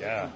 yeah.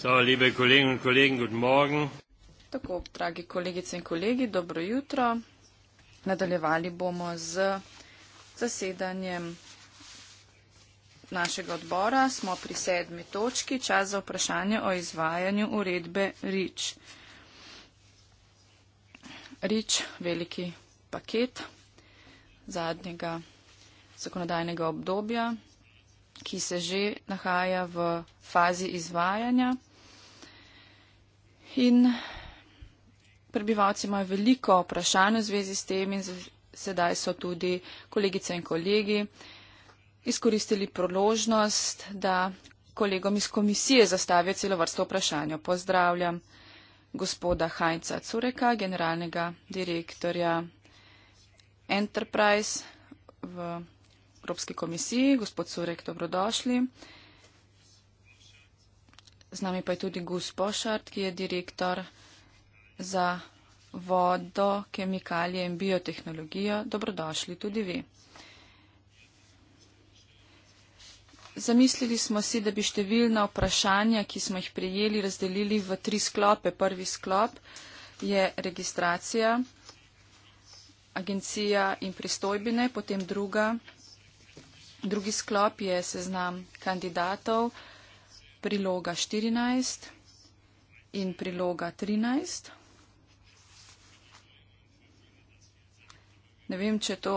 So, liebe Kolleginnen und Kollegen, guten Morgen. Tako, dragi kolegice in kolegi, dobro jutro. Nadaljevali bomo z zasedanjem našega odbora. Smo pri sedmi točki, čas za vprašanje o izvajanju uredbe REACH. REACH, veliki paket zadnjega zakonodajnega obdobja, ki se že nahaja v fazi izvajanja in prebivalci imajo veliko vprašanj v zvezi s tem in sedaj so tudi kolegice in kolegi izkoristili proložnost, da kolegom iz komisije zastavijo celo vrsto vprašanj. Pozdravljam gospoda Hajca Cureka, generalnega direktorja Enterprise v Evropski komisiji. Gospod Curek, dobrodošli z nami pa je tudi Gus Pošart, ki je direktor za vodo, kemikalije in biotehnologijo. Dobrodošli tudi vi. Zamislili smo si, da bi številna vprašanja, ki smo jih prijeli, razdelili v tri sklope. Prvi sklop je registracija, agencija in pristojbine, potem druga, drugi sklop je seznam kandidatov, priloga 14 in priloga 13. Ne vem, če to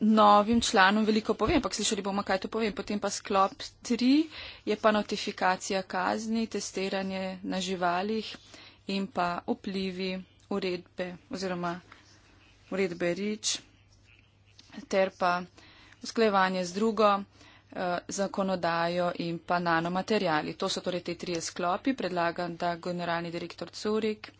novim članom veliko povem, ampak slišali bomo, kaj to povem. Potem pa sklop 3 je pa notifikacija kazni, testiranje na živalih in pa vplivi uredbe oziroma uredbe REACH ter pa usklejevanje z drugo. Eh, zakonodajo in pa nanomaterijali. To so torej te tri sklopi. Predlagam, da generalni direktor Curik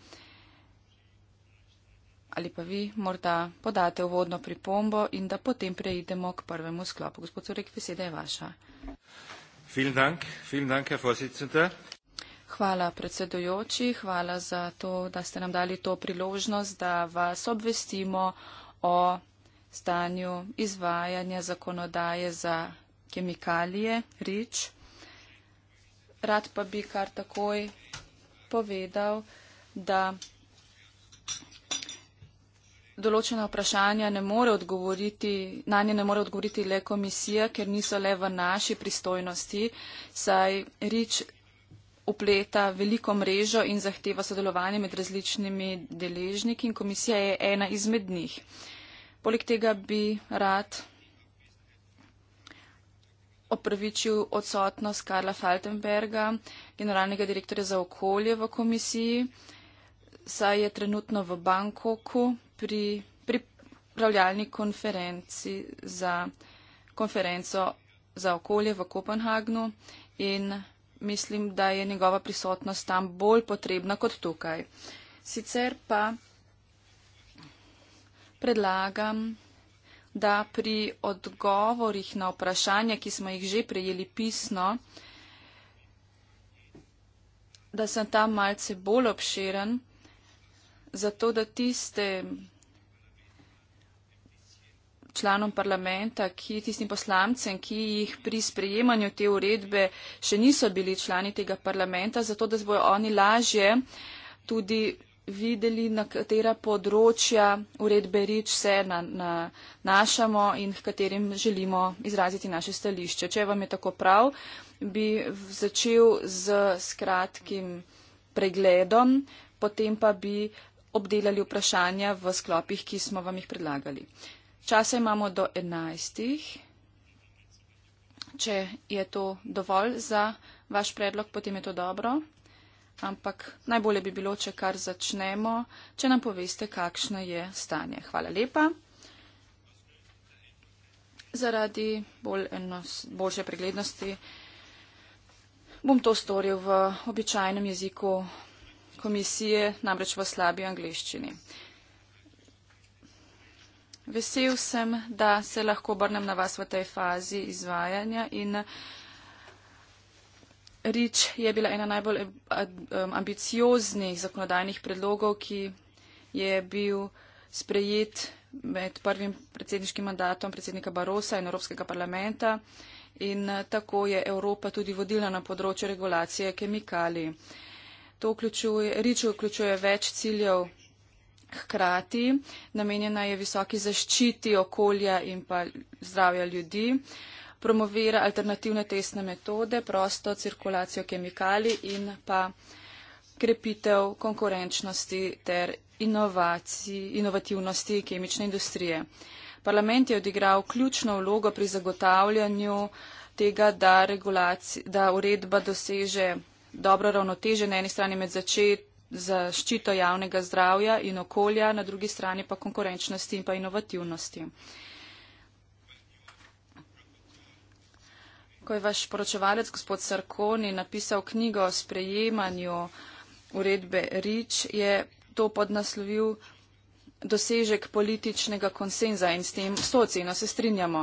ali pa vi morda podate uvodno pripombo in da potem preidemo k prvemu sklopu. Gospod Curik, beseda je vaša. Hvala predsedujoči, hvala za to, da ste nam dali to priložnost, da vas obvestimo o stanju izvajanja zakonodaje za kemikalije, reč. Rad pa bi kar takoj povedal, da določena vprašanja ne more odgovoriti, na nje ne more odgovoriti le komisija, ker niso le v naši pristojnosti, saj rič upleta veliko mrežo in zahteva sodelovanje med različnimi deležniki in komisija je ena izmed njih. Poleg tega bi rad opravičil odsotnost Karla Faltenberga, generalnega direktorja za okolje v komisiji, saj je trenutno v Bangkoku pri pripravljalni konferenci za konferenco za okolje v Kopenhagnu in mislim, da je njegova prisotnost tam bolj potrebna kot tukaj. Sicer pa predlagam, da pri odgovorih na vprašanja, ki smo jih že prejeli pisno, da sem tam malce bolj obširen, zato da tiste članom parlamenta, ki, tistim poslancem, ki jih pri sprejemanju te uredbe še niso bili člani tega parlamenta, zato da bojo oni lažje tudi videli, na katera področja uredbe rič se nanašamo na, in katerim želimo izraziti naše stališče. Če vam je tako prav, bi začel z skratkim pregledom, potem pa bi obdelali vprašanja v sklopih, ki smo vam jih predlagali. Časa imamo do enajstih. Če je to dovolj za vaš predlog, potem je to dobro ampak najbolje bi bilo, če kar začnemo, če nam poveste, kakšno je stanje. Hvala lepa. Zaradi bolj enos, boljše preglednosti bom to storil v običajnem jeziku komisije, namreč v slabi angliščini. Vesel sem, da se lahko obrnem na vas v tej fazi izvajanja in Rič je bila ena najbolj eh, ambicioznih zakonodajnih predlogov, ki je bil sprejet med prvim predsedniškim mandatom predsednika Barosa in Evropskega parlamenta in eh, tako je Evropa tudi vodila na področju regulacije kemikalij. To vključuje, Rič vključuje več ciljev hkrati, namenjena je visoki zaščiti okolja in pa zdravja ljudi. Uh, promovira alternativne testne metode, prosto cirkulacijo kemikalij in pa krepitev konkurenčnosti ter inovativnosti kemične industrije. Parlament je odigral ključno vlogo pri zagotavljanju tega, da, da uredba doseže dobro ravnoteže na eni strani med začet zaščito javnega zdravja in okolja, na drugi strani pa konkurenčnosti in pa inovativnosti. ko je vaš poročevalec gospod Sarkoni napisal knjigo o sprejemanju uredbe Rič, je to podnaslovil dosežek političnega konsenza in s tem s to oceno se strinjamo.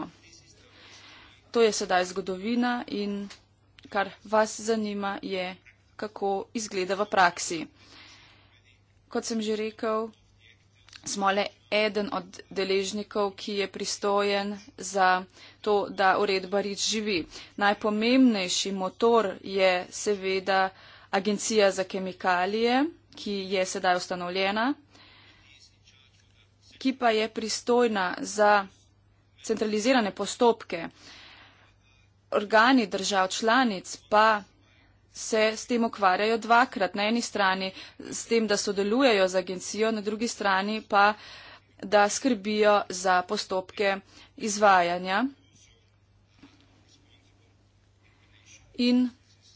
To je sedaj zgodovina in kar vas zanima je, kako izgleda v praksi. Kot sem že rekel, smo le eden od deležnikov, ki je pristojen za to, da uredba rič živi. Najpomembnejši motor je seveda agencija za kemikalije, ki je sedaj ustanovljena, ki pa je pristojna za centralizirane postopke. Organi držav članic pa se s tem ukvarjajo dvakrat. Na eni strani s tem, da sodelujejo z agencijo, na drugi strani pa uh, da skrbijo za postopke izvajanja in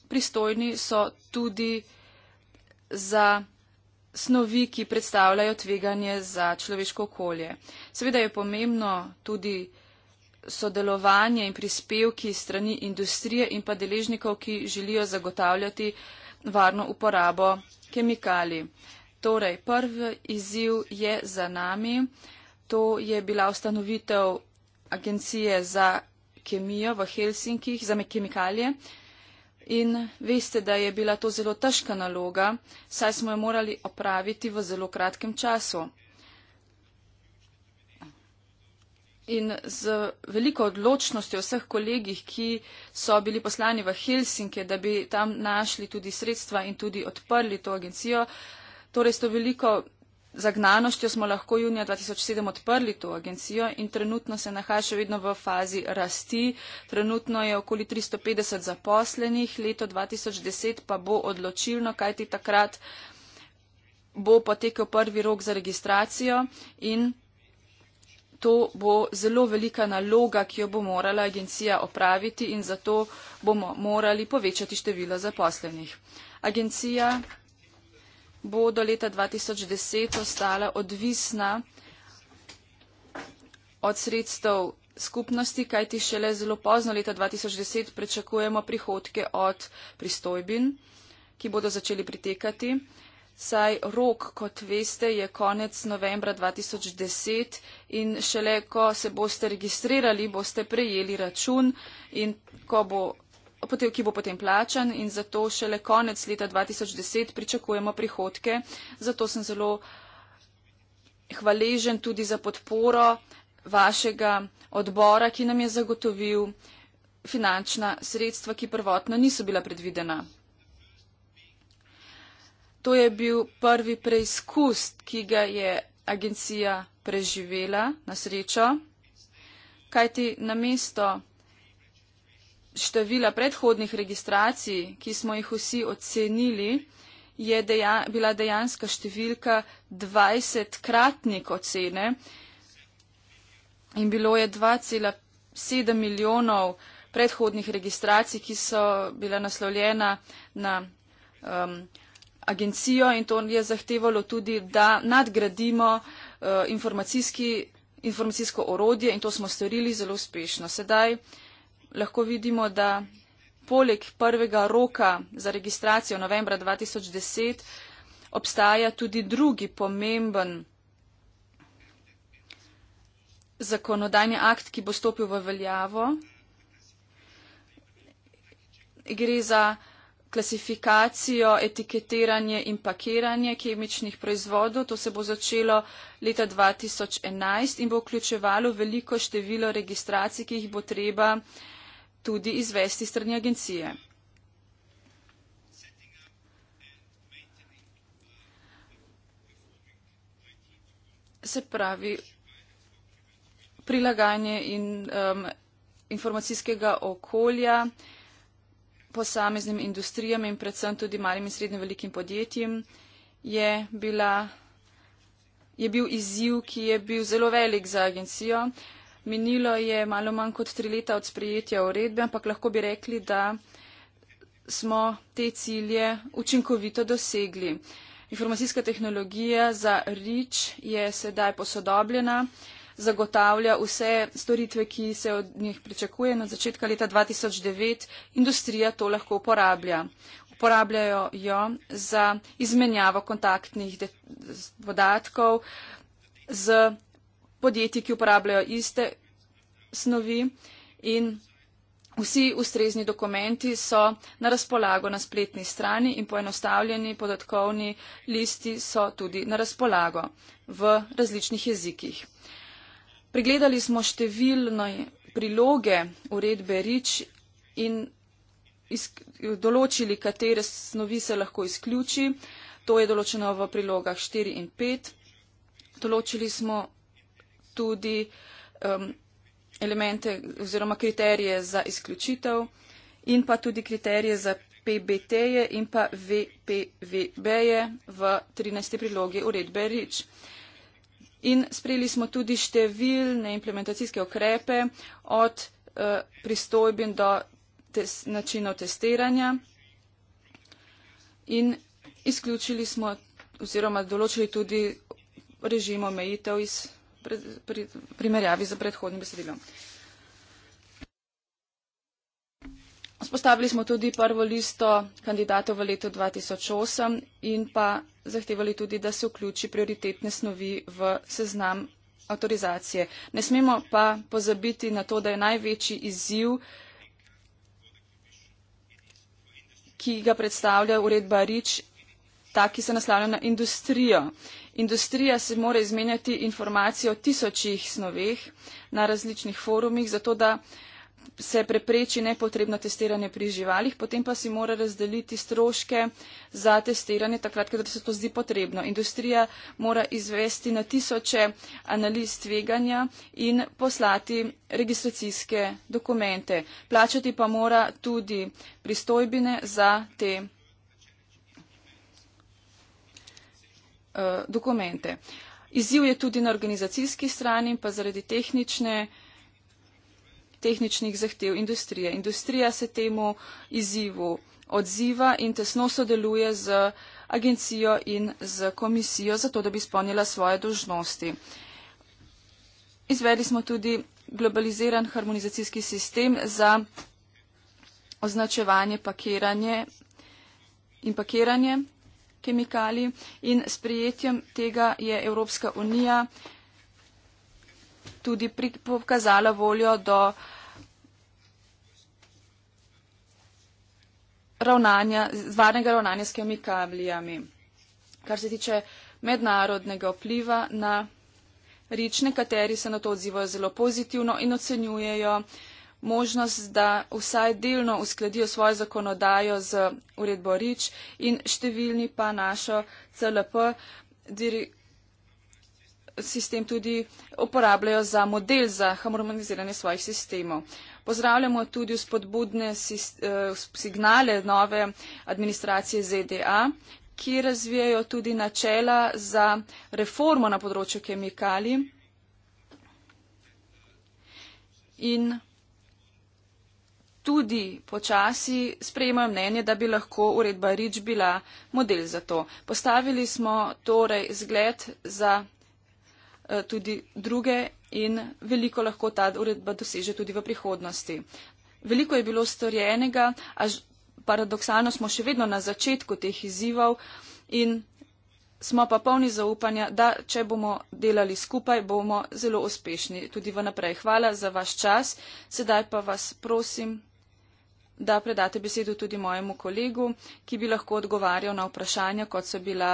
pristojni so tudi za snovi, ki predstavljajo tveganje za človeško okolje. Seveda je pomembno tudi sodelovanje in prispevki strani industrije in pa deležnikov, ki želijo zagotavljati varno uporabo kemikalij. Torej, prvi izziv je za nami. To je bila ustanovitev agencije za kemijo v Helsinkih, za kemikalije. In veste, da je bila to zelo težka naloga, saj smo jo morali opraviti v zelo kratkem času. In z veliko odločnostjo vseh kolegih, ki so bili poslani v Helsinke, da bi tam našli tudi sredstva in tudi odprli to agencijo, uh, Torej, s to veliko zagnanostjo smo lahko junija 2007 odprli to agencijo in trenutno se nahaja še vedno v fazi rasti. Trenutno je okoli 350 zaposlenih, leto 2010 pa bo odločilno, kajti takrat bo potekel prvi rok za registracijo in to bo zelo velika naloga, ki jo bo morala agencija opraviti in zato bomo morali povečati število zaposlenih. Agencija bo do leta 2010 ostala odvisna od sredstev skupnosti, kajti šele zelo pozno leta 2010 prečakujemo prihodke od pristojbin, ki bodo začeli pritekati. Saj rok, kot veste, je konec novembra 2010 in šele ko se boste registrirali, boste prejeli račun in ko bo ki bo potem plačan in zato šele konec leta 2010 pričakujemo prihodke. Zato sem zelo hvaležen tudi za podporo vašega odbora, ki nam je zagotovil finančna sredstva, ki prvotno niso bila predvidena. To je bil prvi preizkus, ki ga je agencija preživela na srečo, kajti namesto števila predhodnih registracij, ki smo jih vsi ocenili, je deja, bila dejanska številka 20 kratnik ocene in bilo je 2,7 milijonov predhodnih registracij, ki so bila naslovljena na um, agencijo in to je zahtevalo tudi, da nadgradimo uh, informacijsko orodje in to smo storili zelo uspešno. Sedaj uh, lahko vidimo, da poleg prvega roka za registracijo novembra 2010 obstaja tudi drugi pomemben zakonodajni akt, ki bo stopil v veljavo. Gre za klasifikacijo, etiketiranje in pakiranje kemičnih proizvodov. To se bo začelo leta 2011 in bo vključevalo veliko število registracij, ki jih bo treba uh, tudi izvesti strani agencije. Se pravi, prilagajanje in, um, informacijskega okolja posameznim industrijam in predvsem tudi malim in srednjim velikim podjetjem je, bila, je bil izziv, ki je bil zelo velik za agencijo. Uh, Minilo je malo manj kot tri leta od sprejetja uredbe, ampak lahko bi rekli, da smo te cilje učinkovito dosegli. Informacijska tehnologija za REACH je sedaj posodobljena, zagotavlja vse storitve, ki se od njih pričakuje. Na začetku leta 2009 industrija to lahko uporablja. Uporabljajo jo za izmenjavo kontaktnih podatkov z podjetij, ki uporabljajo iste snovi in vsi ustrezni dokumenti so na razpolago na spletni strani in poenostavljeni podatkovni listi so tudi na razpolago v različnih jezikih. Pregledali smo številne priloge uredbe RIČ in določili, katere snovi se lahko izključi. To je določeno v prilogah 4 in 5. Določili smo tudi um, elemente oziroma kriterije za izključitev in pa tudi kriterije za PBT-je in pa VPVB-je v 13. prilogi uredbe REACH. In sprejeli smo tudi številne implementacijske okrepe od uh, pristojbin do tes, načinov testiranja in izključili smo oziroma določili tudi režim omejitev iz pri primerjavi z predhodnim besedilom. Vzpostavili smo tudi prvo listo kandidatov v letu 2008 in pa zahtevali tudi, da se vključi prioritetne snovi v seznam avtorizacije. Ne smemo pa pozabiti na to, da je največji izziv, ki ga predstavlja uredba Rič, ta, ki se naslavlja na industrijo. Uh, industrija se mora izmenjati informacije o tisočih snoveh na različnih forumih, zato da se prepreči nepotrebno testiranje pri živalih, potem pa si mora razdeliti stroške za testiranje takrat, kadar se to zdi potrebno. Industrija mora izvesti na tisoče analiz tveganja in poslati registracijske dokumente. Plačati pa mora tudi pristojbine za te. Eh, dokumente. Izziv je tudi na organizacijski strani, pa zaradi tehnične, tehničnih zahtev industrije. Industrija se temu izzivu odziva in tesno sodeluje z agencijo in z komisijo, zato da bi spomnila svoje dožnosti. Izvedli smo tudi globaliziran harmonizacijski sistem za označevanje, pakiranje in pakiranje kemikalij in sprejetjem tega je Evropska unija tudi pokazala voljo do ravnanja, varnega ravnanja s kemikalijami. Kar se tiče mednarodnega vpliva na rične, kateri se na to odzivajo zelo pozitivno in ocenjujejo, možnost, da vsaj delno uskladijo svojo zakonodajo z uredbo Rič in številni pa našo CLP sistem tudi uporabljajo za model za harmoniziranje svojih sistemov. Pozdravljamo tudi spodbudne eh, signale nove administracije ZDA, ki razvijajo tudi načela za reformo na področju kemikalij. In tudi počasi sprejemajo mnenje, da bi lahko uredba REACH bila model za to. Postavili smo torej zgled za eh, tudi druge in veliko lahko ta uredba doseže tudi v prihodnosti. Veliko je bilo storjenega, a paradoksalno smo še vedno na začetku teh izzivov in smo pa polni zaupanja, da če bomo delali skupaj, bomo zelo uspešni tudi vnaprej. Hvala za vaš čas. Sedaj pa vas prosim da predate besedo tudi mojemu kolegu, ki bi lahko odgovarjal na vprašanja, kot so bila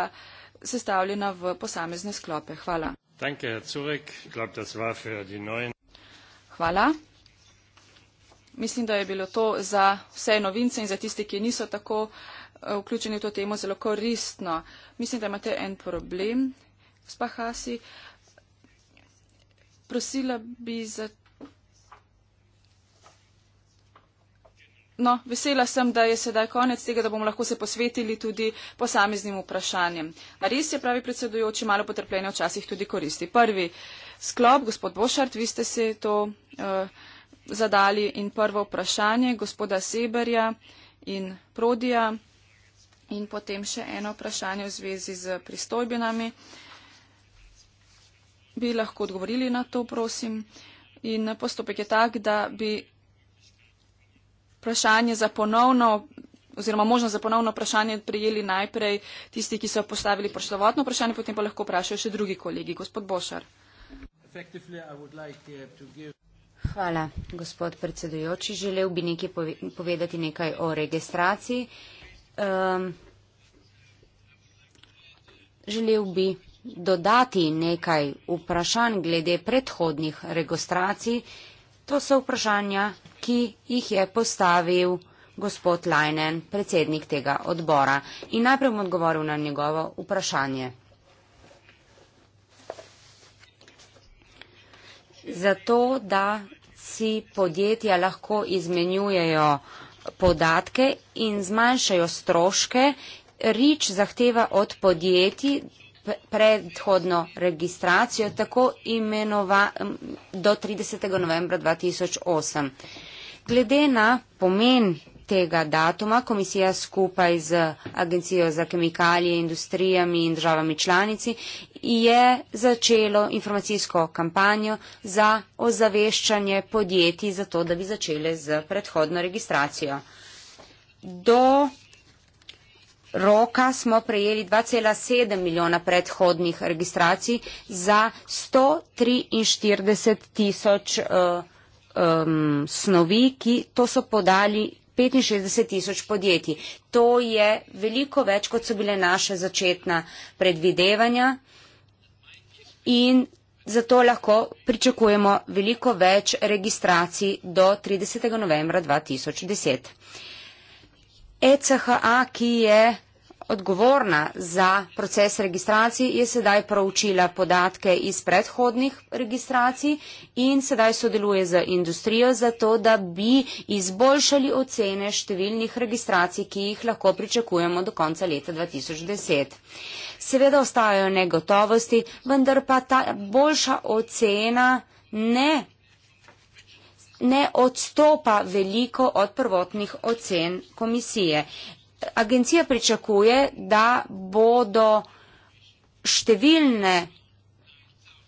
sestavljena v posamezne sklope. Hvala. Hvala. Mislim, da je bilo to za vse novince in za tiste, ki niso tako eh, vključeni v to temo, zelo koristno. Mislim, da imate en problem, gospa Hasi. Prosila bi za No, vesela sem, da je sedaj konec tega, da bomo lahko se posvetili tudi posameznim vprašanjem. A res je, pravi predsedujoči, malo potrpljenja včasih tudi koristi. Prvi sklop, gospod Bošart, vi ste se to uh, zadali in prvo vprašanje gospoda Seberja in Prodija in potem še eno vprašanje v zvezi z pristojbinami. Bi lahko odgovorili na to, prosim. In postopek je tak, da bi vprašanje za ponovno oziroma možnost za ponovno vprašanje prijeli najprej tisti, ki so postavili prošlovotno vprašanje, potem pa lahko vprašajo še drugi kolegi. Gospod Bošar. Eh, Hvala, gospod predsedujoči. Želel bi nekaj povedati nekaj o registraciji. Um, želel bi dodati nekaj vprašanj glede predhodnih registracij. To so vprašanja, ki jih je postavil gospod Lajnen, predsednik tega odbora. In najprej bom odgovoril na njegovo vprašanje. Zato, da si podjetja lahko izmenjujejo podatke in zmanjšajo stroške, rič zahteva od podjetij predhodno registracijo, tako imenova do 30. novembra 2008. Glede na pomen tega datuma komisija skupaj z Agencijo za kemikalije, industrijami in državami članici je začelo informacijsko kampanjo za ozaveščanje podjetij za to, da bi začele z predhodno registracijo. Do roka smo prejeli 2,7 milijona predhodnih registracij za 143 tisoč uh, um, snovi, ki to so podali 65 tisoč podjetij. To je veliko več, kot so bile naše začetna predvidevanja in zato lahko pričakujemo veliko več registracij do 30. novembra 2010. ECHA, ki je odgovorna za proces registracij, je sedaj proučila podatke iz predhodnih registracij in sedaj sodeluje z industrijo za to, da bi izboljšali ocene številnih registracij, ki jih lahko pričakujemo do konca leta 2010. Seveda ostajajo negotovosti, vendar pa ta boljša ocena ne ne odstopa veliko od prvotnih ocen komisije agencija pričakuje, da bodo številne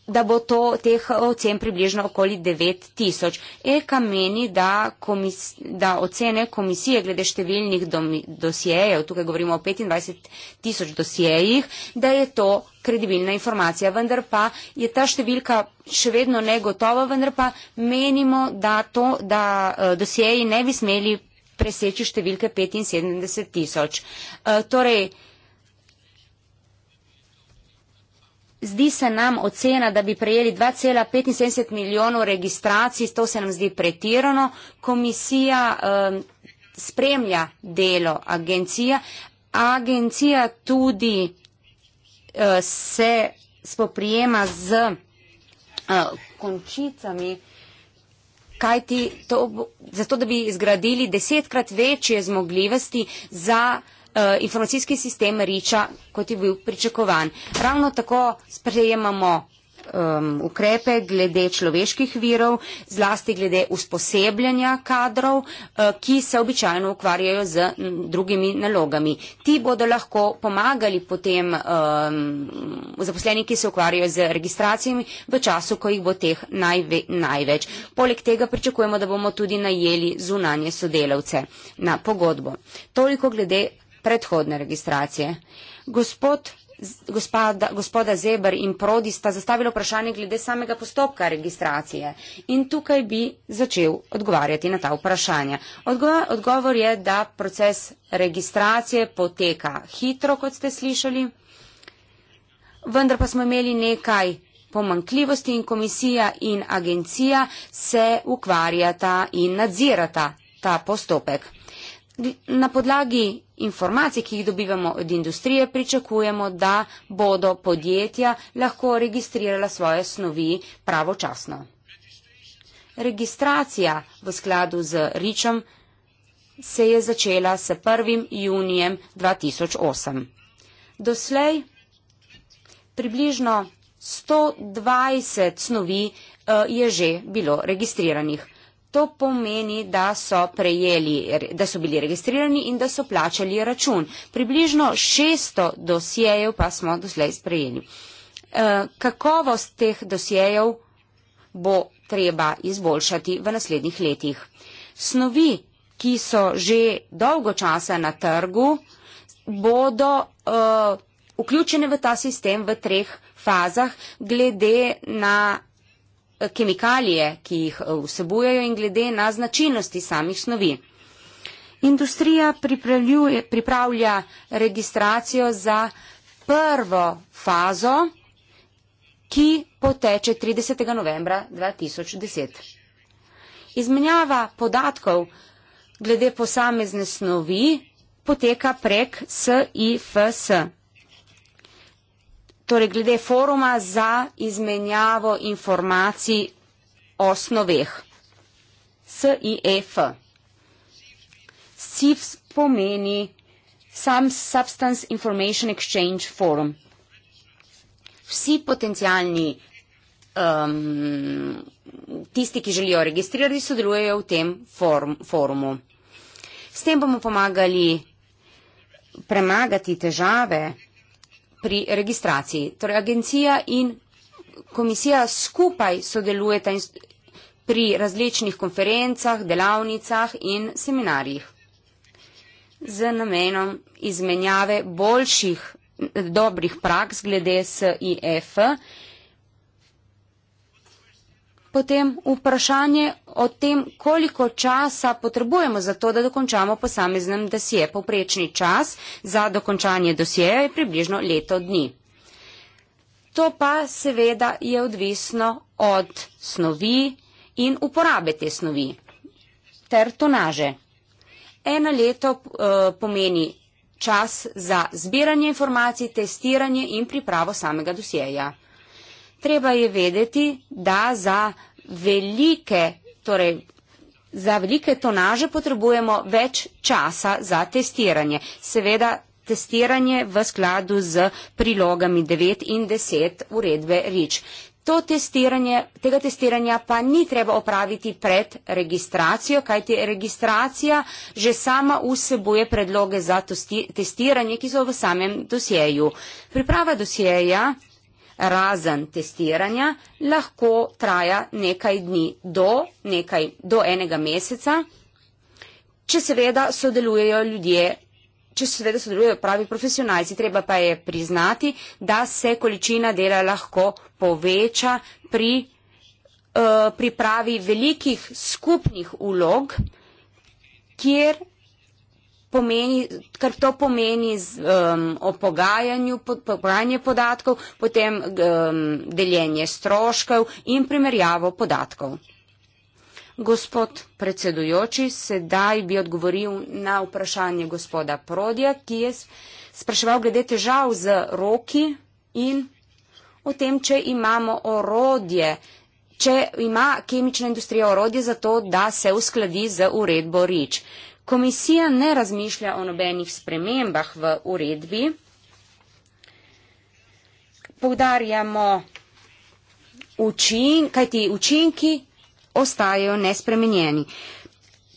da bo to teh ocen približno okoli 9000. Eka meni, da, komis, da ocene komisije glede številnih dosjejev, tukaj govorimo o 25000 dosjejih, da je to kredibilna informacija, vendar pa je ta številka še vedno negotova, vendar pa menimo, da, to, da eh, dosjeji ne bi smeli preseči številke 75 tisoč. E, torej, zdi se nam ocena, da bi prejeli 2,75 milijonov registracij, to se nam zdi pretirano. Komisija spremlja delo agencija. Agencija tudi e, se spoprijema z e, končicami kaj ti to, zato da bi izgradili desetkrat večje zmogljivosti za uh, informacijski sistem Riča, kot je bil pričakovan. Ravno tako sprejemamo um, ukrepe glede človeških virov, zlasti glede usposebljanja kadrov, uh, ki se običajno ukvarjajo z drugimi nalogami. Ti bodo lahko pomagali potem um, zaposleni, ki se ukvarjajo z registracijami v času, ko jih bo teh najve, največ. Poleg tega pričakujemo, da bomo tudi najeli zunanje sodelavce na pogodbo. Toliko glede predhodne registracije. Gospod gospoda, gospoda Zebr in Prodi sta zastavila vprašanje glede samega postopka registracije. In tukaj bi začel odgovarjati na ta vprašanja. Odgovor je, da proces registracije poteka hitro, kot ste slišali, vendar pa smo imeli nekaj pomankljivosti in komisija in agencija se ukvarjata in nadzirata ta postopek. Na podlagi informacij, ki jih dobivamo od industrije, pričakujemo, da bodo podjetja lahko registrirala svoje snovi pravočasno. Registracija v skladu z Ričem se je začela s 1. junijem 2008. Doslej približno 120 snovi eh, je že bilo registriranih. To pomeni, da so, prejeli, da so bili registrirani in da so plačali račun. Približno 600 dosjejev pa smo doslej sprejeli. Eh, kakovost teh dosjejev bo treba izboljšati v naslednjih letih. Snovi, ki so že dolgo časa na trgu, bodo uh, vključene v ta sistem v treh fazah glede na kemikalije, ki jih eh, vsebujejo in glede na značilnosti samih snovi. Industrija pripravlja registracijo za prvo fazo, ki poteče 30. novembra 2010. Izmenjava podatkov glede posamezne snovi poteka prek SIFS torej glede foruma za izmenjavo informacij o snoveh. SIF. E SIF pomeni Substance Information Exchange Forum. Vsi potencijalni um, tisti, ki želijo registrirati, sodelujejo v tem form, forumu. S tem bomo pomagali premagati težave pri registraciji. Torej, agencija in komisija skupaj sodelujeta pri različnih konferencah, delavnicah in seminarjih z namenom izmenjave boljših, dobrih praks glede SIF. -a potem vprašanje o tem, koliko časa potrebujemo za to, da dokončamo posameznem dosije. Poprečni čas za dokončanje dosijeja je približno leto dni. To pa seveda je odvisno od snovi in uporabe te snovi ter tonaže. Eno leto e, pomeni čas za zbiranje informacij, testiranje in pripravo samega dosijeja treba je vedeti, da za velike, torej za velike tonaže potrebujemo več časa za testiranje. Seveda testiranje v skladu z prilogami 9 in 10 uredbe REACH. To testiranje, tega testiranja pa ni treba opraviti pred registracijo, kajti registracija že sama vsebuje predloge za testiranje, ki so v samem dosjeju. Priprava dosjeja razen testiranja, lahko traja nekaj dni do, nekaj, do enega meseca, če seveda sodelujejo ljudje če seveda sodelujejo pravi profesionalci, treba pa je priznati, da se količina dela lahko poveča pri uh, pripravi velikih skupnih ulog, kjer pomeni, kar to pomeni z um, opogajanju, pobranje podatkov, potem um, deljenje stroškov in primerjavo podatkov. Gospod predsedujoči, sedaj bi odgovoril na vprašanje gospoda Prodja, ki je spraševal glede težav z roki in o tem, če imamo orodje, če ima kemična industrija orodje za to, da se uskladi z uredbo REACH. Komisija ne razmišlja o nobenih spremembah v uredbi. Poudarjamo učin, kajti učinki ostajajo nespremenjeni.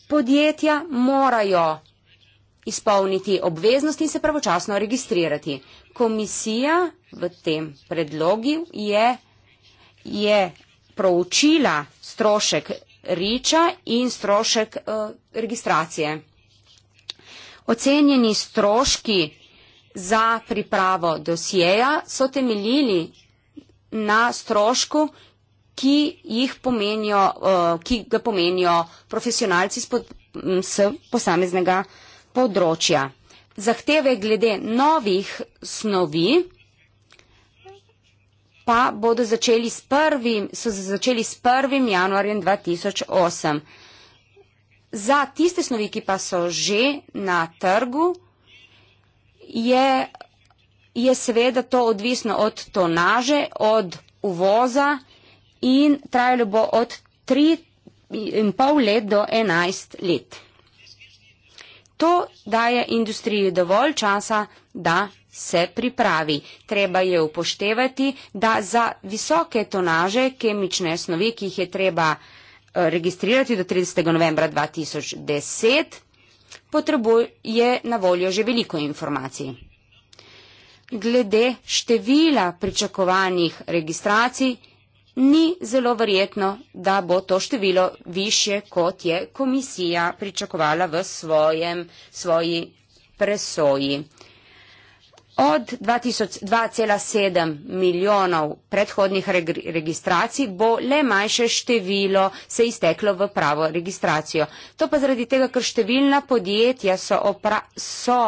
Podjetja morajo izpolniti obveznosti in se pravočasno registrirati. Komisija v tem predlogu je, je proučila strošek riča in strošek eh, registracije. Ocenjeni stroški za pripravo dosjeja so temeljili na strošku, ki, pomenijo, eh, ki ga pomenijo profesionalci s posameznega področja. Zahteve glede novih snovi pa bodo začeli s prvim, so začeli s prvim januarjem 2008. Za tiste snovi, ki pa so že na trgu, je, je seveda to odvisno od tonaže, od uvoza in trajalo bo od tri in pol let do enajst let. To daje industriji dovolj časa, da se pripravi. Treba je upoštevati, da za visoke tonaže kemične snovi, ki jih je treba eh, registrirati do 30. novembra 2010, potrebuje na voljo že veliko informacij. Glede števila pričakovanih registracij ni zelo verjetno, da bo to število više, kot je komisija pričakovala v svojem, svoji presoji. Od 2,7 milijonov predhodnih reg registracij bo le manjše število se izteklo v pravo registracijo. To pa zaradi tega, ker številna podjetja so, so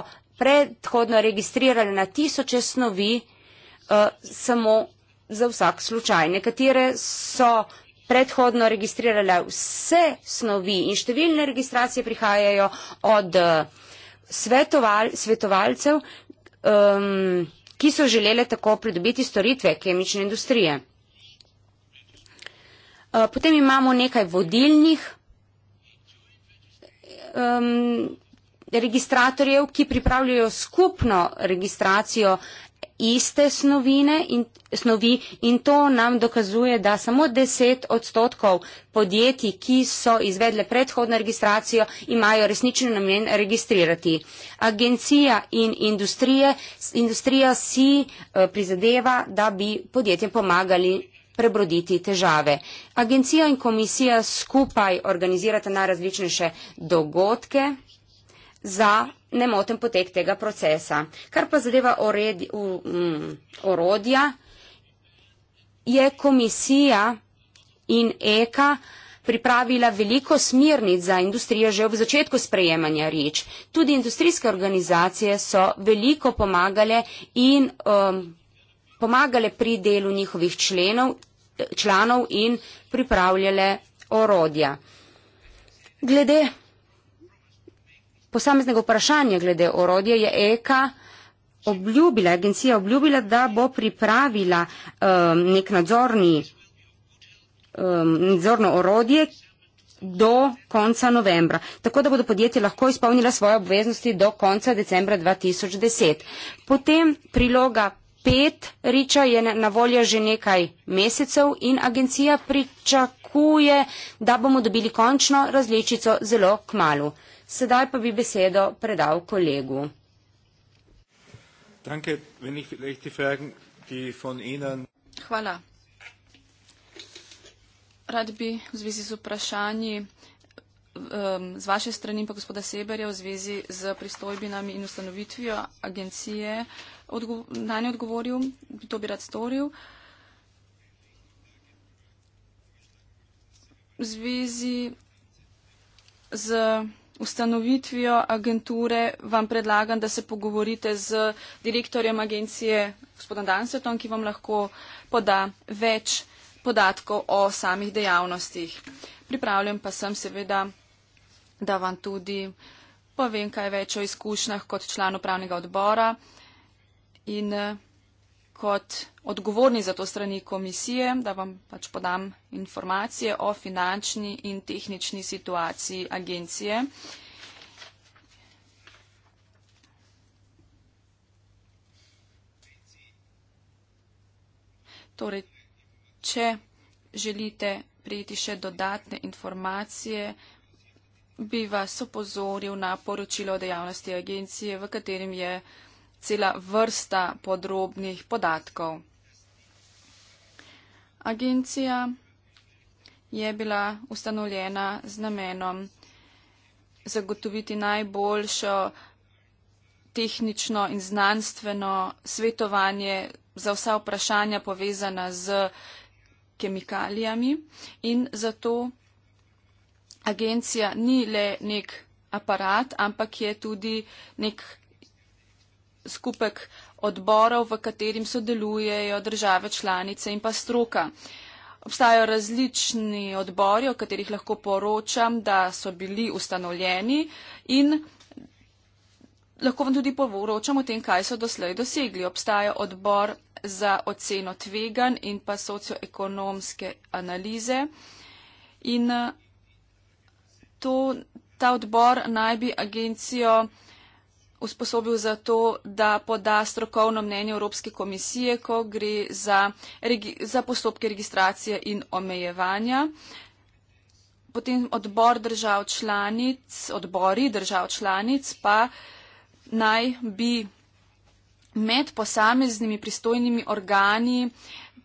predhodno registrirala na tisoče snovi uh, samo za vsak slučaj. Nekatere so predhodno registrirala vse snovi in številne registracije prihajajo od uh, Svetoval, svetovalcev, um, ki so želele tako pridobiti storitve kemične industrije. Uh, potem imamo nekaj vodilnih um, registratorjev, ki pripravljajo skupno registracijo iste snovine in snovi in to nam dokazuje, da samo 10 odstotkov podjetij, ki so izvedle predhodno registracijo, imajo resnično namen registrirati. Agencija in industrije, industrija si eh, prizadeva, da bi podjetjem pomagali prebroditi težave. Agencija in komisija skupaj organizirata najrazličnejše dogodke, za nemoten potek tega procesa. Kar pa zadeva oredi, u, um, orodja, je komisija in EKA pripravila veliko smirnic za industrijo že v začetku sprejemanja rič. Tudi industrijske organizacije so veliko pomagale in um, pomagale pri delu njihovih členov, članov in pripravljale orodja. Glede posameznega vprašanja glede orodja je EK obljubila, agencija obljubila, da bo pripravila um, nek nadzorni, um, nadzorno orodje do konca novembra. Tako da bodo podjetje lahko izpolnila svoje obveznosti do konca decembra 2010. Potem priloga pet riča je na, na voljo že nekaj mesecev in agencija pričakuje, da bomo dobili končno različico zelo kmalu. Sedaj pa bi besedo predal kolegu. Hvala. Rad bi v zvezi z vprašanji um, z vaše strani pa gospoda Seberja v zvezi z pristojbinami in ustanovitvijo agencije odgo na nje odgovoril, to bi rad storil. V zvezi z ustanovitvijo agenture vam predlagam, da se pogovorite z direktorjem agencije gospodom Dansetom, ki vam lahko poda več podatkov o samih dejavnostih. Pripravljam pa sem seveda, da vam tudi povem kaj več o izkušnjah kot član upravnega odbora in eh, kot odgovorni za to strani komisije, da vam pač podam informacije o finančni in tehnični situaciji agencije. Torej, če želite prijeti še dodatne informacije, bi vas opozoril na poročilo dejavnosti agencije, v katerem je cela vrsta podrobnih podatkov. Agencija je bila ustanovljena z namenom zagotoviti najboljšo tehnično in znanstveno svetovanje za vsa vprašanja povezana z kemikalijami in zato agencija ni le nek aparat, ampak je tudi nek skupek odborov, v katerim sodelujejo države članice in pa stroka. Obstajajo različni odbori, o katerih lahko poročam, da so bili ustanovljeni in lahko vam tudi poročam o tem, kaj so doslej dosegli. Obstaja odbor za oceno tvegan in pa socioekonomske analize. In uh, to, ta odbor naj bi agencijo usposobil za to, da poda strokovno mnenje Evropske komisije, ko gre za, za postopke registracije in omejevanja. Potem odbor držav članic, odbori držav članic pa naj bi med posameznimi pristojnimi organi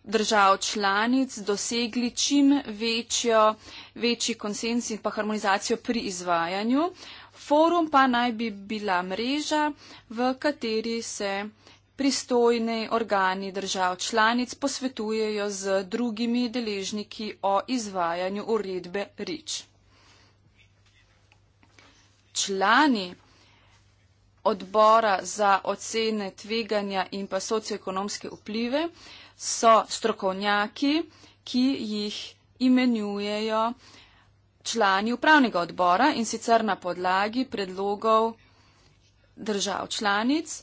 držav članic dosegli čim večjo, večji konsens in pa harmonizacijo pri izvajanju. Forum pa naj bi bila mreža, v kateri se pristojni organi držav članic posvetujejo z drugimi deležniki o izvajanju uredbe REACH. Člani odbora za ocene tveganja in pa socioekonomske vplive so strokovnjaki, ki jih imenujejo uh, člani upravnega odbora in sicer na podlagi predlogov držav članic.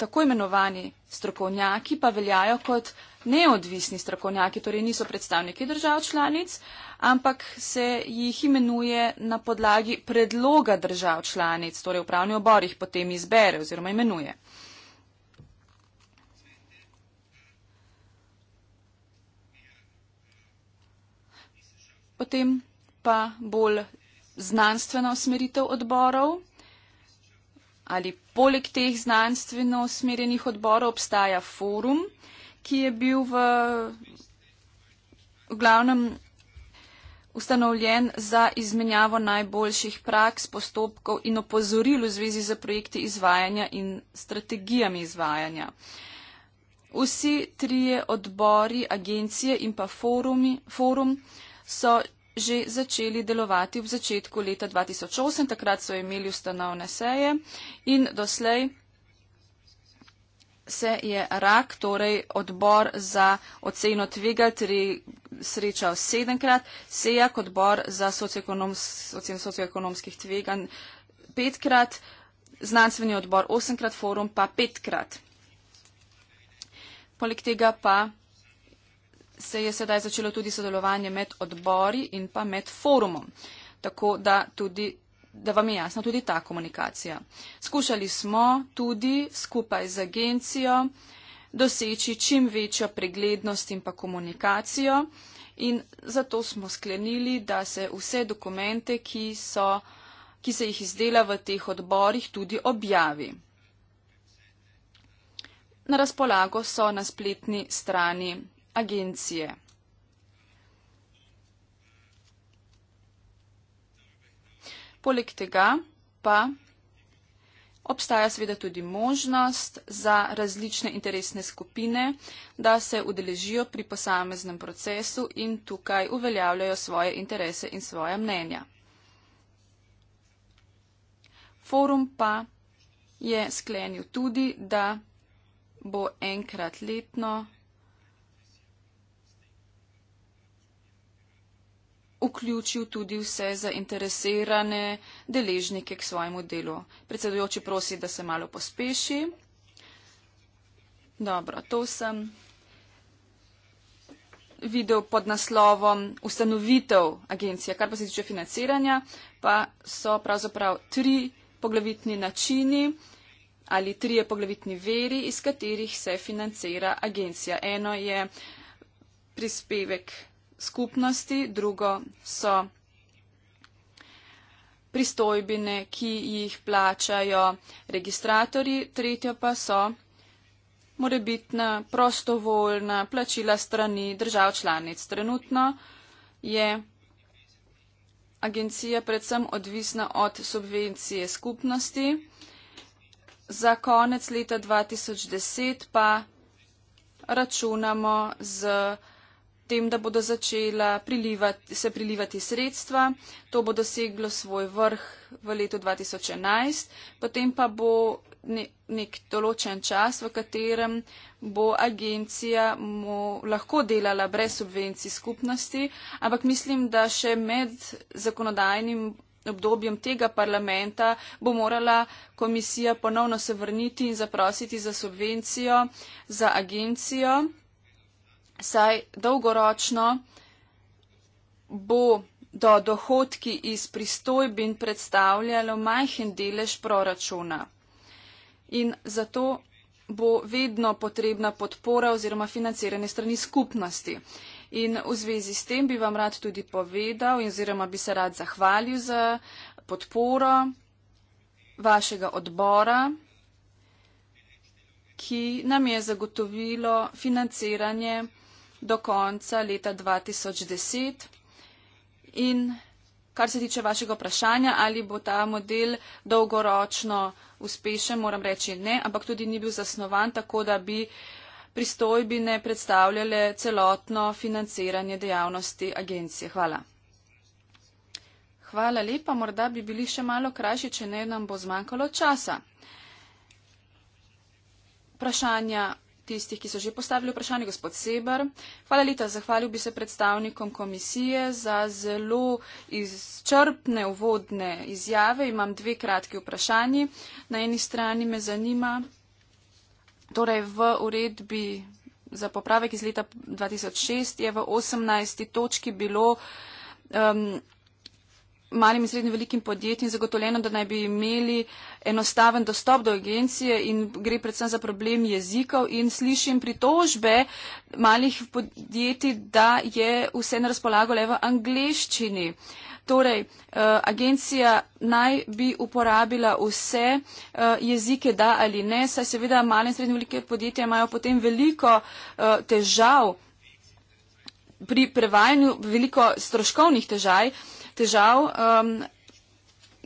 Tako imenovani strokovnjaki pa veljajo kot neodvisni strokovnjaki, torej niso predstavniki držav članic, ampak se jih imenuje na podlagi predloga držav članic, torej upravni obor jih potem izbere oziroma imenuje. potem pa bolj znanstvena usmeritev odborov. Ali poleg teh znanstveno usmerjenih odborov obstaja forum, ki je bil v, v glavnem ustanovljen za izmenjavo najboljših praks, postopkov in opozoril v zvezi z projekti izvajanja in strategijami izvajanja. Vsi trije odbori, agencije in pa forumi, forum so že začeli delovati v začetku leta 2008, takrat so imeli ustanovne seje in doslej se je RAK, torej odbor za oceno tvega, tri srečal sedemkrat, sejak odbor za oceno socioekonomskih tveganj petkrat, znanstveni odbor osemkrat, forum pa petkrat. Poleg tega pa se je sedaj začelo tudi sodelovanje med odbori in pa med forumom. Tako da tudi da vam je jasna tudi ta komunikacija. Skušali smo tudi skupaj z agencijo doseči čim večjo preglednost in pa komunikacijo in zato smo sklenili, da se vse dokumente, ki, so, ki se jih izdela v teh odborih, tudi objavi. Na razpolago so na spletni strani agencije. Poleg tega pa obstaja seveda tudi možnost za različne interesne skupine, da se udeležijo pri posameznem procesu in tukaj uveljavljajo svoje interese in svoje mnenja. Forum pa je sklenil tudi, da bo enkrat letno vključil tudi vse zainteresirane deležnike k svojemu delu. Predsedujoči prosi, da se malo pospeši. Dobro, to sem videl pod naslovom ustanovitev agencije. Kar pa se tiče financiranja, pa so pravzaprav tri poglavitni načini ali tri poglavitni veri, iz katerih se financira agencija. Eno je prispevek skupnosti, drugo so pristojbine, ki jih plačajo registratori, tretjo pa so morebitna prostovoljna plačila strani držav članic. Trenutno je agencija predvsem odvisna od subvencije skupnosti. Za konec leta 2010 pa računamo z tem, da bodo začela prilivati, se prilivati sredstva. To bo doseglo svoj vrh v letu 2011, potem pa bo ne, nek določen čas, v katerem bo agencija mu lahko delala brez subvencij skupnosti, ampak mislim, da še med zakonodajnim obdobjem tega parlamenta bo morala komisija ponovno se vrniti in zaprositi za subvencijo za agencijo saj dolgoročno bo do dohodki iz pristojbin predstavljalo majhen delež proračuna. In zato bo vedno potrebna podpora oziroma financiranje strani skupnosti. In v zvezi s tem bi vam rad tudi povedal oziroma bi se rad zahvalil za podporo vašega odbora, ki nam je zagotovilo financiranje do konca leta 2010. In kar se tiče vašega vprašanja, ali bo ta model dolgoročno uspešen, moram reči ne, ampak tudi ni bil zasnovan tako, da bi pristojbine predstavljale celotno financiranje dejavnosti agencije. Hvala. Hvala lepa, morda bi bili še malo krajši, če ne nam bo zmanjkalo časa. Vprašanja tistih, ki so že postavili vprašanje, gospod Seber. Hvala leta, zahvalil bi se predstavnikom komisije za zelo izčrpne uvodne izjave. Imam dve kratki vprašanji. Na eni strani me zanima, torej v uredbi za popravek iz leta 2006 je v 18. točki bilo. Um, malim in srednjim velikim podjetjem zagotovljeno, da naj bi imeli enostaven dostop do agencije in gre predvsem za problem jezikov in slišim pritožbe malih podjetij, da je vse na razpolago le v angleščini. Torej, eh, agencija naj bi uporabila vse eh, jezike, da ali ne, saj seveda male in srednje velike podjetja imajo potem veliko eh, težav pri prevajanju, veliko stroškovnih težav težav. Um,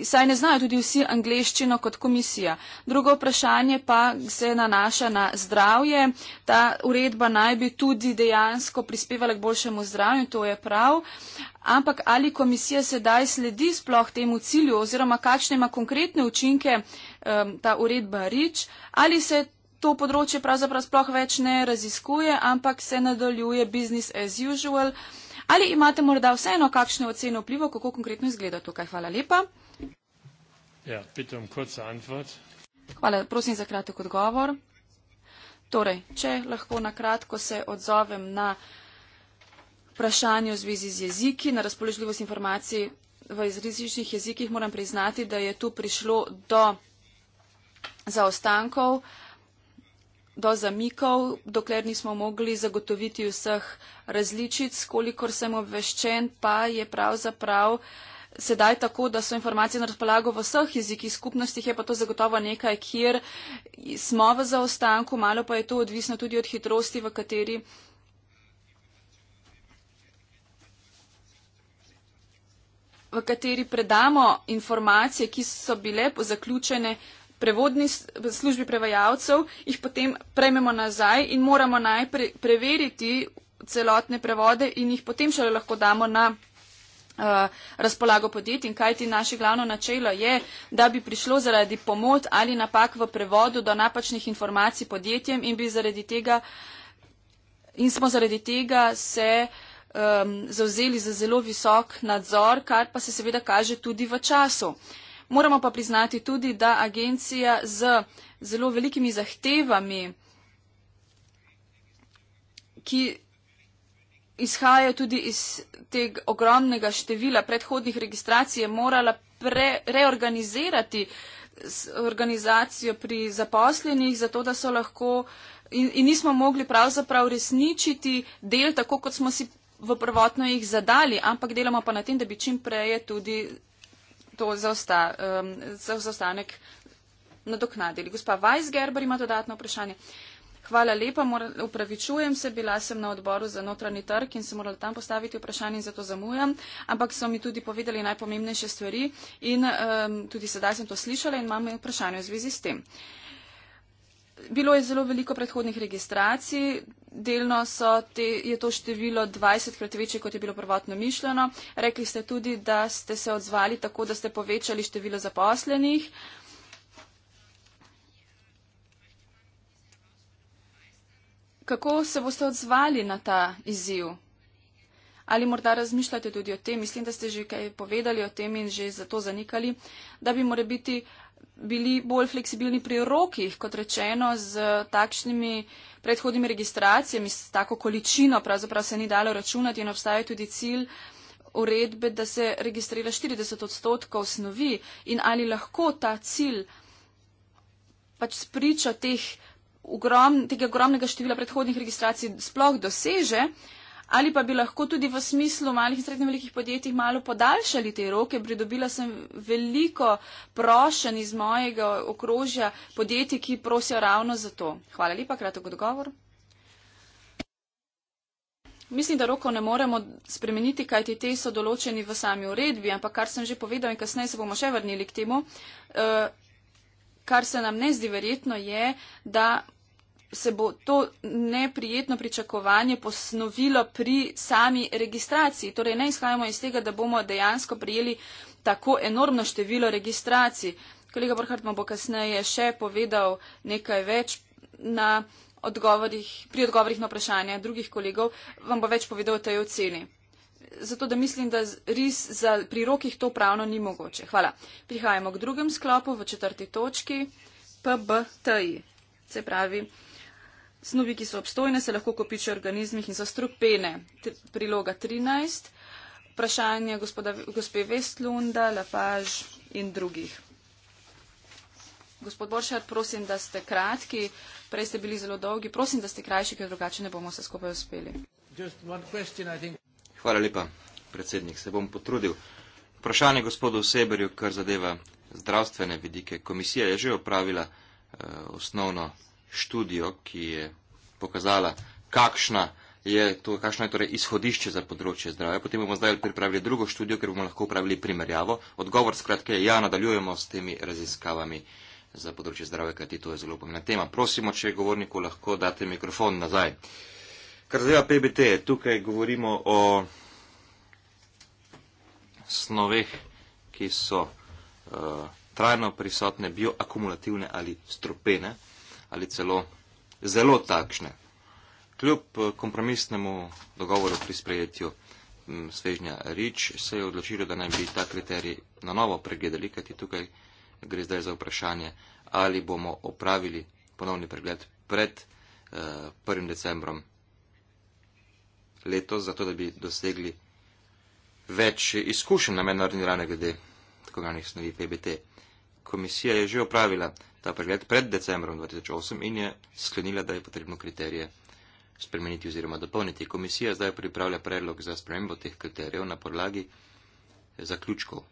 Saj ne znajo tudi vsi angliščino kot komisija. Drugo vprašanje pa se nanaša na zdravje. Ta uredba naj bi tudi dejansko prispevala k boljšemu zdravju, to je prav. Ampak ali komisija sedaj sledi sploh temu cilju oziroma kakšne ima konkretne učinke um, ta uredba REACH, ali se to področje pravzaprav sploh več ne raziskuje, ampak se nadaljuje business as usual. Um, Ali imate morda vseeno kakšne ocene vplivo, kako konkretno izgleda tukaj? Hvala lepa. Ja, bitom, um Hvala, prosim za kratek odgovor. Torej, če lahko na kratko se odzovem na vprašanje v zvezi z jeziki, na razpoložljivost informacij v različnih jezikih, moram priznati, da je tu prišlo do zaostankov. Uh, do zamikov, dokler nismo mogli zagotoviti vseh različic, kolikor sem obveščen, pa je pravzaprav sedaj tako, da so informacije na razpolago v vseh jezikih skupnostih, je pa to zagotovo nekaj, kjer smo v zaostanku, malo pa je to odvisno tudi od hitrosti, v kateri. v kateri predamo informacije, ki so bile zaključene prevodni službi prevajalcev, jih potem prejmemo nazaj in moramo najprej preveriti celotne prevode in jih potem šele lahko damo na eh, razpolago podjetij, kaj ti naše glavno načelo je, da bi prišlo zaradi pomot ali napak v prevodu do napačnih informacij podjetjem in bi zaradi tega in smo zaradi tega se um, ehm, zauzeli za zelo visok nadzor, kar pa se seveda kaže tudi v času. Uh, Moramo pa priznati tudi, da agencija z zelo velikimi zahtevami, ki izhajajo tudi iz tega ogromnega števila predhodnih registracij, je morala pre, reorganizirati organizacijo pri zaposlenih, zato da so lahko in, in nismo mogli pravzaprav resničiti del tako, kot smo si v prvotno jih zadali, ampak delamo pa na tem, da bi čim prej tudi to zaosta, um, za zaostanek nadoknadili. Gospa Weisgerber ima dodatno vprašanje. Hvala lepa, mora, upravičujem se, bila sem na odboru za notranji trg in sem morala tam postaviti vprašanje in zato zamujam, ampak so mi tudi povedali najpomembnejše stvari in um, tudi sedaj sem to slišala in imam vprašanje v zvezi s tem. Uh, Bilo je zelo veliko predhodnih registracij, delno te, je to število 20 krat večje, kot je bilo prvotno mišljeno. Rekli ste tudi, da ste se odzvali tako, da ste povečali število zaposlenih. Kako se boste odzvali na ta izziv? Ali morda razmišljate tudi o tem? Mislim, da ste že kaj povedali o tem in že zato zanikali, da bi morali biti. Uh, bili bolj fleksibilni pri rokih, kot rečeno, z takšnimi predhodnimi registracijami, s tako količino, pravzaprav se ni dalo računati in obstaja tudi cilj uredbe, da se registrira 40 odstotkov snovi in ali lahko ta cilj pač spričo teh ogrom, tega ogromnega števila predhodnih registracij sploh doseže, uh, ali pa bi lahko tudi v smislu malih in srednjih velikih podjetij malo podaljšali te roke. Pridobila sem veliko prošen iz mojega okrožja podjetij, ki prosijo ravno za to. Hvala lepa, kratek odgovor. Mislim, da roko ne moremo spremeniti, kajti te so določeni v sami uredbi, ampak kar sem že povedal in kasneje se bomo še vrnili k temu, eh, kar se nam ne zdi verjetno je, da se bo to neprijetno pričakovanje posnovilo pri sami registraciji. Torej, ne izhajamo iz tega, da bomo dejansko prijeli tako enormno število registracij. Kolega Borhardt bo kasneje še povedal nekaj več na odgovorih, pri odgovorih na vprašanja drugih kolegov, vam bo več povedal o tej oceni. Zato, da mislim, da res za prirokih to pravno ni mogoče. Hvala. Prihajamo k drugem sklopu v četrti točki, PBTI. Se pravi, Snovi, ki so obstojne, se lahko kopičijo v organizmih in so strupene. Priloga 13. Vprašanje gospoda, gospe Vestlunda, Lapaž in drugih. Gospod Boršar, prosim, da ste kratki. Prej ste bili zelo dolgi. Prosim, da ste krajši, ker drugače ne bomo se skupaj uspeli. Hvala lepa, predsednik. Se bom potrudil. Vprašanje gospodu Seberju, kar zadeva zdravstvene vidike. Komisija je že opravila uh, osnovno študijo, ki je pokazala, kakšna je to, kakšno je torej izhodišče za področje zdravja. Potem bomo zdaj pripravili drugo študijo, ker bomo lahko upravili primerjavo. Odgovor skratke je, ja, nadaljujemo s temi raziskavami za področje zdravja, kajti to je zelo pomembna tema. Prosimo, če govorniku lahko date mikrofon nazaj. Kar zadeva PBT, tukaj govorimo o snoveh, ki so uh, trajno prisotne, bioakumulativne ali stropene ali celo zelo takšne, kljub eh, kompromisnemu dogovoru pri sprejetju mm, svežnja Rič se je odločilo, da naj bi ta kriterij na novo pregledali, kajti tukaj gre zdaj za vprašanje, ali bomo opravili ponovni pregled pred 1. Eh, decembrom letos, zato da bi dosegli več izkušenj na mednarodni ravni glede tako imenovanih snovi PBT. Komisija je že opravila ta pregled pred decembrom 2008 in je sklenila, da je potrebno kriterije spremeniti oziroma dopolniti. Komisija zdaj pripravlja predlog za spremembo teh kriterijev na podlagi zaključkov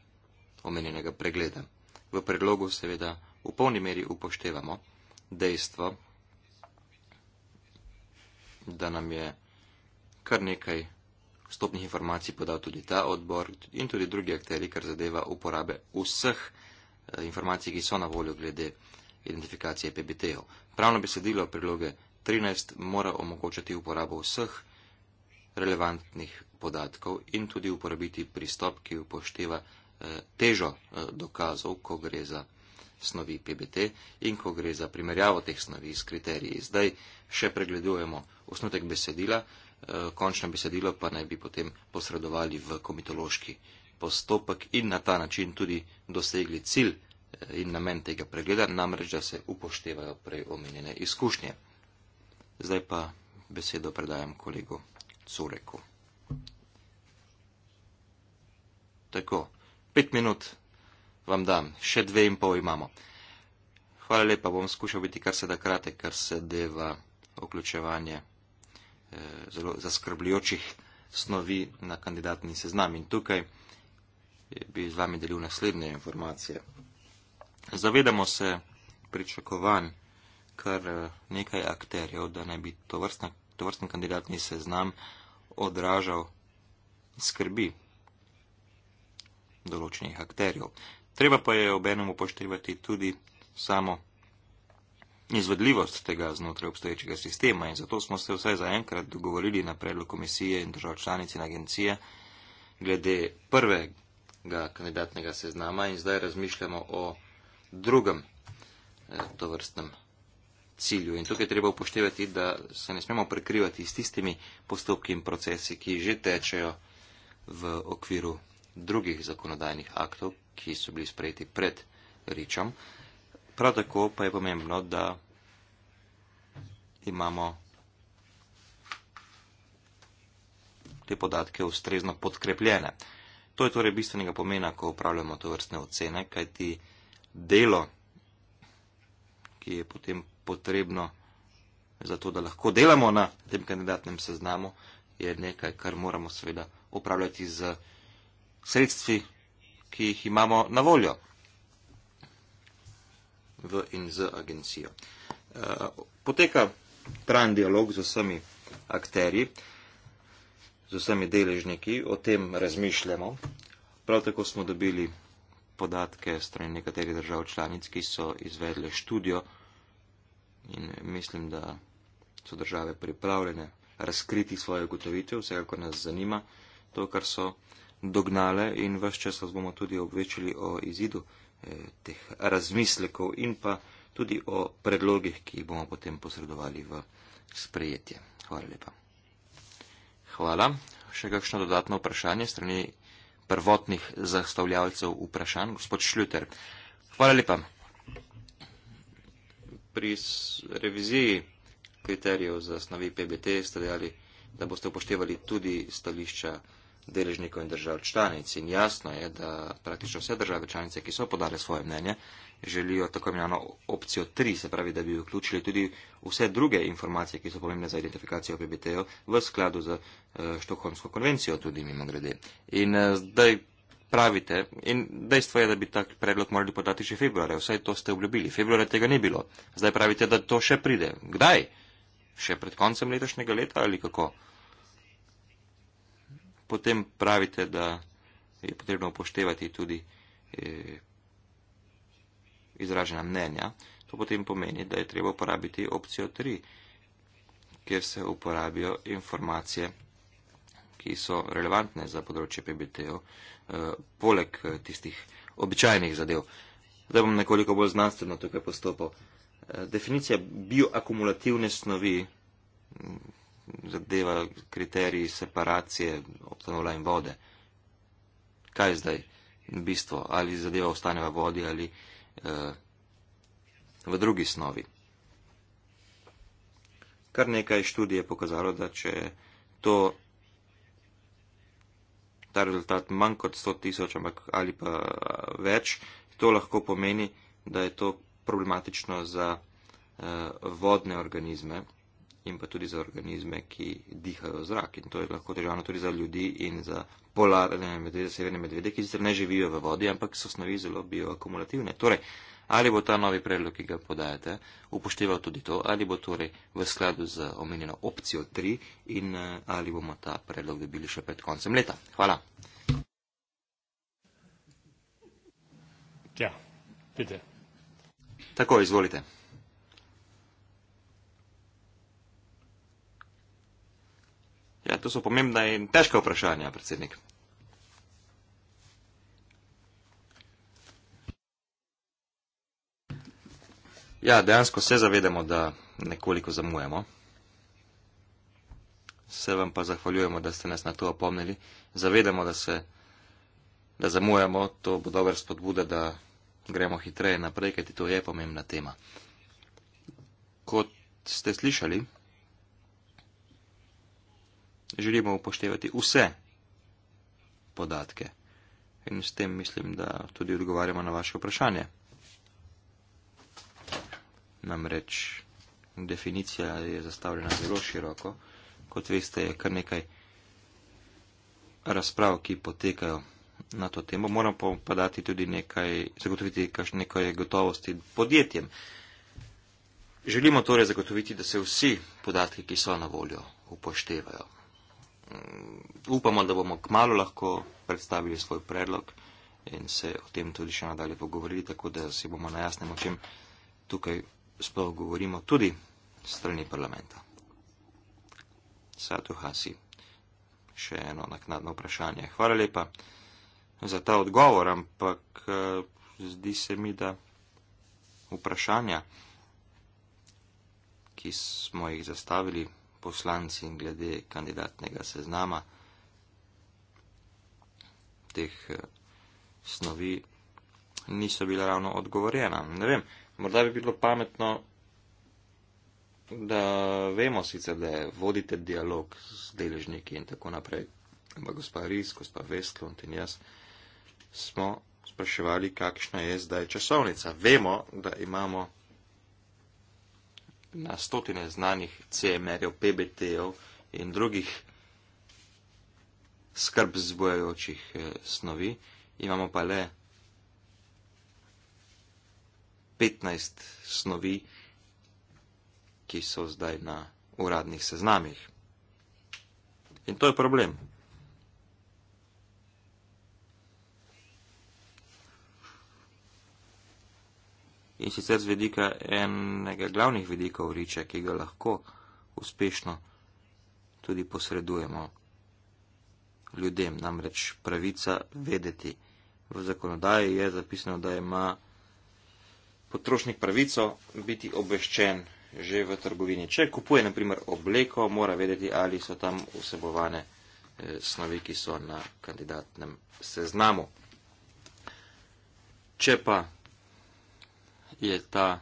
omenjenega pregleda. V predlogu seveda v polni meri upoštevamo dejstvo, da nam je kar nekaj stopnih informacij podal tudi ta odbor in tudi drugi akteri, kar zadeva uporabe vseh eh, informacij, ki so na voljo glede identifikacije PBT-jev. Pravno besedilo priloge 13 mora omogočati uporabo vseh relevantnih podatkov in tudi uporabiti pristop, ki upošteva eh, težo eh, dokazov, ko gre za snovi PBT in ko gre za primerjavo teh snovi s kriteriji. Zdaj še pregledujemo osnutek besedila, eh, končno besedilo pa naj bi potem posredovali v komitološki postopek in na ta način tudi dosegli cilj in namen tega pregleda, namreč da se upoštevajo prej omenjene izkušnje. Zdaj pa besedo predajam kolegu Cureku. Tako, pet minut vam dam, še dve in pol imamo. Hvala lepa, bom skušal biti kar se da krate, kar se deva vključevanje eh, zelo zaskrbljujočih snovi na kandidatni seznam. In tukaj bi z vami delil naslednje informacije. Zavedamo se pričakovanj kar eh, nekaj akterjev, da naj bi to vrstni kandidatni seznam odražal skrbi določenih akterjev. Treba pa je obenem upoštevati tudi samo izvedljivost tega znotraj obstoječega sistema in zato smo se vse zaenkrat dogovorili na predlog komisije in držav članic in agencije glede prvega kandidatnega seznama in zdaj razmišljamo o drugem eh, tovrstnem cilju. In tukaj treba upoštevati, da se ne smemo prekrivati s tistimi postopki in procesi, ki že tečejo v okviru drugih zakonodajnih aktov, ki so bili sprejeti pred ričom. Prav tako pa je pomembno, da imamo te podatke ustrezno podkrepljene. To je torej bistvenega pomena, ko upravljamo to vrstne ocene, kajti delo, ki je potem potrebno za to, da lahko delamo na tem kandidatnem seznamu, je nekaj, kar moramo seveda upravljati z sredstvi, ki jih imamo na voljo v in z agencijo. Eh, poteka tran dialog z vsemi akterji, z vsemi deležniki, o tem razmišljamo. Prav tako smo dobili podatke strani nekaterih držav članic, ki so izvedle študijo in mislim, da so države pripravljene razkriti svoje ugotovitev, vsekakor nas zanima to, kar so dognale in vse čas vas bomo tudi obvečili o izidu eh, teh razmislekov in pa tudi o predlogih, ki jih bomo potem posredovali v sprejetje. Hvala lepa. Hvala. Še kakšno dodatno vprašanje strani prvotnih zastavljalcev vprašanj, gospod Šljuter. Hvala lepa. Pri reviziji kriterijev za snovi PBT ste dejali, da boste upoštevali tudi stališča deležnikov in držav članic. In jasno je, da praktično vse države članice, ki so podale svoje mnenje, želijo tako imenovano opcijo 3, se pravi, da bi vključili tudi vse druge informacije, ki so pomembne za identifikacijo PBT-ja v skladu z uh, Štokholmsko konvencijo tudi mimo grede. In uh, zdaj pravite, in dejstvo je, da bi tak predlog morali podati še februarja, vsaj to ste obljubili, februarja tega ni bilo. Zdaj pravite, da to še pride. Kdaj? Še pred koncem letošnjega leta ali kako? Potem pravite, da je potrebno upoštevati tudi. Eh, izražena mnenja, to potem pomeni, da je treba uporabiti opcijo 3, kjer se uporabijo informacije, ki so relevantne za področje PBT-ev, eh, poleg eh, tistih običajnih zadev. Zdaj bom nekoliko bolj znanstveno tukaj postopal. Eh, definicija bioakumulativne snovi mm, zadeva kriteriji separacije obtanula in vode. Kaj je zdaj bistvo? Ali zadeva ostane v vodi ali uh, Eh, v drugi snovi. Kar nekaj študij je pokazalo, da če to, ta rezultat manj kot 100 tisoč ali pa eh, več, to lahko pomeni, da je to problematično za uh, vodne organizme in pa tudi za organizme, ki dihajo zrak. In to je lahko težavno tudi za ljudi in za polarne medvede, severne medvede, ki sicer ne živijo v vodi, ampak so snovi zelo bioakumulativne. Torej, ali bo ta novi predlog, ki ga podajate, upošteval tudi to, ali bo torej v skladu z omenjeno opcijo 3 in eh, ali bomo ta predlog dobili še pred koncem leta. Hvala. Ja, vidite. Tako, izvolite. Ja, to so pomembna in težka vprašanja, predsednik. Ja, dejansko se zavedamo, da nekoliko zamujamo. Se vam pa zahvaljujemo, da ste nas na to opomnili. Zavedamo, da se da zamujamo, to bo dober spodbuda, da gremo hitreje naprej, kajti to je pomembna tema. Kot ste slišali, želimo upoštevati vse podatke. In s tem mislim, da tudi odgovarjamo na vaše vprašanje. Namreč definicija je zastavljena zelo široko. Kot veste, je kar nekaj razprav, ki potekajo na to temo. Moram pa dati tudi nekaj, zagotoviti nekaj gotovosti podjetjem. Želimo torej zagotoviti, da se vsi podatki, ki so na voljo, upoštevajo. Mm, upamo, da bomo kmalo lahko predstavili svoj predlog in se o tem tudi še nadalje pogovorili, tako da si bomo na jasnem, o čem tukaj sploh govorimo, tudi strani parlamenta. Satu Hasi, še eno naknadno vprašanje. Hvala lepa za ta odgovor, ampak eh, zdi se mi, da vprašanja, ki smo jih zastavili, poslanci in glede kandidatnega seznama teh eh, snovi niso bila ravno odgovorjena. Ne vem, morda bi bilo pametno, da vemo sicer, da vodite dialog s deležniki in tako naprej, ampak gospa Riz, gospa Vestlund in jaz smo spraševali, kakšna je zdaj časovnica. Vemo, da imamo na stotine znanih CMR-jev, PBT-jev in drugih skrb zbojajočih eh, snovi, imamo pa le 15 snovi, ki so zdaj na uradnih seznamih. In to je problem. in sicer z vidika enega glavnih vidikov riče, ki ga lahko uspešno tudi posredujemo ljudem, namreč pravica vedeti. V zakonodaji je zapisano, da ima potrošnik pravico biti obveščen že v trgovini. Če kupuje naprimer obleko, mora vedeti, ali so tam vsebovane eh, snovi, ki so na kandidatnem seznamu. Če pa je ta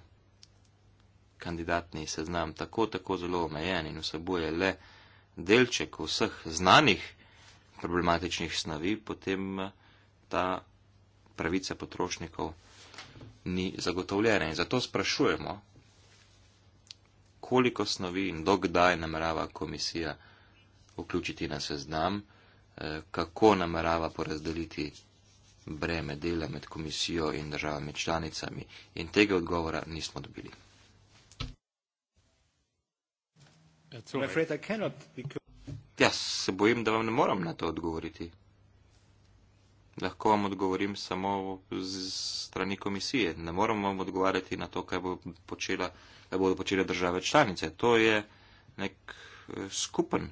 kandidatni seznam tako, tako zelo omejen in vsebuje le delček vseh znanih problematičnih snovi, potem eh, ta pravica potrošnikov ni zagotovljena. In zato sprašujemo, koliko snovi in dokdaj namerava komisija vključiti na seznam, eh, kako namerava porazdeliti breme dela med komisijo in državami članicami in tega odgovora nismo dobili. Ja, se bojim, da vam ne moram na to odgovoriti. Lahko vam odgovorim samo z strani komisije. Ne moram vam odgovarjati na to, kaj bo počela, da bodo počele države članice. To je nek eh, skupen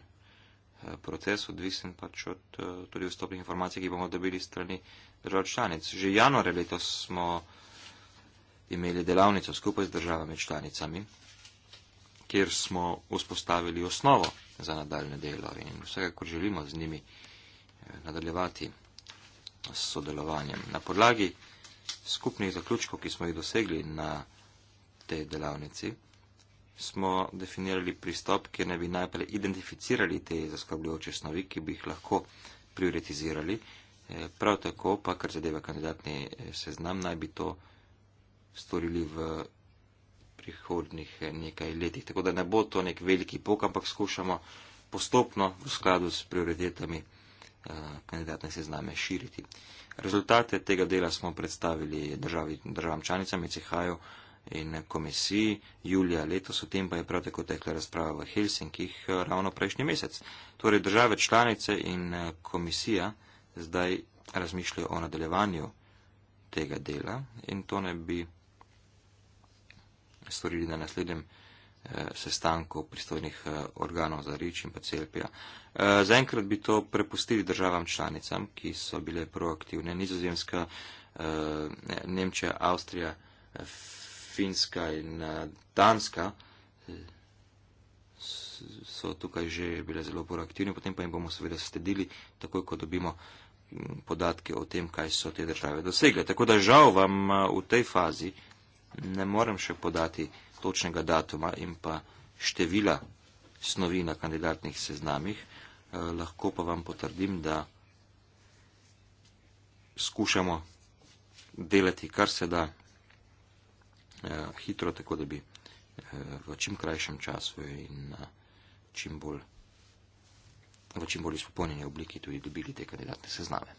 Eh, proces, odvisen pač od eh, tudi vstopnih informacij, ki bomo dobili strani držav članic. Že januarja letos smo imeli delavnico skupaj z državami članicami, kjer smo vzpostavili osnovo za nadaljne delo in vsekakor želimo z njimi eh, nadaljevati s sodelovanjem. Na podlagi skupnih zaključkov, ki smo jih dosegli na tej delavnici, smo definirali pristop, kjer ne bi najprej identificirali te zaskrbljujoče snovi, ki bi jih lahko prioritizirali. E, prav tako pa, kar zadeva kandidatni e, seznam, naj bi to storili v prihodnih e, nekaj letih. Tako da ne bo to nek veliki pok, ampak skušamo postopno v skladu s prioritetami kandidatne sezname širiti. Rezultate tega dela smo predstavili državi, državam članicam ICH-ju in komisiji julija letos, o tem pa je prav tako tekla razprava v Helsinkih eh, ravno prejšnji mesec. Torej države članice in eh, komisija zdaj razmišljajo o nadaljevanju tega dela in to ne bi storili na naslednjem eh, sestanku pristojnih organov za rič in pa celpija. Zaenkrat bi to prepustili državam članicam, ki so bile proaktivne, nizozemska, Nemčija, Avstrija, Finska in eh, Danska eh, so tukaj že bile zelo bolj aktivne, potem pa jim bomo seveda sledili, takoj ko dobimo mm, podatke o tem, kaj so te države dosegle. Tako da žal vam eh, v tej fazi ne morem še podati točnega datuma in pa števila snovi na kandidatnih seznamih, lahko pa vam potrdim, da skušamo delati kar se da Eh, hitro, tako da bi eh, v čim krajšem času in čim bolj, v čim bolj izpopolnjeni obliki tudi dobili te kandidatne sezname.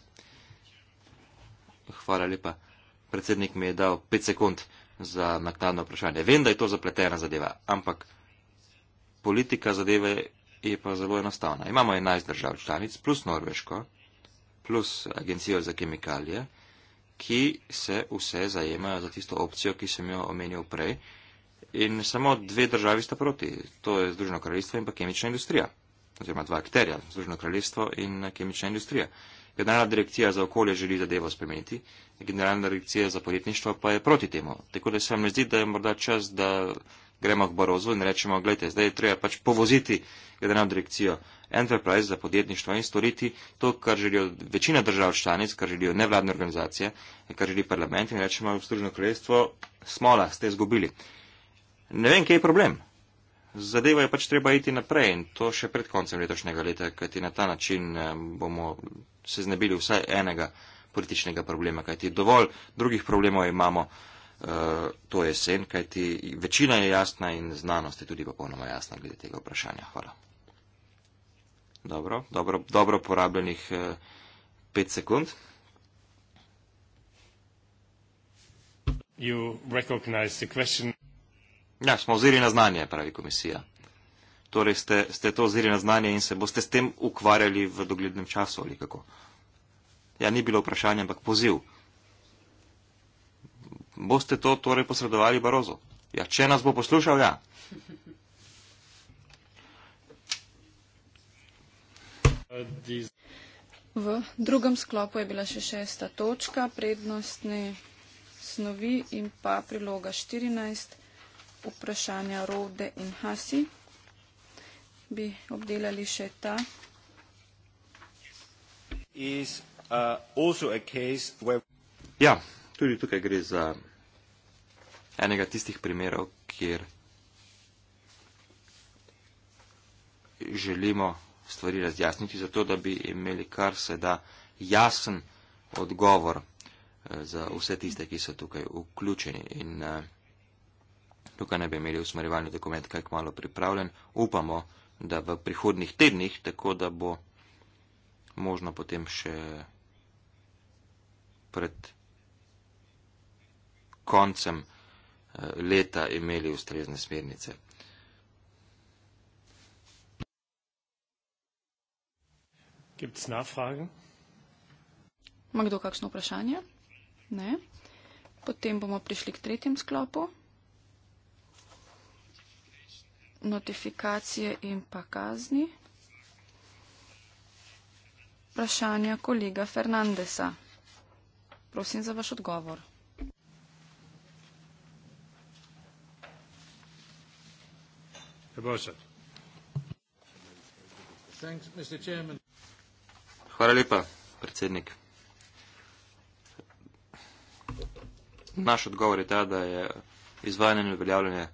Hvala lepa. Predsednik mi je dal pet sekund za naknadno vprašanje. Vem, da je to zapletena zadeva, ampak politika zadeve je pa zelo enostavna. Imamo 11 držav članic, plus Norveško, plus Agencijo za kemikalije ki se vse zajemajo za tisto opcijo, ki sem jo omenil prej. In samo dve državi sta proti. To je Združeno kraljestvo in pa kemična industrija. Oziroma dva akterja, Združeno kraljestvo in eh, kemična industrija. Generalna direkcija za okolje želi zadevo spremeniti, generalna direkcija za podjetništvo pa je proti temu. Tako da se vam ne zdi, da je morda čas, da gremo k Barozu in rečemo, gledajte, zdaj je treba pač povoziti generalno direkcijo Enterprise za podjetništvo in storiti to, kar želijo večina držav članic, kar želijo nevladne organizacije, kar želi parlament in rečemo, obstružno kraljestvo, smola, ste izgubili. Ne vem, kje je problem. Zadeva je pač treba iti naprej in to še pred koncem letošnjega leta, kajti na ta način bomo se znebili vsaj enega političnega problema, kajti dovolj drugih problemov imamo to jesen, kajti večina je jasna in znanost je tudi popolnoma jasna glede tega vprašanja. Hvala. Dobro, dobro, dobro porabljenih eh, pet sekund. Ja, smo vzeli na znanje, pravi komisija. Torej ste, ste to vzeli na znanje in se boste s tem ukvarjali v doglednem času ali kako. Ja, ni bilo vprašanje, ampak poziv boste to torej posredovali Barozo. Ja, če nas bo poslušal, ja. V drugem sklopu je bila še šesta točka, prednostne snovi in pa priloga 14, vprašanja Rode in Hasi. Bi obdelali še ta. Uh, ja, tudi tukaj gre za enega tistih primerov, kjer želimo stvari razjasniti, zato da bi imeli kar se da jasen odgovor eh, za vse tiste, ki so tukaj vključeni. In eh, tukaj ne bi imeli usmerjevalni dokument kaj malo pripravljen. Upamo, da v prihodnih tednih, tako da bo možno potem še pred koncem leta imeli ustrezne smernice. Ma kdo kakšno vprašanje? Ne. Potem bomo prišli k tretjem sklopu. Notifikacije in pa kazni. Vprašanja kolega Fernandesa. Prosim za vaš odgovor. Hvala lepa, predsednik. Naš odgovor je ta, da je izvajanje in uveljavljanje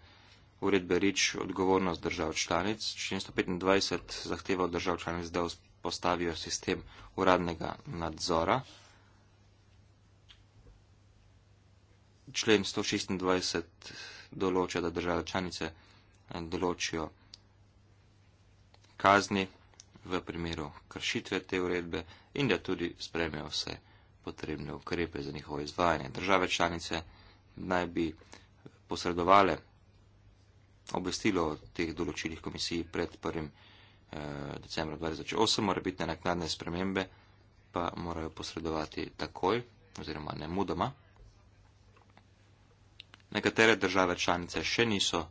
uredbe REACH odgovornost držav članic. 425 zahteva od držav članic, da postavijo sistem uradnega nadzora. Člen 126 določa, da države članice določijo kazni v primeru kršitve te uredbe in da tudi spremejo vse potrebne ukrepe za njihovo izvajanje. Države članice naj bi posredovale obvestilo o teh določilih komisiji pred 1. Eh, decembra 2008, mora biti nenakladne spremembe, pa morajo posredovati takoj oziroma nemudoma. Nekatere države članice še niso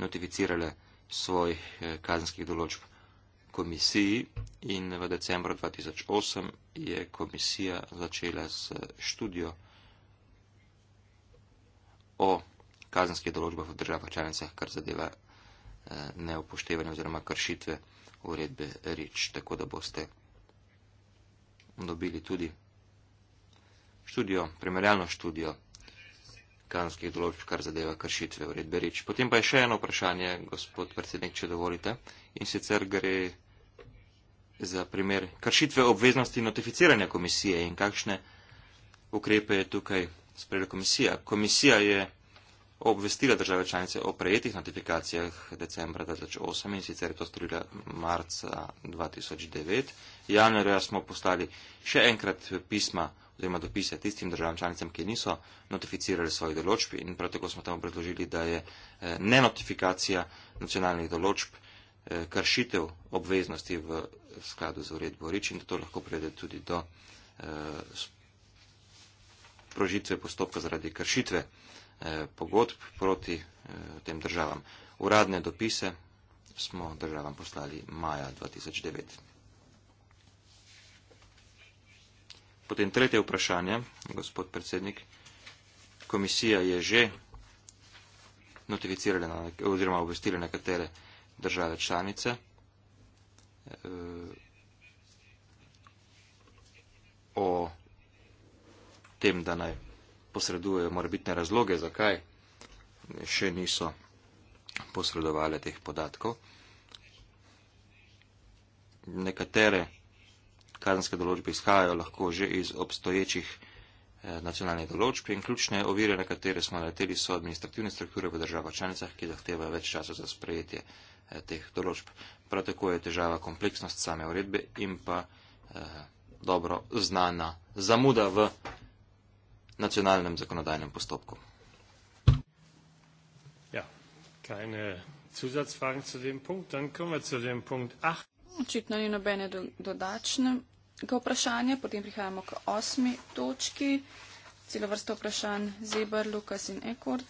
notificirale svojih eh, kazenskih določb komisiji in v decembru 2008 je komisija začela s študijo o kazenskih določbah v državah članicah, kar zadeva eh, neupoštevanje oziroma kršitve uredbe REACH, tako da boste dobili tudi študijo, primerjalno študijo kanskih določb, kar zadeva kršitve uredbe Rič. Potem pa je še eno vprašanje, gospod predsednik, če dovolite, in sicer gre za primer kršitve obveznosti notificiranja komisije in kakšne ukrepe je tukaj sprejela komisija. Komisija je obvestila države članice o prejetih notifikacijah decembra 2008 in sicer je to storila marca 2009. Januarja smo poslali še enkrat pisma oziroma dopise tistim državam članicam, ki niso notificirali svojih določb in prav tako smo tam obrazložili, da je eh, nenotifikacija nacionalnih določb eh, kršitev obveznosti v skladu z uredbo Rič in da to lahko prede tudi do eh, prožitve postopka zaradi kršitve pogodb proti tem državam. Uradne dopise smo državam poslali maja 2009. Potem tretje vprašanje, gospod predsednik. Komisija je že notificirala oziroma obvestila nekatere države članice eh, o tem, da naj posredujejo morebitne razloge, zakaj še niso posredovali teh podatkov. Nekatere kazenske določbe izhajajo lahko že iz obstoječih eh, nacionalnih določb in ključne ovire, na katere smo naleteli, so administrativne strukture v državah članicah, ki zahtevajo več časa za sprejetje eh, teh določb. Prav tako je težava kompleksnost same uredbe in pa eh, dobro znana zamuda v nacionalnem zakonodajnem postopku. Ja, keine Zusatzfragen zu dem Punkt, dann kommen wir zu dem Punkt 8. Očitno ni nobene do, dodačne ga vprašanje, potem prihajamo k osmi točki, celo vrsto vprašanj Zebr, Lukas in Ekort.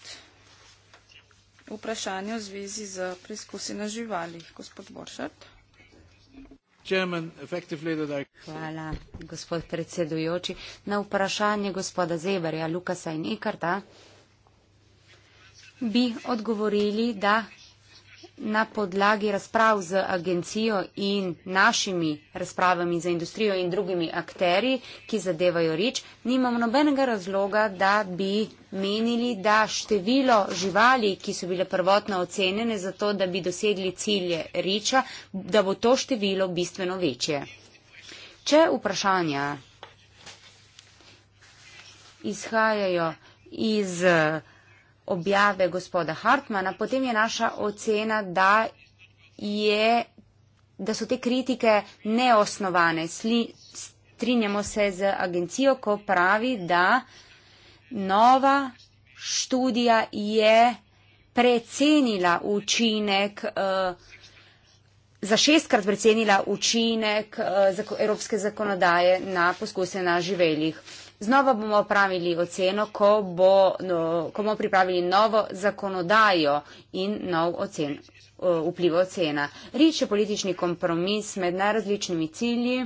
Vprašanje v zvezi z preizkusi na živalih, gospod Boršart. Hvala, gospod predsedujoči. Na vprašanje gospoda Zebarja, Lukasa in Ikarta bi odgovorili, da na podlagi razprav z agencijo in našimi razpravami za industrijo in drugimi akteri, ki zadevajo rič, nimamo nobenega razloga, da bi menili, da število živali, ki so bile prvotno ocenjene za to, da bi dosegli cilje riča, da bo to število bistveno večje. Če vprašanja izhajajo iz uh, objave gospoda Hartmana, potem je naša ocena, da, je, da so te kritike neosnovane. Sli, strinjamo se z agencijo, ko pravi, da nova študija je precenila učinek, eh, za šestkrat precenila učinek eh, evropske zakonodaje na poskuse na živeljih. Eh, Znova bomo pravili oceno, ko, bo, no, ko bomo pripravili novo zakonodajo in nov ocen, uh, vpliv ocena. Rič je politični kompromis med najrazličnimi cilji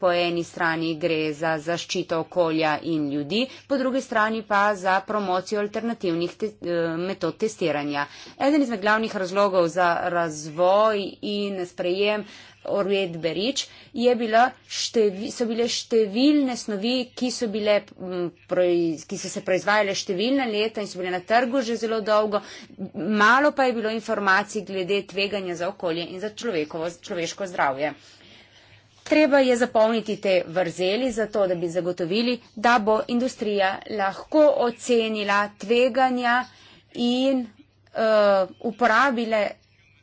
po eni strani gre za zaščito okolja in ljudi, po drugi strani pa za promocijo alternativnih te, eh, metod testiranja. Eden izmed glavnih razlogov za razvoj in sprejem Orvet Berič je bila, števi, so bile številne snovi, ki so, bile, mm, ki so se proizvajale številne leta in so bile na trgu že zelo dolgo. Malo pa je bilo informacij glede tveganja za okolje in za človeško zdravje. Treba je zapolniti te vrzeli, zato da bi zagotovili, da bo industrija lahko ocenila tveganja in uh, uporabile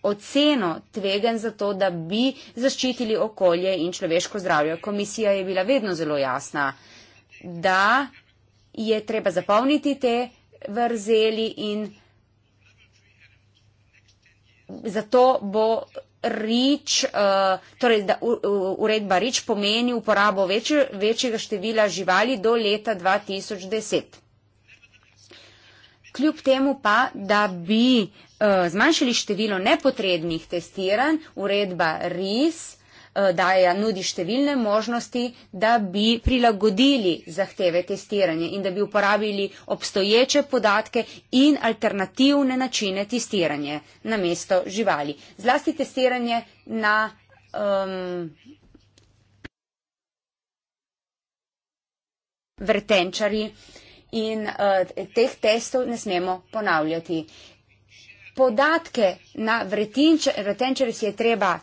oceno tvegen za to, da bi zaščitili okolje in človeško zdravje. Komisija je bila vedno zelo jasna, da je treba zapolniti te vrzeli in zato bo REACH, uh, torej da uredba REACH pomeni uporabo več, večjega števila živali do leta 2010. Kljub temu pa, da bi uh, zmanjšali število nepotrebnih testiranj, uredba REACH Eh, daje, ja, nudi številne možnosti, da bi prilagodili zahteve testiranja in da bi uporabili obstoječe podatke in alternativne načine testiranja na mesto živali. Zlasti testiranje na. Um, vrtenčari in uh, teh testov ne smemo ponavljati. Podatke na vrtenčari si je treba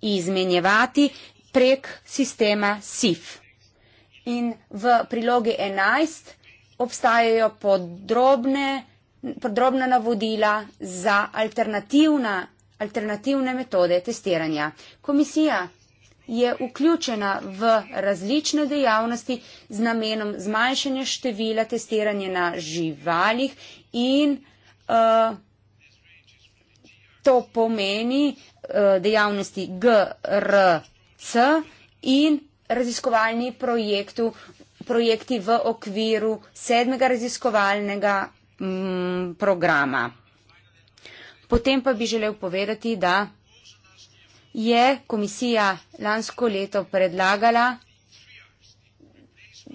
izmenjevati prek sistema SIF. In v prilogi 11 obstajajo podrobne, podrobna navodila za alternativna, alternativne metode testiranja. Komisija je vključena v različne dejavnosti z namenom zmanjšanja števila testiranja na živalih in uh, to pomeni eh, dejavnosti GRC in raziskovalni projektu, projekti v okviru sedmega raziskovalnega mm, programa. Potem pa bi želel povedati, da je komisija lansko leto predlagala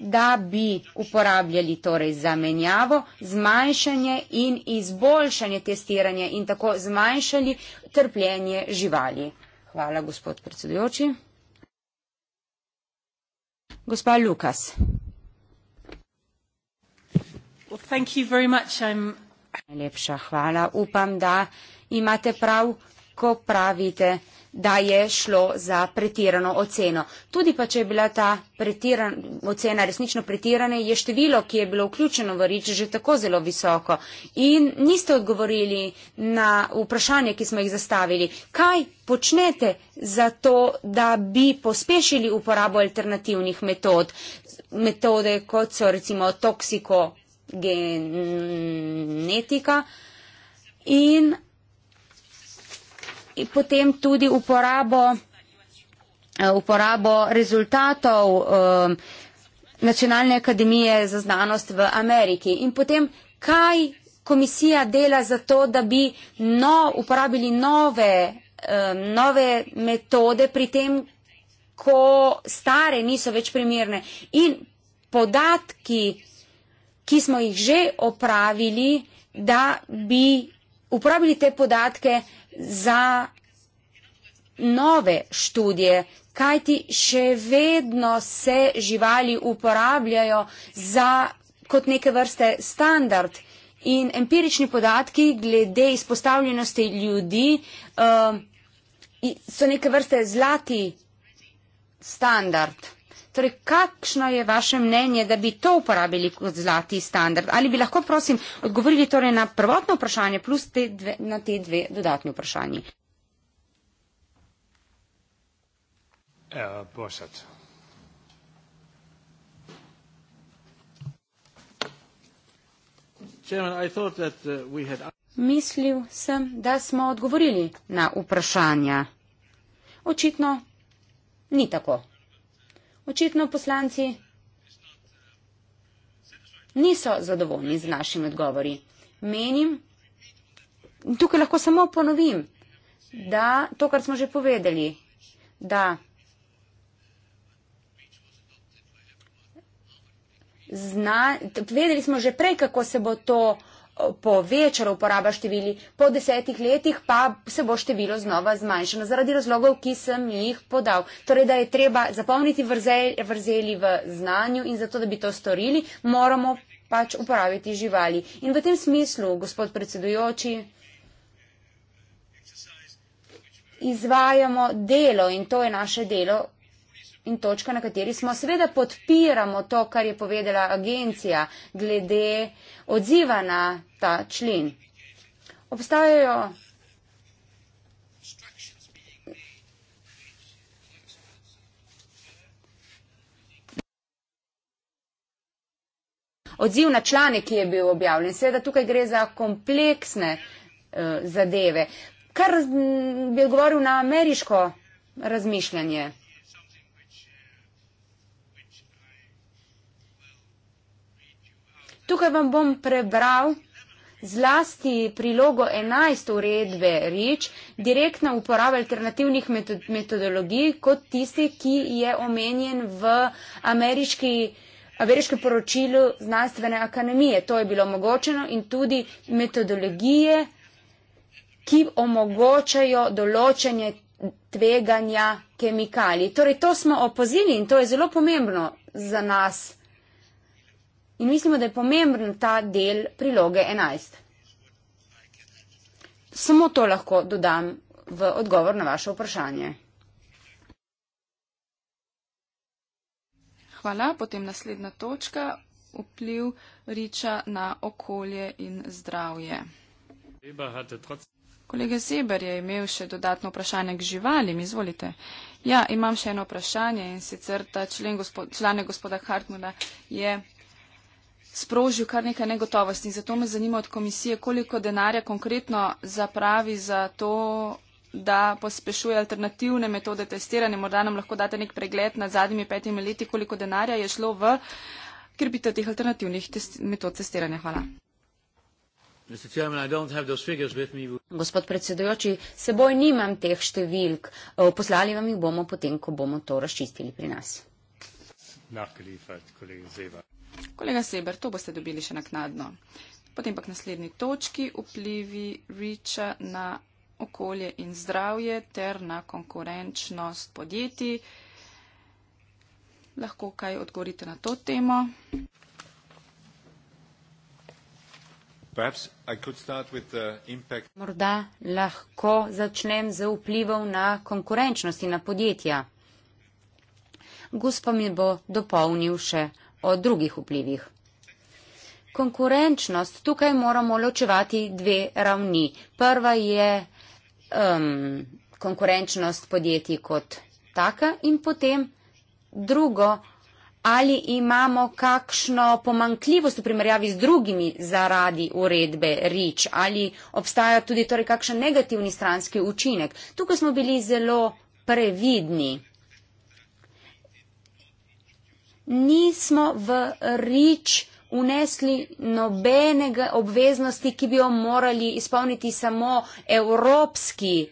da bi uporabljali torej zamenjavo, zmanjšanje in izboljšanje testiranja in tako zmanjšali trpljenje živali. Hvala, gospod predsedujoči. Gospa Lukas. Najlepša hvala. Upam, da imate prav, ko pravite, da je šlo za pretirano oceno. Tudi pa, če je bila ta pretiran, ocena resnično pretirana, je število, ki je bilo vključeno v rič, že tako zelo visoko. In niste odgovorili na vprašanje, ki smo jih zastavili. Kaj počnete za to, da bi pospešili uporabo alternativnih metod? Metode, kot so recimo toksikogenetika in potem tudi uporabo, eh, uporabo rezultatov eh, Nacionalne akademije za znanost v Ameriki. In potem, kaj komisija dela za to, da bi no, uporabili nove, eh, nove metode pri tem, ko stare niso več primirne. In podatki, ki smo jih že opravili, da bi uporabili te podatke, za nove študije, kajti še vedno se živali uporabljajo za, kot neke vrste standard in empirični podatki glede izpostavljenosti ljudi uh, so neke vrste zlati standard. Torej, kakšno je vaše mnenje, da bi to uporabili kot zlati standard? Ali bi lahko, prosim, odgovorili torej na prvotno vprašanje plus te dve, na te dve dodatni vprašanji? Uh, Chairman, that, uh, had... Mislil sem, da smo odgovorili na vprašanja. Očitno ni tako. Očitno poslanci niso zadovoljni z našimi odgovori. Menim, tukaj lahko samo ponovim, da to, kar smo že povedali, da zna, vedeli smo že prej, kako se bo to povečala uporaba števili, po desetih letih pa se bo število znova zmanjšalo zaradi razlogov, ki sem jih podal. Torej, da je treba zapolniti vrzel, vrzeli v znanju in zato, da bi to storili, moramo pač uporabiti živali. In v tem smislu, gospod predsedujoči, izvajamo delo in to je naše delo in točka, na kateri smo. Seveda podpiramo to, kar je povedala agencija glede odziva na ta člen. Obstajajo. Odziv na člane, ki je bil objavljen. Seveda tukaj gre za kompleksne uh, zadeve. Kar bi odgovoril na ameriško razmišljanje. Tukaj vam bom prebral zlasti prilogo 11 uredbe REACH, direktna uporaba alternativnih metod metodologij, kot tisti, ki je omenjen v ameriški. Ameriškem poročilu znanstvene akademije. To je bilo omogočeno in tudi metodologije, ki omogočajo določanje tveganja kemikalij. Torej, to smo opozili in to je zelo pomembno za nas in mislimo, da je pomemben ta del priloge 11. Samo to lahko dodam v odgovor na vaše vprašanje. Hvala. Potem naslednja točka. Vpliv riča na okolje in zdravje. Kolega Zeber je imel še dodatno vprašanje k živalim. Izvolite. Ja, imam še eno vprašanje in sicer ta člen gospod, člane gospoda Hartmuda je sprožil kar nekaj negotovosti. Zato me zanima od komisije, koliko denarja konkretno zapravi za to, da pospešuje alternativne metode testiranja. Morda nam lahko date nek pregled nad zadnjimi petimi leti, koliko denarja je šlo v krpitev teh alternativnih test metod testiranja. Hvala. Gospod predsedujoči, seboj nimam teh številk. Poslali vam jih bomo potem, ko bomo to razčistili pri nas. Nakalifat, kolega Zeva. Kolega Seber, to boste dobili še naknadno. Potem pa k naslednji točki vplivi Riča na okolje in zdravje ter na konkurenčnost podjetij. Lahko kaj odgovorite na to temo? Morda lahko začnem z vplivom na konkurenčnost in na podjetja. Gospa mi bo dopolnil še o drugih vplivih. Konkurenčnost. Tukaj moramo ločevati dve ravni. Prva je um, konkurenčnost podjetij kot taka in potem drugo, ali imamo kakšno pomankljivost v primerjavi z drugimi zaradi uredbe REACH, ali obstaja tudi torej kakšen negativni stranski učinek. Tukaj smo bili zelo previdni nismo v rič unesli nobenega obveznosti, ki bi jo morali izpolniti samo evropski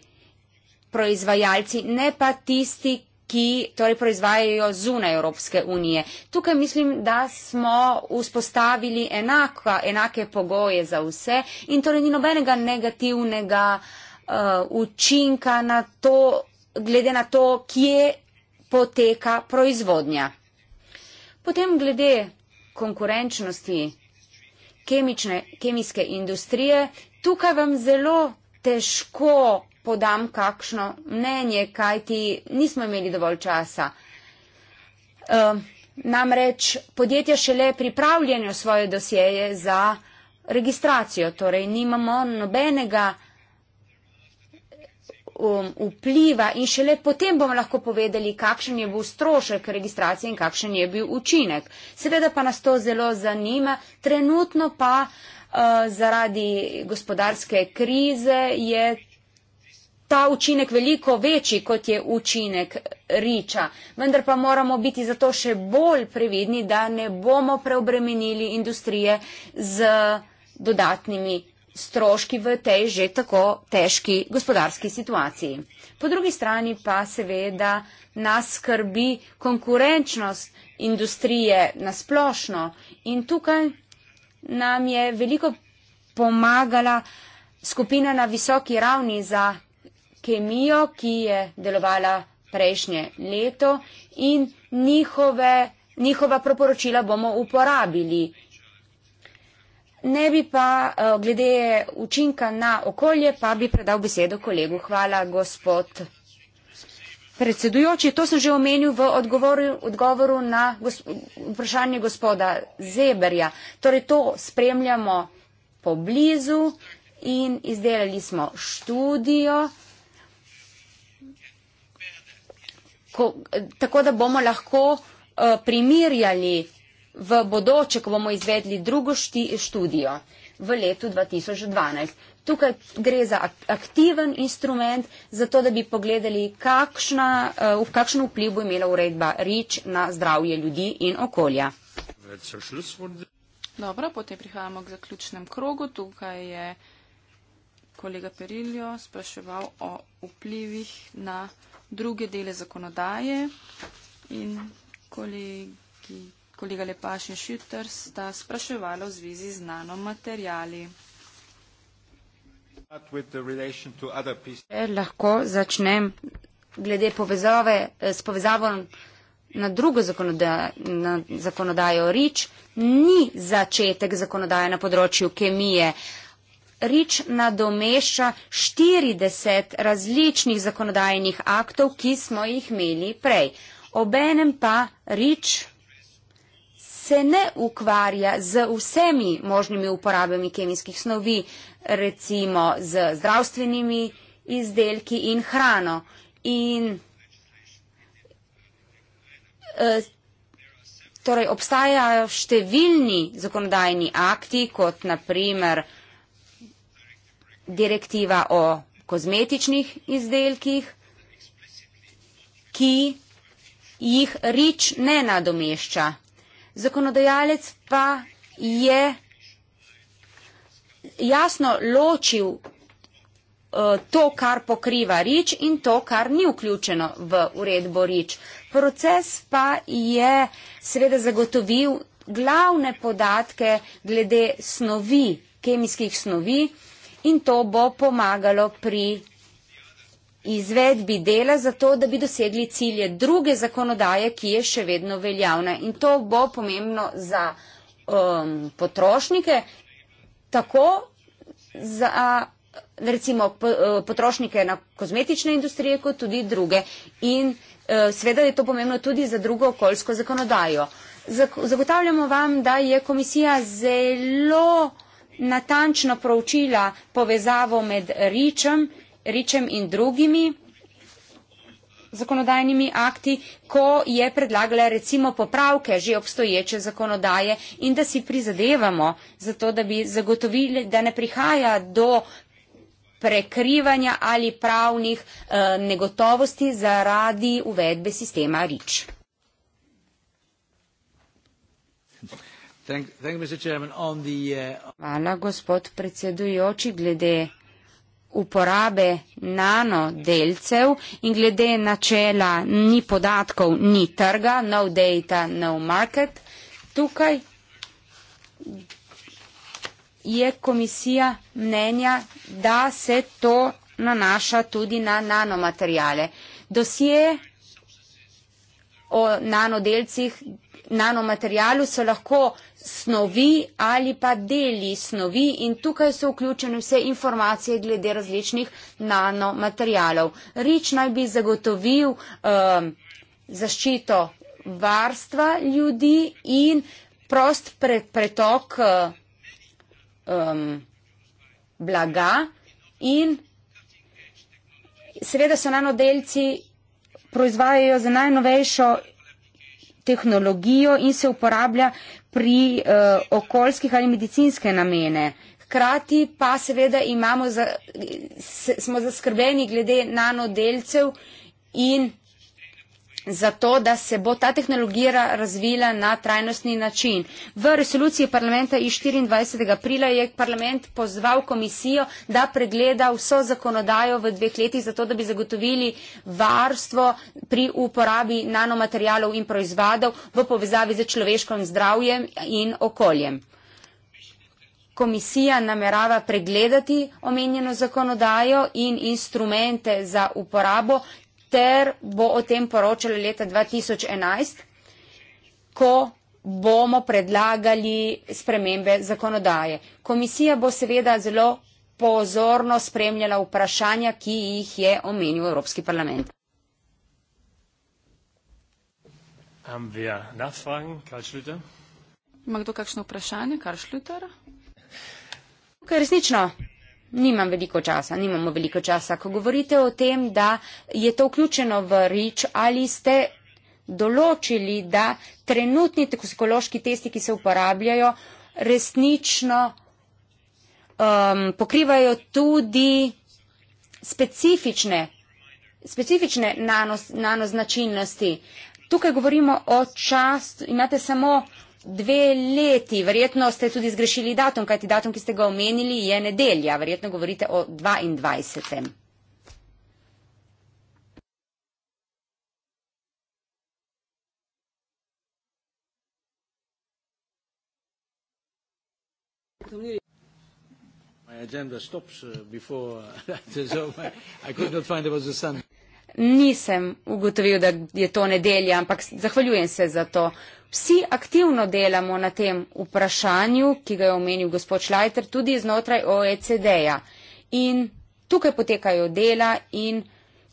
proizvajalci, ne pa tisti, ki torej proizvajajo zunaj Evropske unije. Tukaj mislim, da smo vzpostavili enaka, enake pogoje za vse in torej ni nobenega negativnega uh, učinka na to, glede na to, kje poteka proizvodnja. Potem glede konkurenčnosti kemične, kemijske industrije, tukaj vam zelo težko podam kakšno mnenje, kajti nismo imeli dovolj časa. Uh, namreč podjetja šele pripravljajo svoje dosjeje za registracijo, torej nimamo nobenega um, vpliva in šele potem bomo lahko povedali, kakšen je bil strošek registracije in kakšen je bil učinek. Seveda pa nas to zelo zanima, trenutno pa uh, zaradi gospodarske krize je. Ta učinek je veliko večji, kot je učinek riča. Vendar pa moramo biti zato še bolj previdni, da ne bomo preobremenili industrije z dodatnimi stroški v tej že tako težki gospodarski situaciji. Po drugi strani pa seveda nas skrbi konkurenčnost industrije na splošno in tukaj nam je veliko pomagala skupina na visoki ravni za kemijo, ki je delovala prejšnje leto in njihove, njihova proporočila bomo uporabili Ne bi pa, eh, glede učinka na okolje, pa bi predal besedo kolegu. Hvala, gospod predsedujoči. To sem že omenil v odgovoru, odgovoru na gospo, vprašanje gospoda Zeberja. Torej, to spremljamo poblizu in izdelali smo študijo, ko, tako da bomo lahko eh, primirjali v bodoče, ko bomo izvedli drugo šti, študijo v letu 2012. Tukaj gre za aktiven instrument, zato da bi pogledali, kakšna, eh, v kakšen vpliv bo imela uredba REACH na zdravje ljudi in okolja. Dobro, potem prihajamo k zaključnem krogu. Tukaj je kolega Periljo spraševal o vplivih na druge dele zakonodaje in kolegi kolega Lepaš in Šuter sta spraševala v zvezi z nano materijali. E, lahko začnem glede povezave e, s povezavom na drugo zakonodajo, na zakonodajo Rič. Ni začetek zakonodaje na področju kemije. Rič nadomešča 40 različnih zakonodajnih aktov, ki smo jih imeli prej. Obenem pa Rič se ne ukvarja z vsemi možnimi uporabami kemijskih snovi, recimo z zdravstvenimi izdelki in hrano. In e, torej obstajajo številni zakonodajni akti, kot naprimer direktiva o kozmetičnih izdelkih, ki jih rič ne nadomešča zakonodajalec pa je jasno ločil eh, to, kar pokriva REACH in to, kar ni vključeno v uredbo REACH. Proces pa je seveda zagotovil glavne podatke glede snovi, kemijskih snovi in to bo pomagalo pri izvedbi dela za to, da bi dosegli cilje druge zakonodaje, ki je še vedno veljavna. In to bo pomembno za um, potrošnike, tako za recimo eh, potrošnike na kozmetične industrije, kot tudi druge. In eh, sveda je to pomembno tudi za drugo okoljsko zakonodajo. Zagotavljamo vam, da je komisija zelo natančno proučila povezavo med ričem Ričem in drugimi zakonodajnimi akti, ko je predlagala recimo popravke že obstoječe zakonodaje in da si prizadevamo za to, da bi zagotovili, da ne prihaja do prekrivanja ali pravnih e, negotovosti zaradi uvedbe sistema REACH. Uh, Hvala, gospod predsedujoči, glede uporabe nanodelcev in glede načela ni podatkov, ni trga, no data, no market, tukaj je komisija mnenja, da se to nanaša tudi na nanomaterjale. Dosije o nanodelcih, nanomaterjalu so lahko snovi ali pa deli snovi in tukaj so vključene vse informacije glede različnih nanomaterjalov. Rič naj bi zagotovil um, zaščito varstva ljudi in prost pre pretok uh, um, blaga in seveda so nanodelci proizvajajo za najnovejšo tehnologijo in se uporablja pri uh, okoljskih ali medicinske namene. Hkrati pa seveda za, smo zaskrbljeni glede nanodelcev in zato, da se bo ta tehnologija razvila na trajnostni način. V resoluciji parlamenta iz 24. aprila je parlament pozval komisijo, da pregleda vso zakonodajo v dveh letih, zato da bi zagotovili varstvo pri uporabi nanomaterjalov in proizvodov v povezavi z človeškim zdravjem in okoljem. Komisija namerava pregledati omenjeno zakonodajo in instrumente za uporabo ter bo o tem poročala leta 2011, ko bomo predlagali spremembe zakonodaje. Komisija bo seveda zelo pozorno spremljala vprašanja, ki jih je omenil Evropski parlament. Ima kdo kakšno vprašanje? Karšljuter? Okay, resnično. Nimam veliko časa, nimamo veliko časa. Ko govorite o tem, da je to vključeno v REACH, ali ste določili, da trenutni toksikološki testi, ki se uporabljajo, resnično um, pokrivajo tudi specifične, specifične nanos, nanoznačilnosti. Tukaj govorimo o čast, imate samo dve leti. Verjetno ste tudi zgrešili datum, kajti datum, ki ste ga omenili, je nedelja. Verjetno govorite o 22. My agenda stops uh, before uh, that, so I, I could not find there was a sun nisem ugotovil, da je to nedelja, ampak zahvaljujem se za to. Vsi aktivno delamo na tem vprašanju, ki ga je omenil gospod Šlajter, tudi znotraj OECD-ja. In tukaj potekajo dela in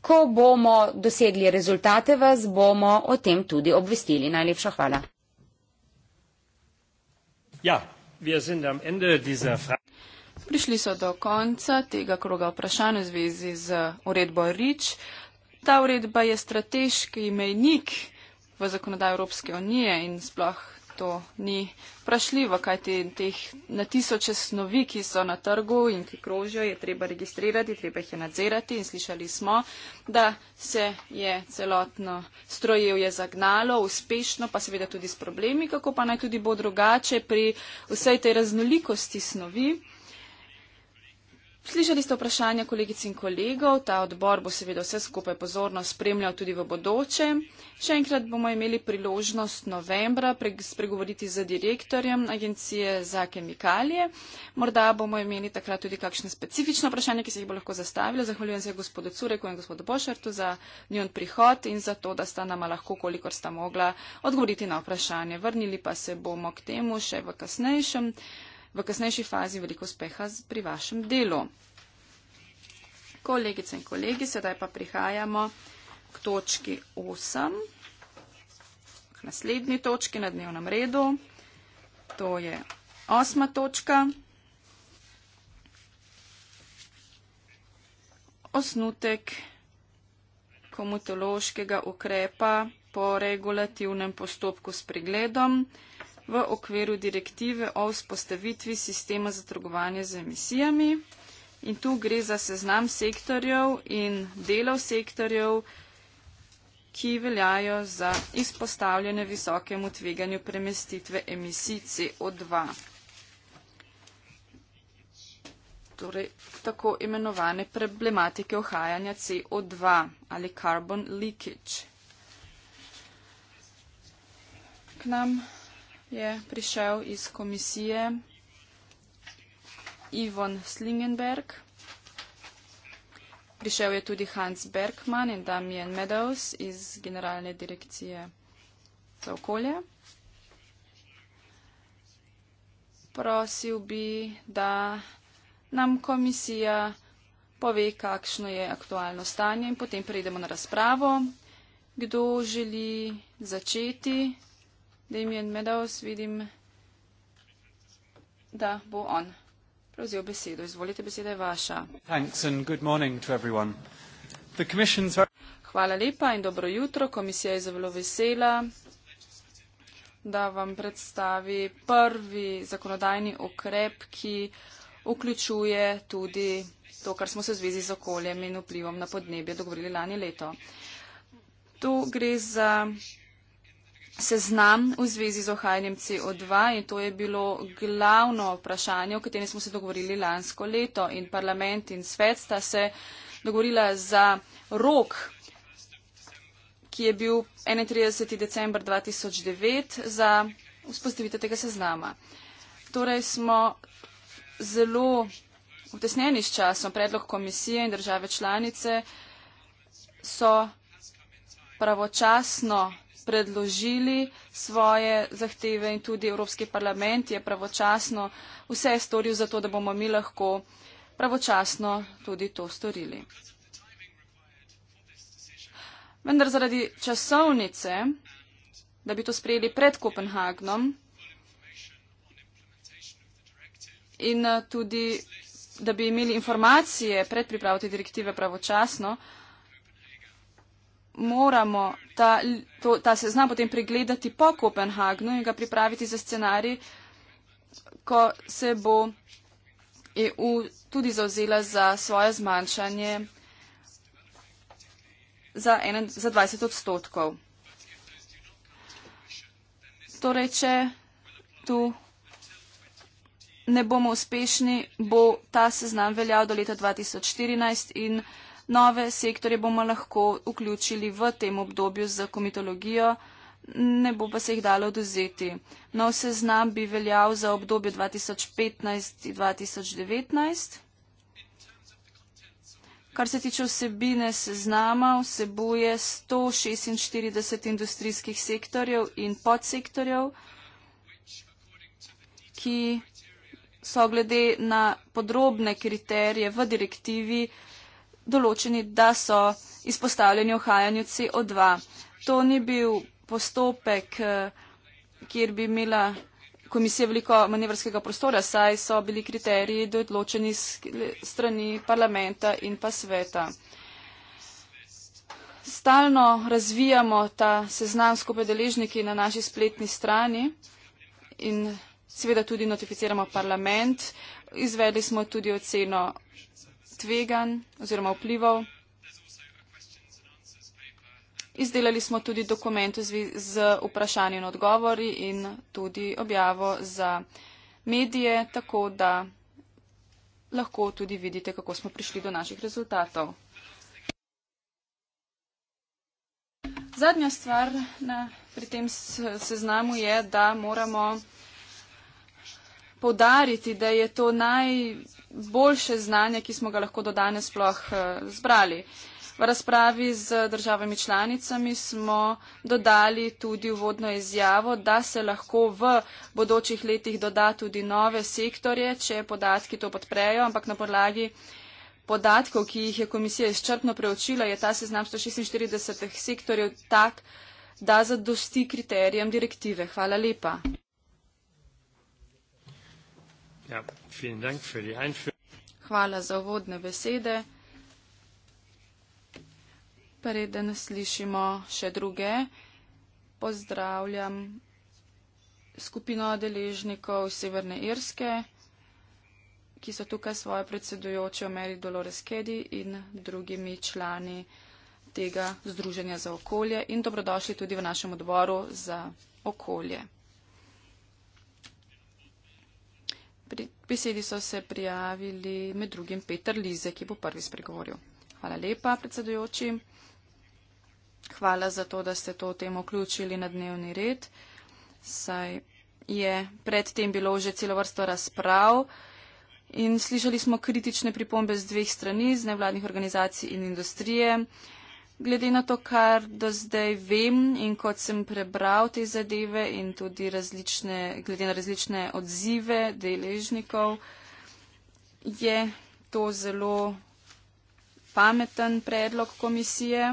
ko bomo dosegli rezultate, vas bomo o tem tudi obvestili. Najlepša hvala. Ja, Prišli so do konca tega kroga vprašanja v zvezi z uredbo REACH ta uredba je strateški mejnik v zakonodaju Evropske unije in sploh to ni vprašljivo, kaj te, teh na tisoče snovi, ki so na trgu in ki krožijo, je treba registrirati, treba jih je nadzirati in slišali smo, da se je celotno strojevje zagnalo uspešno, pa seveda tudi s problemi, kako pa naj tudi bo drugače pri vsej tej raznolikosti snovi. Slišali ste vprašanje kolegic in kolegov, ta odbor bo seveda vse skupaj pozorno spremljal tudi v bodoče. Še enkrat bomo imeli priložnost novembra spregovoriti z direktorjem Agencije za kemikalije. Morda bomo imeli takrat tudi kakšne specifične vprašanja, ki se jih bo lahko zastavilo. Zahvaljujem se gospodu Cureku in gospodu Bošartu za njun prihod in za to, da sta nama lahko, kolikor sta mogla, odgovoriti na vprašanje. Vrnili pa se bomo k temu še v kasnejšem v kasnejši fazi veliko uspeha pri vašem delu. Kolegice in kolegi, sedaj pa prihajamo k točki 8, k naslednji točki na dnevnem redu. To je osma točka. Osnutek komutološkega ukrepa po regulativnem postopku s pregledom v okviru direktive o vzpostavitvi sistema za trgovanje z emisijami. In tu gre za seznam sektorjev in delov sektorjev, ki veljajo za izpostavljene visokemu tveganju premestitve emisij CO2. Torej, tako imenovane problematike ohajanja CO2 ali carbon leakage. K nam je prišel iz komisije Ivon Slingenberg. Prišel je tudi Hans Bergman in Damien Meadows iz Generalne direkcije za okolje. Prosil bi, da nam komisija pove, kakšno je aktualno stanje in potem prejdemo na razpravo. Kdo želi začeti? Damien Meadows, vidim, da bo on prevzel besedo. Izvolite, beseda je vaša. Hvala lepa in dobro jutro. Komisija je zelo vesela, da vam predstavi prvi zakonodajni ukrep, ki vključuje tudi to, kar smo se v zvezi z okoljem in vplivom na podnebje dogovorili lani leto. Tu gre za seznam v zvezi z ohajanjem CO2 in to je bilo glavno vprašanje, o katerem smo se dogovorili lansko leto in parlament in svet sta se dogovorila za rok, ki je bil 31. decembar 2009 za vzpostavitev tega seznama. Torej smo zelo utesnjeni s časom. Predlog komisije in države članice so pravočasno predložili svoje zahteve in tudi Evropski parlament je pravočasno vse storil za to, da bomo mi lahko pravočasno tudi to storili. Vendar zaradi časovnice, da bi to sprejeli pred Kopenhagnom in eh, tudi, da bi imeli informacije pred pripravo te direktive pravočasno, uh, moramo ta, to, ta seznam potem pregledati po Kopenhagnu in ga pripraviti za scenarij, ko se bo EU tudi zauzela za svoje zmanjšanje za, en, za 20 odstotkov. Torej, če tu ne bomo uspešni, bo ta seznam veljal do leta 2014 in nove sektorje bomo lahko vključili v tem obdobju za komitologijo, ne bo pa se jih dalo oduzeti. Nov seznam bi veljal za obdobje 2015-2019. Kar se tiče vsebine seznama, vsebuje 146 industrijskih sektorjev in podsektorjev, ki so glede na podrobne kriterije v direktivi določeni, da so izpostavljeni ohajanju CO2. To ni bil postopek, eh, kjer bi imela komisija veliko manevrskega prostora, saj so bili kriteriji določeni strani parlamenta in pa sveta. Stalno razvijamo ta seznam skupaj deležniki na naši spletni strani in seveda tudi notificiramo parlament. Izvedli smo tudi oceno tveganj oziroma vplivov. Izdelali smo tudi dokument z vprašanji in odgovori in tudi objavo za medije, tako da lahko tudi vidite, kako smo prišli do naših rezultatov. Zadnja stvar na, pri tem seznamu je, da moramo poudariti, da je to najboljše znanje, ki smo ga lahko do danes sploh eh, zbrali. V razpravi z državami članicami smo dodali tudi uvodno izjavo, da se lahko v bodočih letih doda tudi nove sektorje, če podatki to podprejo, ampak na podlagi podatkov, ki jih je komisija izčrpno preučila, je ta seznam 146 sektorjev tak, da zadosti kriterijem direktive. Hvala lepa. Ja, Hvala za uvodne besede. Preden slišimo še druge, pozdravljam skupino deležnikov Severne Irske, ki so tukaj svojo predsedujočo Mary Dolores Kedi in drugimi člani tega Združenja za okolje in dobrodošli tudi v našem odboru za okolje. Pri besedi so se prijavili med drugim Peter Lize, ki bo prvi spregovoril. Hvala lepa, predsedujoči. Hvala za to, da ste to temo vključili na dnevni red, saj je predtem bilo že celo vrsto razprav in slišali smo kritične pripombe z dveh strani, z nevladnih organizacij in industrije. Uh, glede na to, kar do zdaj vem in kot sem prebral te zadeve in tudi različne, glede na različne odzive deležnikov, je to zelo pameten predlog komisije.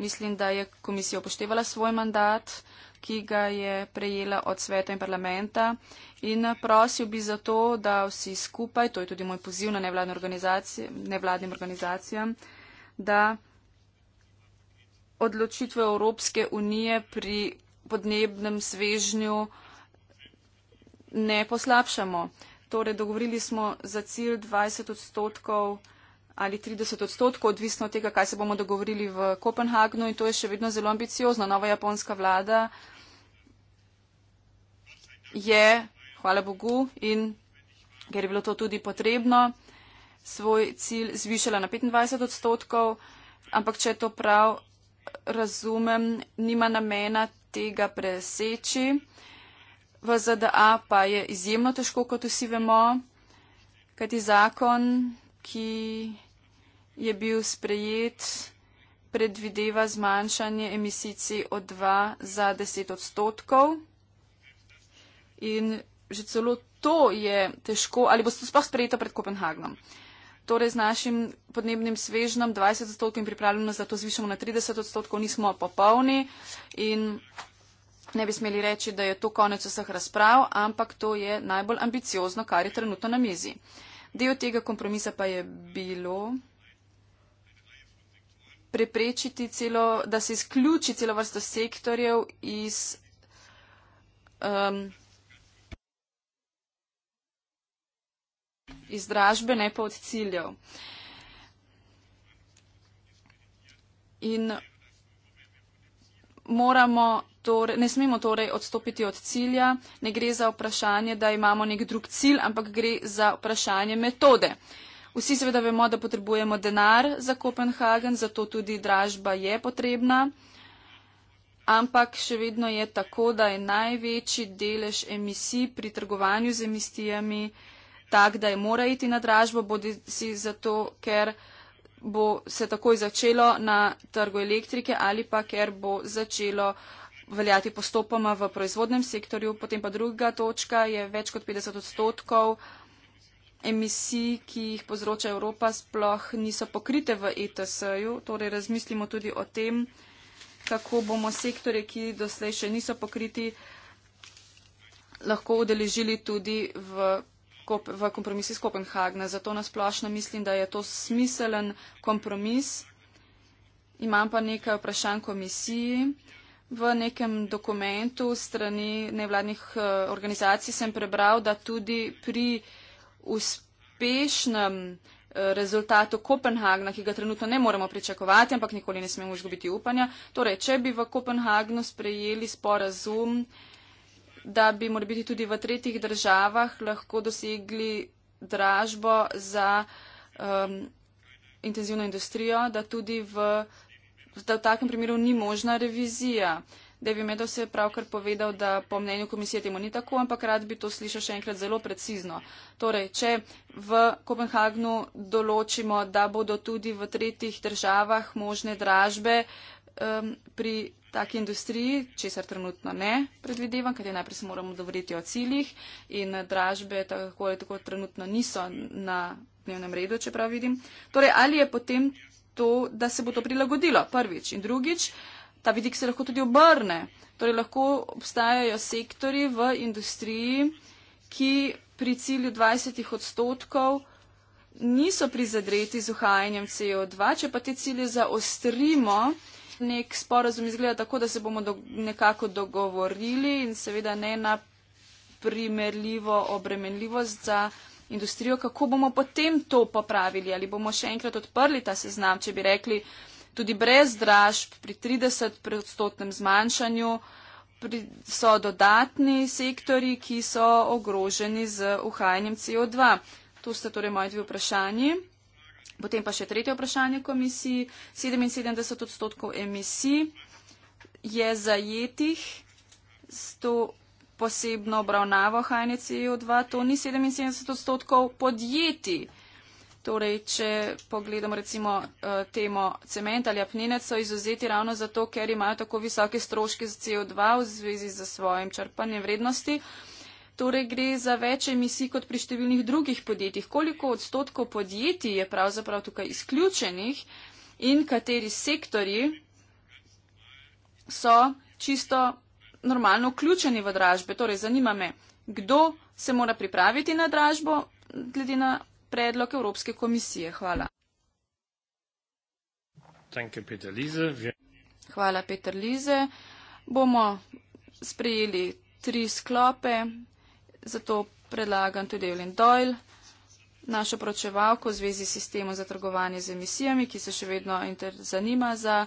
Mislim, da je komisija upoštevala svoj mandat, ki ga je prejela od sveta in parlamenta in prosil bi za to, da vsi skupaj, to je tudi moj poziv na nevladne organizacije, nevladnim organizacijam, da odločitve Evropske unije pri podnebnem svežnju ne poslabšamo. Torej, dogovorili smo za cilj 20 odstotkov ali 30 odstotkov, odvisno od tega, kaj se bomo dogovorili v Kopenhagnu in to je še vedno zelo ambiciozno. Nova japonska vlada je, hvala Bogu, in ker je bilo to tudi potrebno, svoj cilj zvišala na 25 odstotkov, ampak če to prav razumem, nima namena tega preseči. V ZDA pa je izjemno težko, kot vsi vemo, kajti zakon, ki je bil sprejet, predvideva zmanjšanje emisij CO2 za 10 odstotkov. In že celo to je težko, ali bo to sploh sprejeto pred Kopenhagnom. Uh, torej z našim podnebnim svežnom 20 odstotkov in pripravljenost za to zvišamo na 30 odstotkov, nismo popolni in ne bi smeli reči, da je to konec vseh razprav, ampak to je najbolj ambiciozno, kar je trenutno na mizi. Del tega kompromisa pa je bilo preprečiti celo, da se izključi celo vrsto sektorjev iz. Um, iz dražbe, ne pa od ciljev. In moramo torej, ne smemo torej odstopiti od cilja, ne gre za vprašanje, da imamo nek drug cilj, ampak gre za vprašanje metode. Vsi seveda vemo, da potrebujemo denar za Kopenhagen, zato tudi dražba je potrebna. Ampak še vedno je tako, da je največji delež emisij pri trgovanju z emisijami tak, da je mora iti na dražbo, bodi si zato, ker bo se takoj začelo na trgu elektrike ali pa ker bo začelo veljati postopoma v proizvodnem sektorju. Potem pa druga točka je več kot 50 odstotkov emisij, ki jih povzroča Evropa, sploh niso pokrite v ETS-ju. Torej razmislimo tudi o tem, kako bomo sektore, ki doslej še niso pokriti, lahko udeležili tudi v v kompromis iz Kopenhagna. Zato nasplošno mislim, da je to smiselen kompromis. Imam pa nekaj vprašanj komisiji. V nekem dokumentu strani nevladnih eh, organizacij sem prebral, da tudi pri uspešnem eh, rezultatu Kopenhagna, ki ga trenutno ne moremo pričakovati, ampak nikoli ne smemo izgubiti upanja. Torej, če bi v Kopenhagnu sprejeli sporazum, da bi morebiti tudi v tretjih državah lahko dosegli dražbo za um, intenzivno industrijo, da tudi v, da v takem primeru ni možna revizija. Devi Medov se je pravkar povedal, da po mnenju komisije temu ni tako, ampak rad bi to slišal še enkrat zelo precizno. Torej, če v Kopenhagnu določimo, da bodo tudi v tretjih državah možne dražbe um, pri taki industriji, česar trenutno ne predvidevam, ker je najprej se moramo dovoriti o ciljih in dražbe tako ali tako trenutno niso na dnevnem redu, če prav vidim. Torej, ali je potem to, da se bo to prilagodilo, prvič. In drugič, ta vidik se lahko tudi obrne. Torej, lahko obstajajo sektori v industriji, ki pri cilju 20 odstotkov niso prizadeti z uhajanjem CO2, če pa te cilje zaostrimo, nek sporazum izgleda tako, da se bomo do, nekako dogovorili in seveda ne na primerljivo obremenljivost za industrijo, kako bomo potem to popravili, ali bomo še enkrat odprli ta seznam, če bi rekli tudi brez dražb pri 30 odstotnem zmanjšanju. Pri, so dodatni sektori, ki so ogroženi z uhajanjem CO2. To sta torej moji dve vprašanji. Potem pa še tretje vprašanje komisiji. 77 odstotkov emisij je zajetih s to posebno obravnavo HNCO2. E e to ni 77 odstotkov podjetij. Torej, če pogledamo recimo eh, temo cement ali apnenec, so izuzeti ravno zato, ker imajo tako visoke stroške za CO2 e v zvezi z svojim črpanjem vrednosti torej gre za več emisij kot pri številnih drugih podjetjih. Koliko odstotkov podjetij je pravzaprav tukaj izključenih in kateri sektori so čisto normalno vključeni v dražbe. Torej zanima me, kdo se mora pripraviti na dražbo glede na predlog Evropske komisije. Hvala. Hvala, Peter Lize. Bomo sprejeli tri sklope zato predlagam tudi Evelyn Doyle, našo pročevalko v zvezi s sistemom za trgovanje z emisijami, ki se še vedno zanima za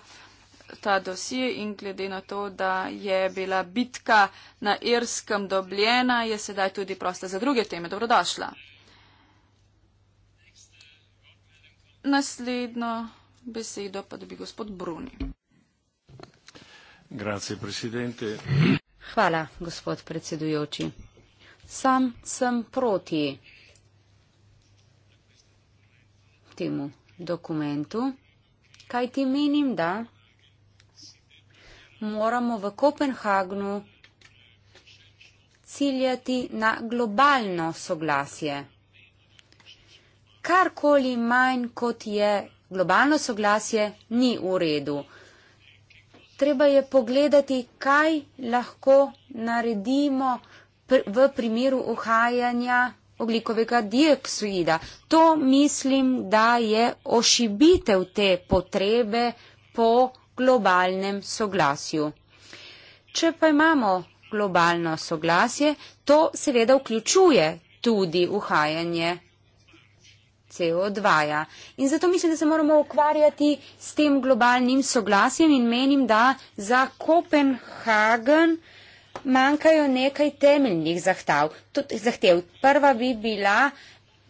ta dosije in glede na to, da je bila bitka na Irskem dobljena, je sedaj tudi prosta za druge teme. Dobrodošla. Naslednjo besedo pa dobi gospod Bruni. Hvala, gospod predsedujoči. Sam sem proti temu dokumentu, kaj ti menim, da moramo v Kopenhagnu ciljati na globalno soglasje. Karkoli manj kot je globalno soglasje, ni v redu. Treba je pogledati, kaj lahko naredimo, pr v primeru ohajanja oglikovega dioksida. To mislim, da je ošibitev te potrebe po globalnem soglasju. Če pa imamo globalno soglasje, to seveda vključuje tudi uhajanje CO2. -ja. In zato mislim, da se moramo ukvarjati s tem globalnim soglasjem in menim, da za Kopenhagen manjkajo nekaj temeljnih zahtav. zahtev. Prva bi bila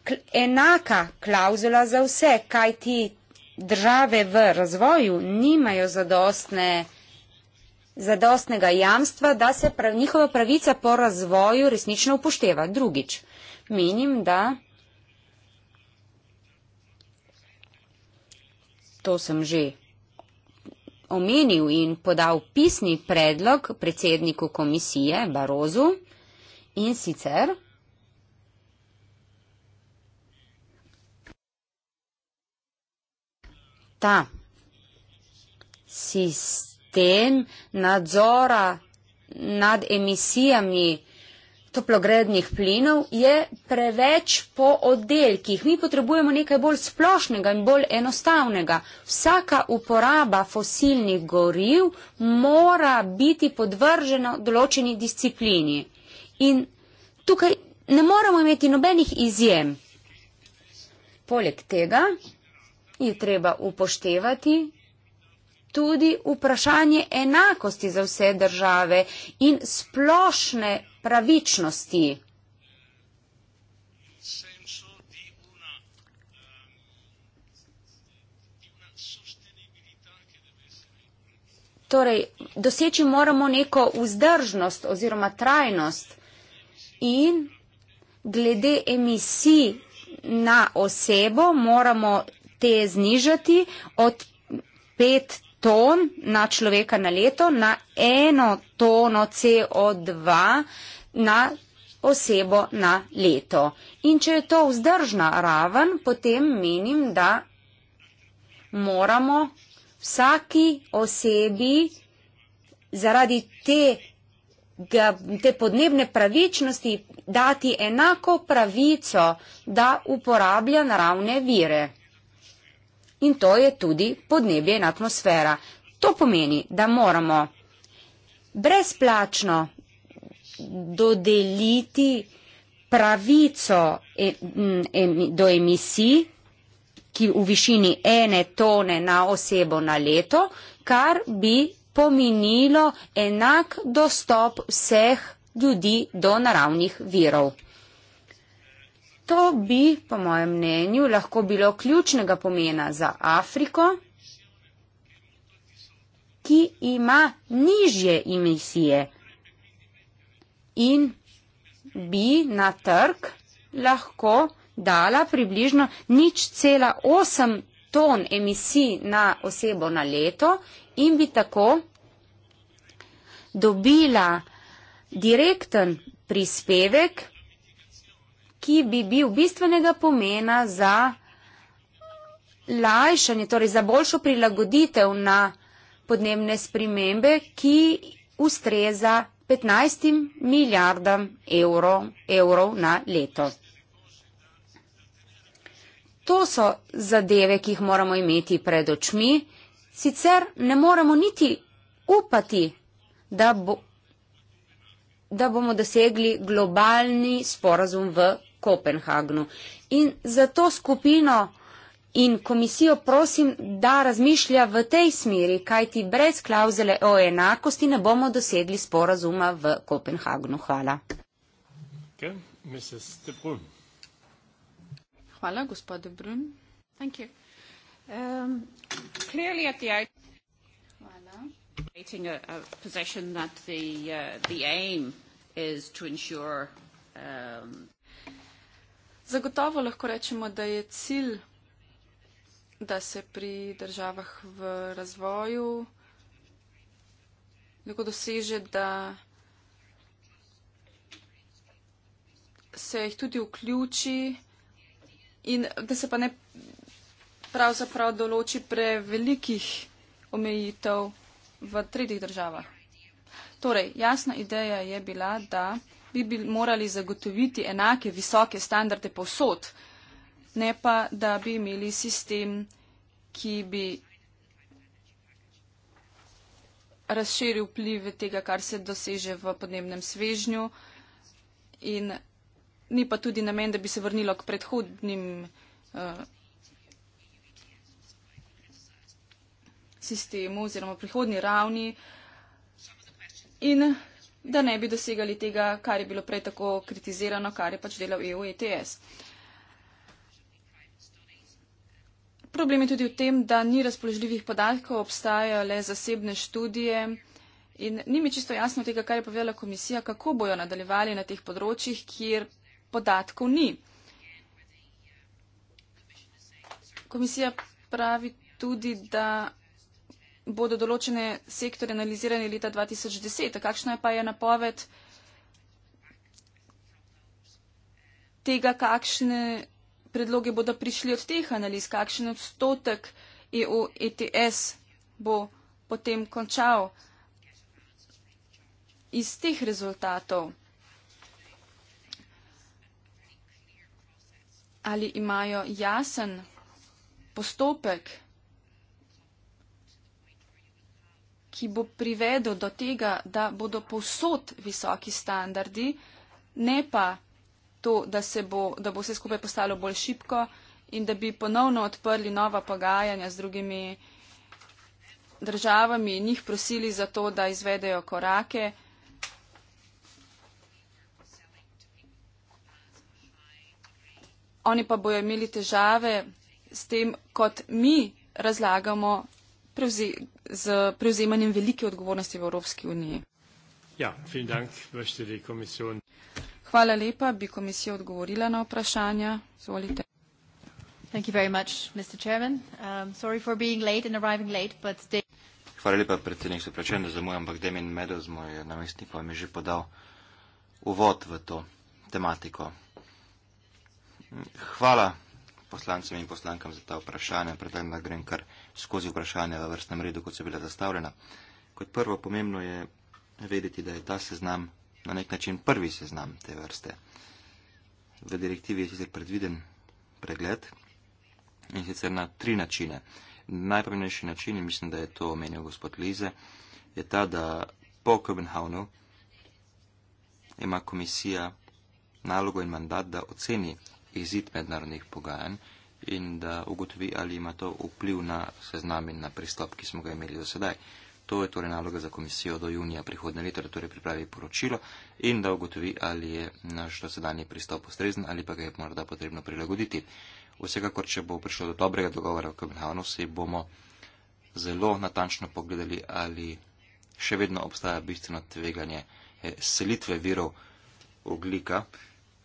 kl enaka klauzula za vse, kaj ti države v razvoju nimajo zadostne zadostnega jamstva, da se prav, njihova pravica po razvoju resnično upošteva. Drugič, menim, da to sem že omenil in podal pisni predlog predsedniku komisije Barozu in sicer. Ta sistem nadzora nad emisijami toplogrednih plinov je preveč po oddelkih. Mi potrebujemo nekaj bolj splošnega in bolj enostavnega. Vsaka uporaba fosilnih goriv mora biti podvržena določeni disciplini. In tukaj ne moramo imeti nobenih izjem. Poleg tega je treba upoštevati tudi vprašanje enakosti za vse države in splošne pravičnosti. Torej, doseči moramo neko vzdržnost oziroma trajnost in glede emisij na osebo moramo te znižati od 5 ton na človeka na leto, na eno tono CO2 na osebo na leto. In če je to vzdržna raven, potem menim, da moramo vsaki osebi zaradi te, te podnebne pravičnosti dati enako pravico, da uporablja naravne vire in to je tudi podnebje in atmosfera. To pomeni, da moramo brezplačno dodeliti pravico mm, do emisij, ki v višini ene tone na osebo na leto, kar bi pomenilo enak dostop vseh ljudi do naravnih virov. To bi, po mojem mnenju, lahko bilo ključnega pomena za Afriko, ki ima nižje emisije in bi na trg lahko dala približno nič cela osem ton emisij na osebo na leto in bi tako dobila direkten prispevek ki bi bil bistvenega pomena za lajšanje, torej za boljšo prilagoditev na podnebne spremembe, ki ustreza 15 milijardam evrov, evrov na leto. To so zadeve, ki jih moramo imeti pred očmi, sicer ne moremo niti upati, da, bo, da bomo dosegli globalni sporazum v Kopenhagnu. In za to skupino in komisijo prosim, da razmišlja v tej smeri, kajti brez klauzele o enakosti ne bomo dosegli sporazuma v Kopenhagnu. Hvala. Okay. Hvala, gospod De Bruyne. Thank you. Um, clearly at the out- Hvala. A, a position that the, uh, the aim is to ensure um, Zagotovo lahko rečemo, da je cilj, da se pri državah v razvoju lahko doseže, da se jih tudi vključi in da se pa ne pravzaprav določi prevelikih omejitev v tretjih državah. Torej, jasna ideja je bila, da bi, bi morali zagotoviti enake visoke standarde povsod, ne pa, da bi imeli sistem, ki bi razširil vplive tega, kar se doseže v podnebnem svežnju. In ni pa tudi namen, da bi se vrnilo k predhodnim uh, sistemu oziroma prihodni ravni. In da ne bi dosegali tega, kar je bilo prej tako kritizirano, kar je pač delal EU ETS. Problem je tudi v tem, da ni razpoložljivih podatkov, obstajajo le zasebne študije in ni mi čisto jasno tega, kar je povedala komisija, kako bojo nadaljevali na teh področjih, kjer podatkov ni. Komisija pravi tudi, da bodo določene sektore analizirali leta 2010. Kakšna pa je napoved tega, kakšne predloge bodo prišli od teh analiz, kakšen odstotek EU ETS bo potem končal iz teh rezultatov? Ali imajo jasen postopek? ki bo privedel do tega, da bodo povsod visoki standardi, ne pa to, da, bo, da bo vse skupaj postalo bolj šipko in da bi ponovno odprli nova pogajanja z drugimi državami in jih prosili za to, da izvedejo korake. Oni pa bojo imeli težave s tem, kot mi razlagamo, prevzi, z prevzemanjem velike odgovornosti v Evropski uniji. Ja, dank, Hvala lepa, bi komisija odgovorila na vprašanja. Zvolite. Thank you very much, Mr. Chairman. Um, sorry for being late and arriving late, but they... Hvala lepa, predsednik, se prečujem, da zamujam, ampak Demin Medoz, moj namestnik, vam je že podal uvod v to tematiko. Hvala, poslancem in poslankam za ta vprašanja. Predajmo, da grem kar skozi vprašanja v vrstnem redu, kot so bila zastavljena. Kot prvo, pomembno je vedeti, da je ta seznam na nek način prvi seznam te vrste. V direktivi je sicer predviden pregled in sicer na tri načine. Najpomembnejši način, in mislim, da je to omenil gospod Lize, je ta, da po Kopenhavnu ima komisija nalogo in mandat, da oceni izid mednarodnih pogajanj in da ugotovi, ali ima to vpliv na seznam in na pristop, ki smo ga imeli do sedaj. To je torej naloga za komisijo do junija prihodne leto, da torej pripravi poročilo in da ugotovi, ali je naš dosedanji pristop ustrezen ali pa ga je morda potrebno prilagoditi. Vsekakor, če bo prišlo do dobrega dogovora v Kopenhavnu, si bomo zelo natančno pogledali, ali še vedno obstaja bistveno tveganje eh, selitve virov oglika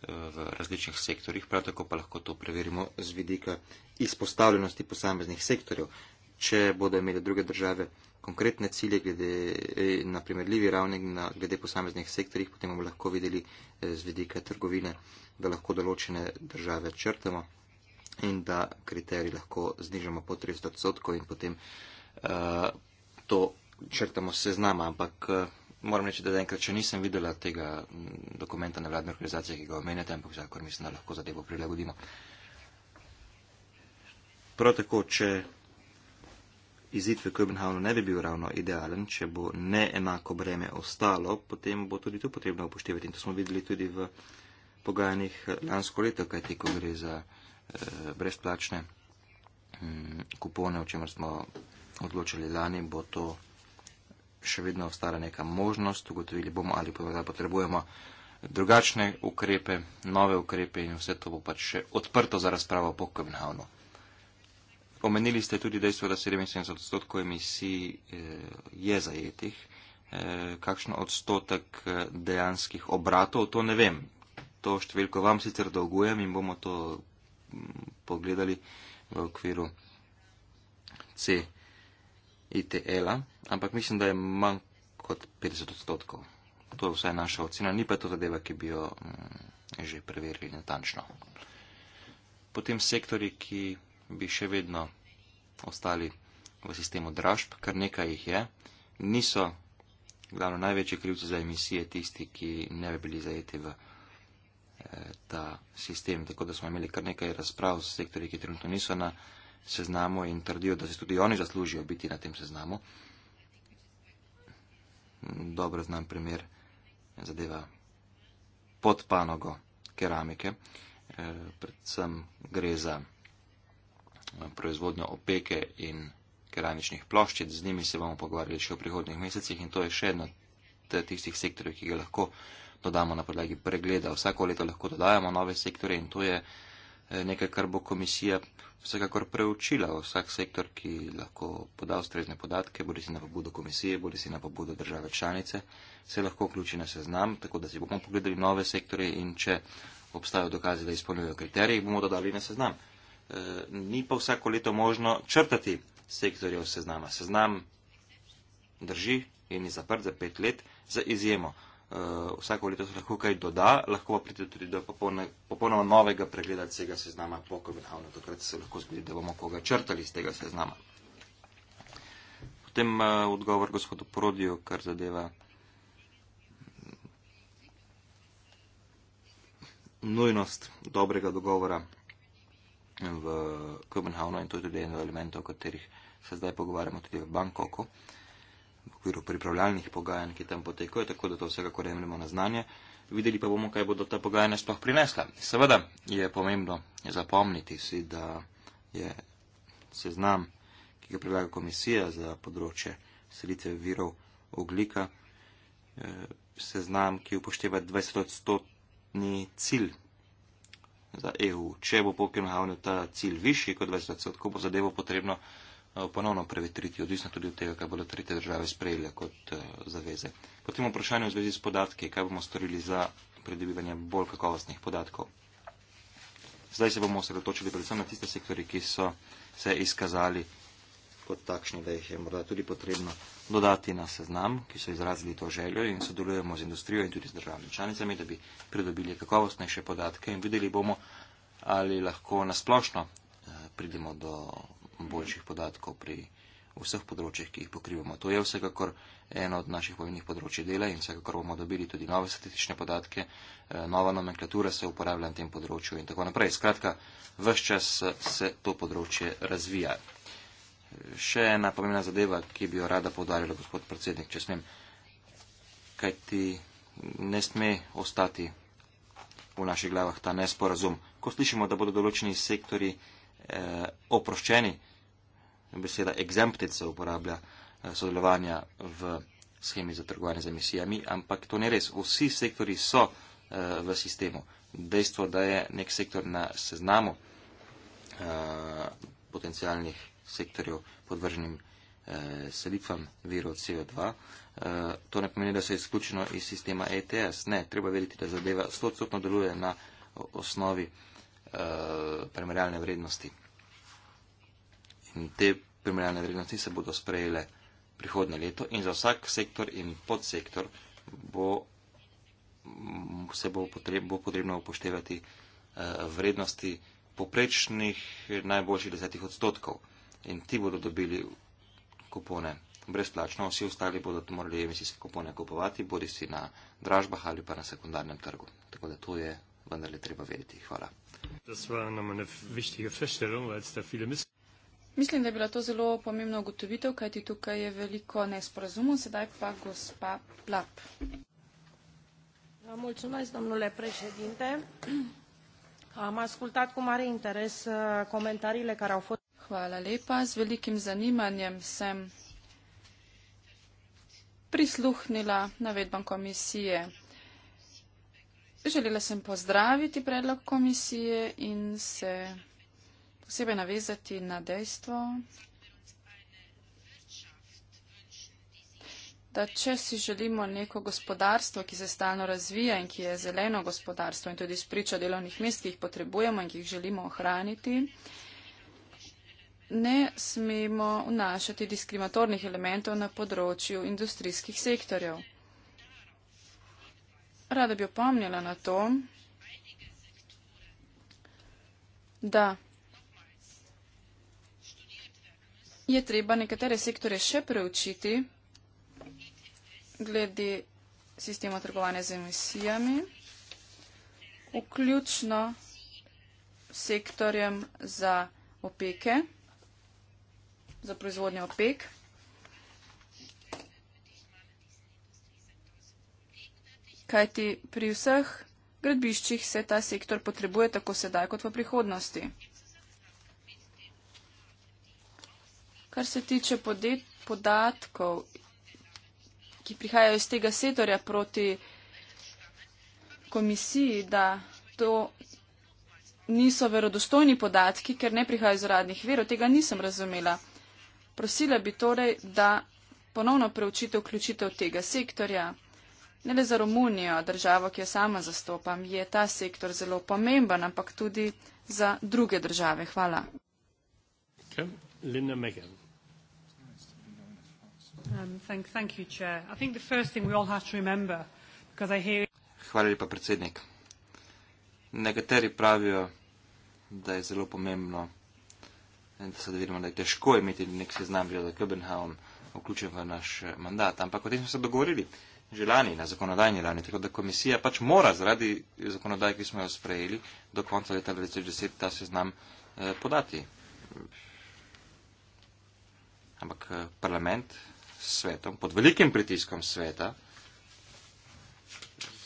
v različnih sektorjih, prav tako pa lahko to preverimo z vidika izpostavljenosti posameznih sektorjev. Če bodo imeli druge države konkretne cilje glede, eh, na primerljivi ravni na, glede posameznih sektorjih, potem bomo lahko videli eh, z vidika trgovine, da lahko določene države črtamo in da kriterij lahko znižamo po 30 odstotkov in potem uh, to črtamo seznama, ampak uh, Moram reči, da enkrat še nisem videla tega dokumenta na vladne organizacije, ki ga omenjate, ampak vsakor mislim, da lahko zadevo prilagodimo. Prav tako, če izid v Kopenhavnu ne bi bil ravno idealen, če bo neenako breme ostalo, potem bo tudi tu potrebno upoštevati. In to smo videli tudi v pogajanjih eh, lansko leto, kajti ko gre za eh, brezplačne hm, kupone, o čemer smo odločili lani, bo to še vedno ostala neka možnost, ugotovili bomo ali pa potrebujemo drugačne ukrepe, nove ukrepe in vse to bo pač še odprto za razpravo po Kopenhavnu. Omenili ste tudi dejstvo, da 77 odstotkov emisij eh, je zajetih. Eh, kakšen odstotek eh, dejanskih obratov, to ne vem. To številko vam sicer dolgujem in bomo to mm, pogledali v okviru C. ITL-a ampak mislim, da je manj kot 50 odstotkov. To je vsaj naša ocena, ni pa to zadeva, ki bi jo m, mm, že preverili natančno. Potem sektori, ki bi še vedno ostali v sistemu dražb, kar nekaj jih je, niso glavno največji krivci za emisije tisti, ki ne bi bili zajeti v eh, ta sistem. Tako da smo imeli kar nekaj razprav s sektori, ki trenutno niso na seznamu in trdijo, da se tudi oni zaslužijo biti na tem seznamu dobro znan primer zadeva podpanogo keramike. Eh, predvsem gre za eh, proizvodnjo opeke in keramičnih ploščic. Z njimi se bomo pogovarjali še v prihodnih mesecih in to je še eno tistih sektorjev, ki ga lahko dodamo na podlagi pregleda. Vsako leto lahko dodajamo nove sektore in to je. Eh, nekaj, kar bo komisija vsekakor preučila. Vsak sektor, ki lahko poda ustrezne podatke, bodi si na pobudo komisije, bodi si na pobudo države članice, se lahko vključi na seznam, tako da si bomo pogledali nove sektore in če obstajajo dokazi, da izpolnjujejo kriterije, bomo dodali na seznam. E, ni pa vsako leto možno črtati sektorjev seznama. Seznam drži in je zaprt za pet let za izjemo uh, vsako leto se lahko kaj doda, lahko pa pride tudi do popolne, popolnoma novega pregleda tega seznama po Kobenhavnu. Takrat se lahko zgodi, da bomo koga črtali iz tega seznama. Potem uh, odgovor gospodu Prodiju, kar zadeva mm, nujnost dobrega dogovora eh, v Kobenhavnu in to je tudi eno elementov, o katerih se zdaj pogovarjamo tudi v Bangkoku. Uh, v okviru pripravljalnih pogajanj, ki tam potekajo, tako da to vsekakor jemljemo na znanje. Videli pa bomo, kaj bodo ta pogajanja sploh prinesla. Seveda je pomembno zapomniti si, da je seznam, ki ga predlaga komisija za področje selitve virov oglika, eh, seznam, ki upošteva 20-odstotni cilj za EU. Če bo po Kenhavnu ta cilj višji kot 20-odstotni, bo zadevo potrebno Eh, ponovno prevetriti, odvisno tudi od tega, kaj bodo tretje države sprejele kot eh, zaveze. Potem vprašanje v zvezi s podatki, kaj bomo storili za predobivanje bolj kakovostnih podatkov. Zdaj se bomo osredotočili predvsem na tiste sektori, ki so se izkazali kot takšni, da jih je morda tudi potrebno dodati na seznam, ki so izrazili to željo in sodelujemo z industrijo in tudi z državnimi članicami, da bi pridobili kakovostnejše podatke in videli bomo, ali lahko nasplošno eh, pridemo do boljših podatkov pri vseh področjih, ki jih pokrivamo. To je vsekakor eno od naših pomembnih področji dela in vsekakor bomo dobili tudi nove statistične podatke, eh, nova nomenklatura se uporablja na tem področju in tako naprej. Skratka, vse čas se to področje razvija. Še ena pomembna zadeva, ki bi jo rada povdarjala, gospod predsednik, če smem, kaj ti ne sme ostati v naših glavah ta nesporazum. Ko slišimo, da bodo določeni sektori eh, oproščeni. Beseda exempted se uporablja eh, sodelovanja v schemi za trgovanje z emisijami, ampak to ni res. Vsi sektori so eh, v sistemu. Dejstvo, da je nek sektor na seznamu eh, potencijalnih sektorjev podvrženim eh, selitvam virov CO2, eh, to ne pomeni, da so izključeno iz sistema ETS. Ne, treba vedeti, da zadeva 100% deluje na osnovi eh, Eh, primerjalne vrednosti. In te primerjalne vrednosti se bodo sprejele prihodne leto in za vsak sektor in podsektor bo, se bo, potreb, bo potrebno upoštevati uh, vrednosti poprečnih najboljših desetih odstotkov in ti bodo dobili kupone brezplačno, vsi ostali bodo morali emisijske kupone kupovati, bodi si na dražbah ali pa na sekundarnem trgu. Tako da to je vendar le treba vedeti. Hvala. Mislim, da je bila to zelo pomembna ugotovitev, kajti tukaj je veliko nesporazumov. Sedaj pa gospa Plap. Mulțumesc, domnule președinte. Am ascultat cu mare interes uh, comentariile care au fost. Hvala lepa, z velikim zanimanjem sem prisluhnila navedbam komisije. Želela sem pozdraviti predlog komisije in se posebej navezati na dejstvo, da če si želimo neko gospodarstvo, ki se stalno razvija in ki je zeleno gospodarstvo in tudi spriča delovnih mest, ki jih potrebujemo in ki jih želimo ohraniti, ne smemo vnašati diskriminatornih elementov na področju industrijskih sektorjev. Rada bi opomnila na to, da je treba nekatere sektore še preučiti glede sistema trgovanja z emisijami, vključno sektorjem za opeke, za proizvodnjo opek. kajti pri vseh gradbiščih se ta sektor potrebuje tako sedaj kot v prihodnosti. Kar se tiče podatkov, ki prihajajo iz tega sektorja proti komisiji, da to niso verodostojni podatki, ker ne prihajajo iz uradnih verov, tega nisem razumela. Prosila bi torej, da ponovno preučite vključitev tega sektorja. Ne le za Romunijo, državo, ki jo sama zastopam, je ta sektor zelo pomemben, ampak tudi za druge države. Hvala. Linda Megan. Um, Hvala lepa, predsednik. Nekateri pravijo, da je zelo pomembno, in da se da vidimo, da je težko imeti nek seznam, da je Kobenhavn vključen v naš mandat. Ampak o tem smo se dogovorili že lani, na zakonodajni ravni. Tako da komisija pač mora zaradi zakonodaje, ki smo jo sprejeli, do konca leta 2010 ta seznam eh, podati. Ampak eh, parlament s svetom, pod velikim pritiskom sveta,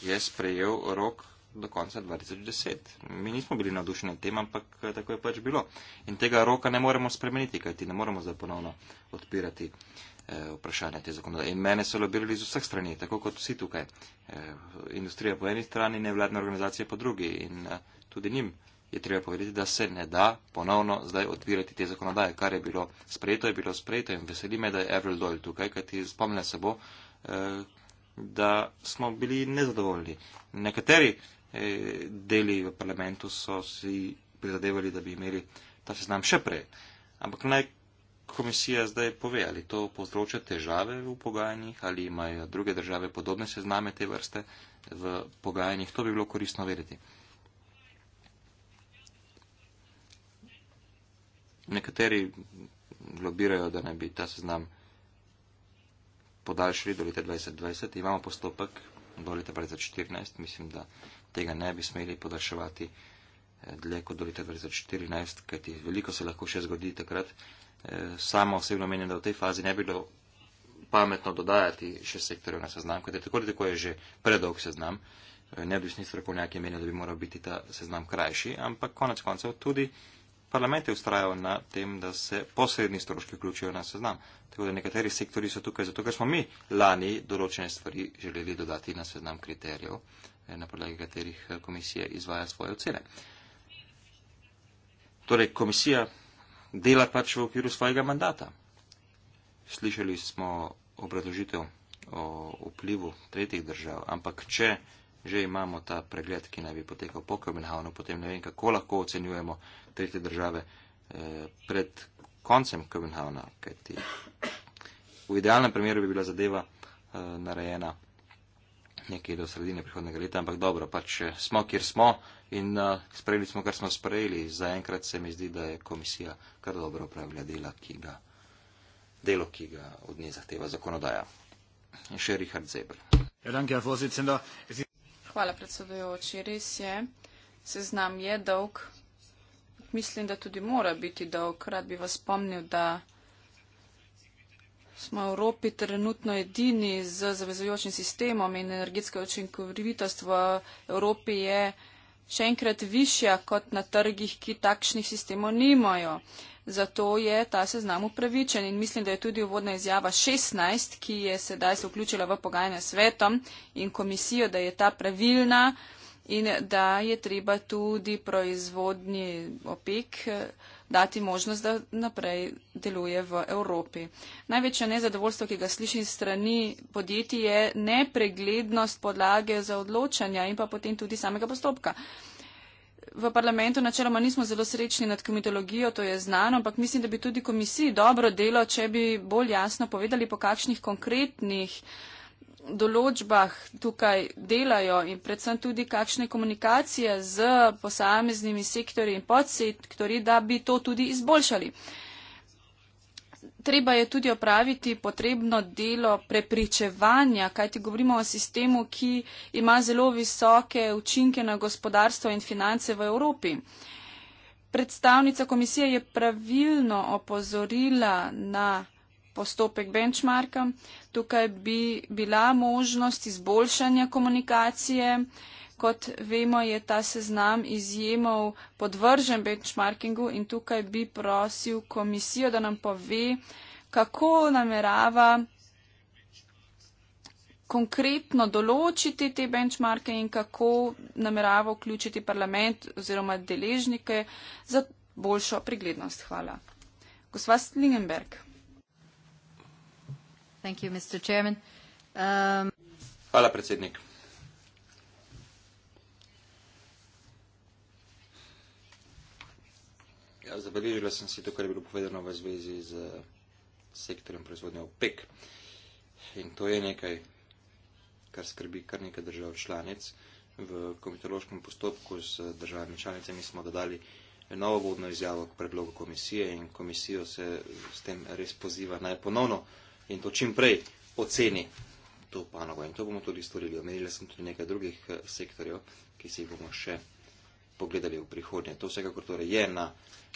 je sprejel rok do konca 2010. Mi nismo bili navdušeni tem, ampak eh, tako je pač bilo. In tega roka ne moremo spremeniti, kajti ne moremo zdaj ponovno odpirati. Uh, Eh, vprašanja te zakonodaje. In mene so lobirali z vseh strani, tako kot vsi tukaj. Eh, industrija po eni strani, nevladne organizacije po drugi. In eh, tudi njim je treba povedati, da se ne da ponovno zdaj odpirati te zakonodaje. Kar je bilo sprejeto, je bilo sprejeto in veseli me, da je Avril Doyle tukaj, kajti spomnila se bo, da smo bili nezadovoljni. Nekateri deli v parlamentu so si prizadevali, da bi imeli ta seznam še prej. Ampak naj komisija zdaj pove, ali to povzroča težave v pogajanjih, ali imajo druge države podobne sezname te vrste v pogajanjih. To bi bilo korisno vedeti. Nekateri lobirajo, da naj bi ta seznam podaljšali do leta 2020. Imamo postopek do leta 2014. Mislim, da tega ne bi smeli podaljševati eh, dlje kot do leta 2014, kajti veliko se lahko še zgodi takrat. Sam osebno menim, da v tej fazi ne bi bilo pametno dodajati še sektorjev na seznam, kot je tako, tako je že predolg seznam. Neodvisni strokovnjaki menijo, da bi moral biti ta seznam krajši, ampak konec koncev tudi parlament je ustrajal na tem, da se posredni stroški vključijo na seznam. Tako da nekateri sektori so tukaj zato, ker smo mi lani določene stvari želeli dodati na seznam kriterijev, eh, na podlagi katerih eh, komisija izvaja svoje ocene. Torej, komisija dela pač v okviru svojega mandata. Slišali smo obrazložitev o vplivu tretjih držav, ampak če že imamo ta pregled, ki naj bi potekal po Kobenhavnu, potem ne vem, kako lahko ocenjujemo tretje države eh, pred koncem Kobenhavna, kajti v idealnem primeru bi bila zadeva eh, narejena nekje do sredine prihodnega leta, ampak dobro, pač eh, smo, kjer smo in uh, sprejeli smo, kar smo sprejeli. Zaenkrat se mi zdi, da je komisija kar dobro upravlja dela, ki ga, delo, ki ga od nje zahteva zakonodaja. In še Richard Zebr. Ja, Hvala, predsedujoči. Res je, seznam je dolg. Mislim, da tudi mora biti dolg. Rad bi vas spomnil, da smo v Evropi trenutno edini z zavezujočim sistemom in energetska učinkovitost v Evropi je še enkrat višja kot na trgih, ki takšnih sistemov nimajo. Zato je ta seznam upravičen in mislim, da je tudi uvodna izjava 16, ki je sedaj se vključila v pogajanja s svetom in komisijo, da je ta pravilna in da je treba tudi proizvodni opek eh, dati možnost, da naprej deluje v Evropi. Največje nezadovoljstvo, ki ga slišim strani podjetij, je nepreglednost podlage za odločanja in pa potem tudi samega postopka. V parlamentu načeloma nismo zelo srečni nad komitologijo, to je znano, ampak mislim, da bi tudi komisiji dobro delo, če bi bolj jasno povedali, po kakšnih konkretnih določbah tukaj delajo in predvsem tudi kakšne komunikacije z posameznimi sektorji in podsektorji, da bi to tudi izboljšali. Treba je tudi opraviti potrebno delo prepričevanja, kajti govorimo o sistemu, ki ima zelo visoke učinke na gospodarstvo in finance v Evropi. Predstavnica komisije je pravilno opozorila na postopek benchmarka. Tukaj bi bila možnost izboljšanja komunikacije. Kot vemo, je ta seznam izjemov podvržen benchmarkingu in tukaj bi prosil komisijo, da nam pove, kako namerava konkretno določiti te benchmarke in kako namerava vključiti parlament oziroma deležnike za boljšo preglednost. Hvala. Gospod Slingenberg. Thank you, Mr. Chairman. Um, Hvala, predsednik. Ja, zabeležila sem si to, kar je bilo povedano v zvezi z sektorjem proizvodnje OPEC. In to je nekaj, kar skrbi kar nekaj držav članic. V komitološkem postopku z državami članicami smo dodali novo vodno izjavo k predlogu komisije in komisijo se s tem res poziva naj ponovno in to čim prej oceni to panogo. In to bomo tudi storili. Omenili sem tudi nekaj drugih eh, sektorjev, ki se jih bomo še pogledali v prihodnje. To vsekakor torej je na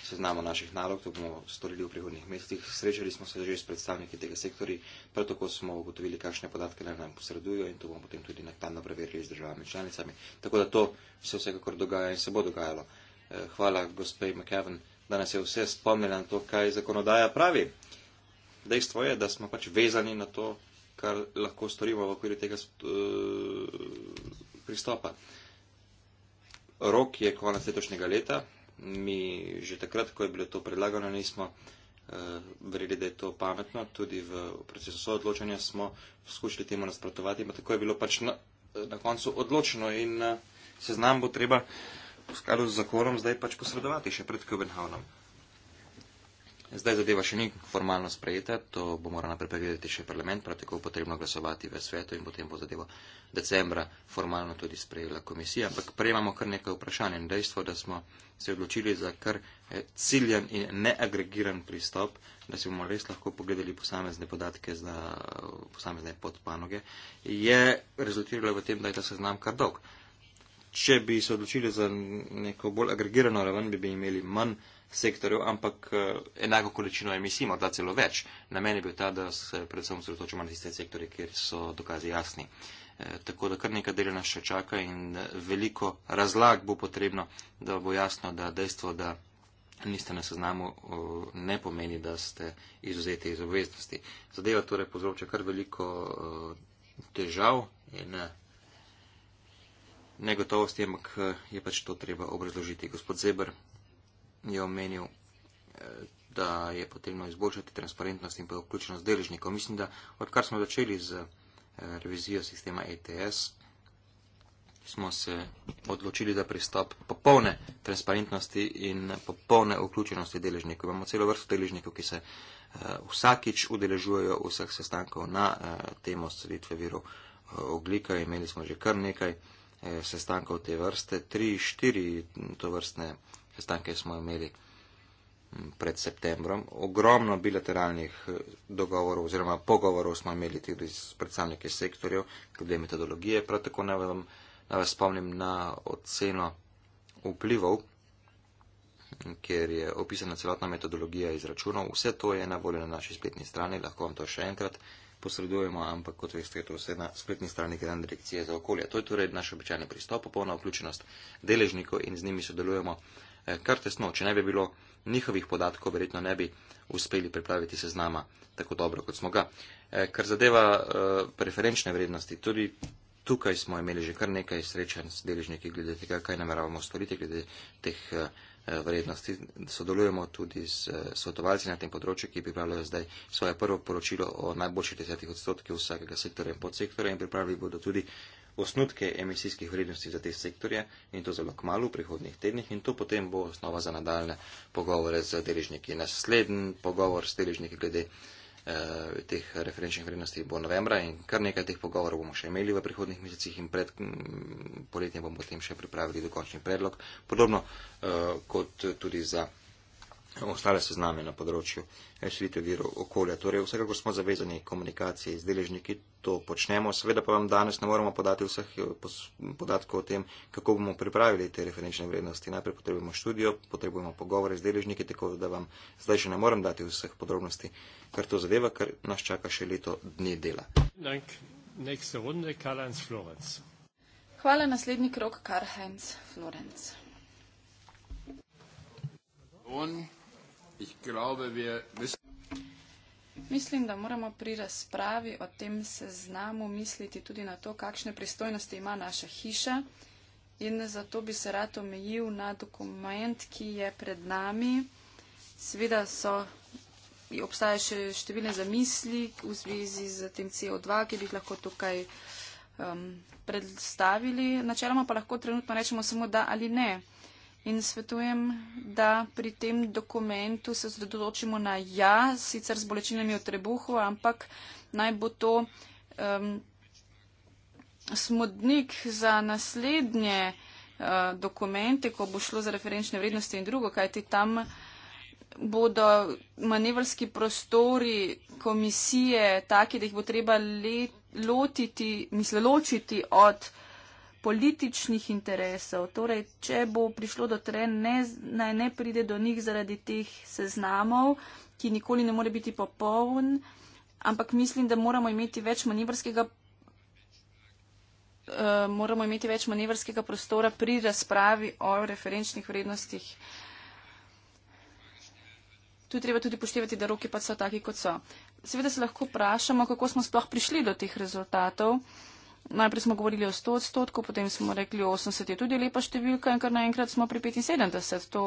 seznamu naših nalog, to bomo storili v prihodnih mesecih. Srečali smo se že s predstavniki tega sektorja, prav tako smo ugotovili, kakšne podatke nam posredujo in to bomo potem tudi naknadno preverili z državami članicami. Tako da to se vsekakor dogaja in se bo dogajalo. Eh, hvala, gospej McKevin, da nas je vse spomnila na to, kaj zakonodaja pravi dejstvo je, da smo pač vezani na to, kar lahko storimo v okviru tega uh, pristopa. Rok je konec letošnjega leta. Mi že takrat, ko je bilo to predlagano, nismo uh, verjeli, da je to pametno. Tudi v procesu soodločanja smo skušali temu nasprotovati, ampak tako je bilo pač na, na koncu odločeno in uh, seznam bo treba v skladu z zakonom zdaj pač posredovati še pred Kobenhavnom. Zdaj zadeva še ni formalno sprejeta, to bo moral naprej pregledati še parlament, prav tako potrebno glasovati v svetu in potem bo zadevo decembra formalno tudi sprejela komisija. Ampak prejemamo kar nekaj vprašanj in dejstvo, da smo se odločili za kar eh, ciljen in neagregiran pristop, da si bomo res lahko pogledali posamezne podatke za eh, posamezne podpanoge, je rezultiralo v tem, da je ta seznam kar dolg. Če bi se odločili za neko bolj agregirano raven, bi, bi imeli manj sektorju, ampak eh, enako količino emisij, morda celo več. Namen je bil ta, da se predvsem sredotočimo na tiste sektorje, kjer so dokazi jasni. Eh, tako da kar nekaj dela nas še čaka in eh, veliko razlag bo potrebno, da bo jasno, da dejstvo, da niste na seznamu, ne pomeni, da ste izuzeti iz obveznosti. Zadeva torej povzroča kar veliko težav in negotovosti, ampak je pač to treba obrazložiti. Gospod Zeber, je omenil, eh, da je potrebno izboljšati transparentnost in pa vključenost deležnikov. Mislim, da odkar smo začeli z eh, revizijo sistema ETS, smo se odločili za pristop popolne transparentnosti in popolne vključenosti deležnikov. Imamo celo vrsto deležnikov, ki se eh, vsakič udeležujejo vseh sestankov na temo sredstve virov oglika. Imeli smo že kar nekaj sestankov te vrste, tri, štiri to vrstne sestanke smo imeli mm, pred septembrom. Ogromno bilateralnih eh, dogovorov oziroma pogovorov smo imeli tudi s predstavniki sektorjev glede metodologije. Prav tako naj vam naj vas spomnim na oceno vplivov, mm, ker je opisana celotna metodologija izračunov. Vse to je na voljo na naši spletni strani, lahko vam to še enkrat posredujemo, ampak kot veste, je to vse na spletni strani Gran Direkcije za okolje. To je torej naš običajni pristop, popolna vključenost deležnikov in z njimi sodelujemo. Eh, kar tesno. Če ne bi bilo njihovih podatkov, verjetno ne bi uspeli pripraviti seznama tako dobro, kot smo ga. Eh, kar zadeva eh, preferenčne vrednosti, tudi tukaj smo imeli že kar nekaj srečanj s deležniki glede tega, kaj nameravamo storiti glede teh vrednosti. Sodelujemo tudi s svetovalci na tem področju, ki pripravljajo zdaj svoje prvo poročilo o najboljših desetih odstotkih vsakega sektorja in podsektorja in pripravili bodo tudi osnutke emisijskih vrednosti za te sektorje in to zelo kmalo v prihodnih tednih in to potem bo osnova za nadaljne pogovore z deležniki. Naslednji pogovor s deležniki glede eh, teh referenčnih vrednosti bo novembra in kar nekaj teh pogovorov bomo še imeli v prihodnih mesecih in pred poletjem bomo potem še pripravili dokončni predlog, podobno eh, kot tudi za ostale sezname na področju svite virov okolja. Torej, vsekako smo zavezani komunikaciji z deležniki, to počnemo. Seveda pa vam danes ne moremo podati vseh eh, podatkov o tem, kako bomo pripravili te referenčne vrednosti. Najprej potrebujemo študijo, potrebujemo pogovore z deležniki, tako da vam zdaj še ne morem dati vseh podrobnosti, kar to zadeva, ker nas čaka še leto dni dela. Hvala, naslednji krok, Karl-Heinz Florenc. One. Mislim, da moramo pri razpravi o tem seznamu misliti tudi na to, kakšne pristojnosti ima naša hiša in zato bi se rad omejil na dokument, ki je pred nami. Seveda so, obstaja še številne zamisli v zvezi z tem CO2, ki bi jih lahko tukaj um, predstavili. Načeloma pa lahko trenutno rečemo samo da ali ne. In svetujem, da pri tem dokumentu se zdodoločimo na ja, sicer z bolečinami v trebuhu, ampak naj bo to um, smodnik za naslednje uh, dokumente, ko bo šlo za referenčne vrednosti in drugo, kajti tam bodo manevrski prostori komisije taki, da jih bo treba le, lotiti, misle, ločiti od. Uh, političnih interesov. Torej, če bo prišlo do tren, ne, naj ne pride do njih zaradi teh seznamov, ki nikoli ne more biti popoln, ampak mislim, da moramo imeti več manevrskega. Uh, moramo imeti več manevrskega prostora pri razpravi o referenčnih vrednostih. Tu treba tudi poštevati, da roki pa so taki, kot so. Seveda se lahko vprašamo, kako smo sploh prišli do teh rezultatov. Uh, Najprej smo govorili o 100 odstotku, potem smo rekli 80 je tudi lepa številka in kar naenkrat smo pri 75. To,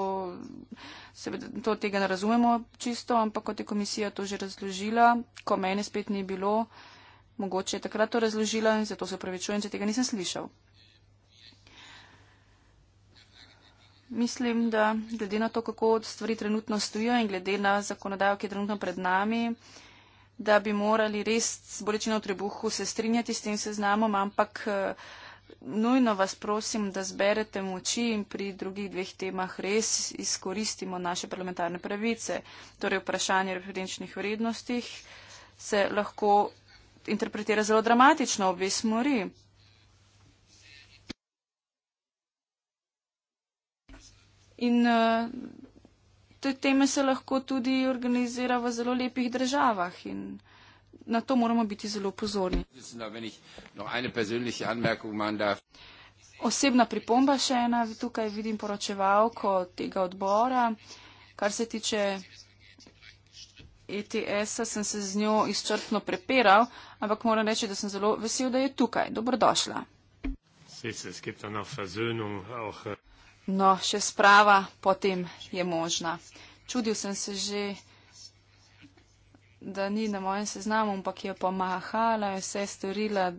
seveda, to tega ne razumemo čisto, ampak kot je komisija to že razložila, ko mene spet ni bilo, mogoče je takrat to razložila in zato se upravičujem, če tega nisem slišal. Mislim, da glede na to, kako stvari trenutno stojijo in glede na zakonodajo, ki je trenutno pred nami, da bi morali res z bolečino v trebuhu se strinjati s tem seznamom, ampak eh, nujno vas prosim, da zberete moči in pri drugih dveh temah res izkoristimo naše parlamentarne pravice. Torej vprašanje o referenčnih vrednostih se lahko interpretira zelo dramatično, obe smori. In uh, te teme se lahko tudi organizira v zelo lepih državah in na to moramo biti zelo pozorni. Osebna pripomba še ena, tukaj vidim poročevalko tega odbora, kar se tiče ETS-a, sem se z njo izčrpno prepiral, ampak moram reči, da sem zelo vesel, da je tukaj. Dobrodošla. Sicer, No, še sprava potem je možna. Čudil sem se že, da ni na mojem seznamu, ampak je pomahala, je vse storila,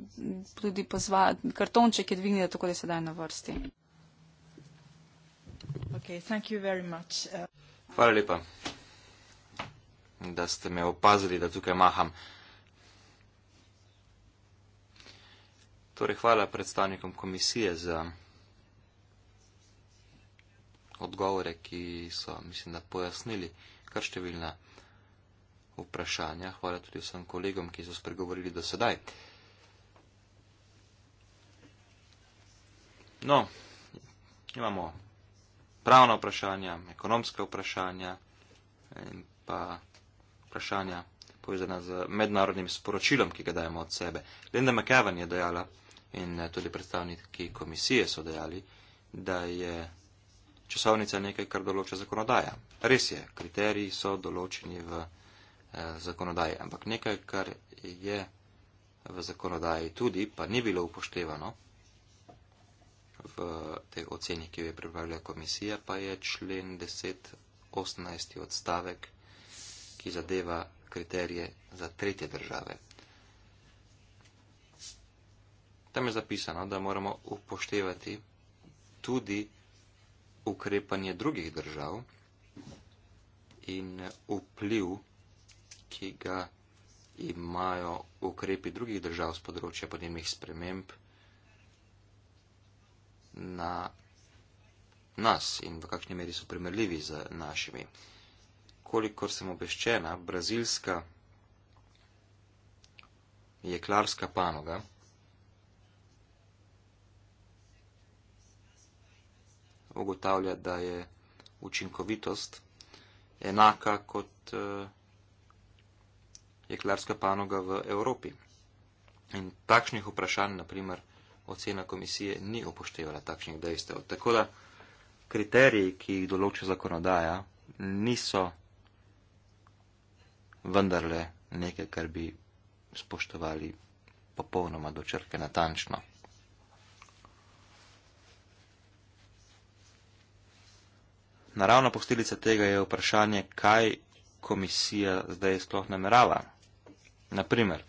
tudi pozvala, kartonček je dvignila, tako da je sedaj na vrsti. Okay, uh... Hvala lepa, da ste me opazili, da tukaj maham. Torej, hvala predstavnikom komisije za odgovore, ki so, mislim, da pojasnili kar številna vprašanja. Hvala tudi vsem kolegom, ki so spregovorili do sedaj. No, imamo pravna vprašanja, ekonomska vprašanja in pa vprašanja povezana z mednarodnim sporočilom, ki ga dajemo od sebe. Linda McEwan je dejala in tudi predstavniki komisije so dejali, da je časovnica je nekaj, kar določa zakonodaja. Res je, kriteriji so določeni v eh, zakonodaji, ampak nekaj, kar je v zakonodaji tudi, pa ni bilo upoštevano v tej oceni, ki jo je pripravila komisija, pa je člen 10.18. odstavek, ki zadeva kriterije za tretje države. Tam je zapisano, da moramo upoštevati tudi ukrepanje drugih držav in vpliv, ki ga imajo ukrepi drugih držav z področja podnebnih sprememb na nas in v kakšni meri so primerljivi z našimi. Kolikor sem obveščena, brazilska jeklarska panoga ugotavlja, da je učinkovitost enaka kot uh, jeklarska panoga v Evropi. In takšnih vprašanj, naprimer, ocena komisije ni upoštevala takšnih dejstev. Tako da kriteriji, ki jih določa zakonodaja, niso vendarle nekaj, kar bi spoštovali popolnoma do črke natančno. naravna posledica tega je vprašanje, kaj komisija zdaj sploh namerava. Naprimer,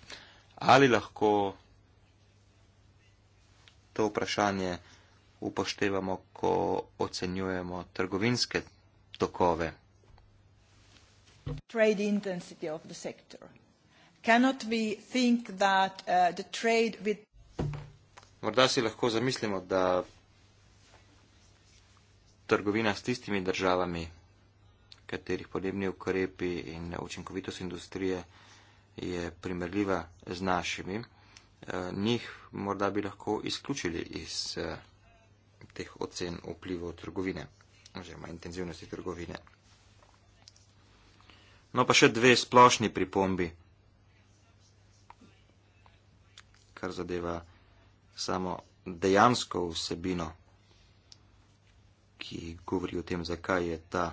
ali lahko to vprašanje upoštevamo, ko ocenjujemo trgovinske tokove. Trade intensity of the sector. Cannot we think that uh, the trade with... Morda si lahko zamislimo, da trgovina s tistimi državami, katerih podnebni ukrepi in učinkovitost industrije je primerljiva z našimi, eh, njih morda bi lahko izključili iz eh, teh ocen vplivov trgovine oziroma intenzivnosti trgovine. No pa še dve splošni pripombi, kar zadeva samo dejansko vsebino ki govori o tem, zakaj je ta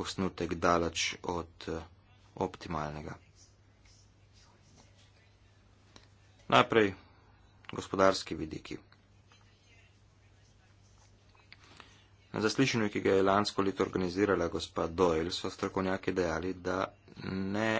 osnutek daleč od eh, optimalnega. Najprej gospodarski vidiki. Na zaslišanju, ki ga je lansko leto organizirala gospa Doyle, so strokovnjaki dejali, da ne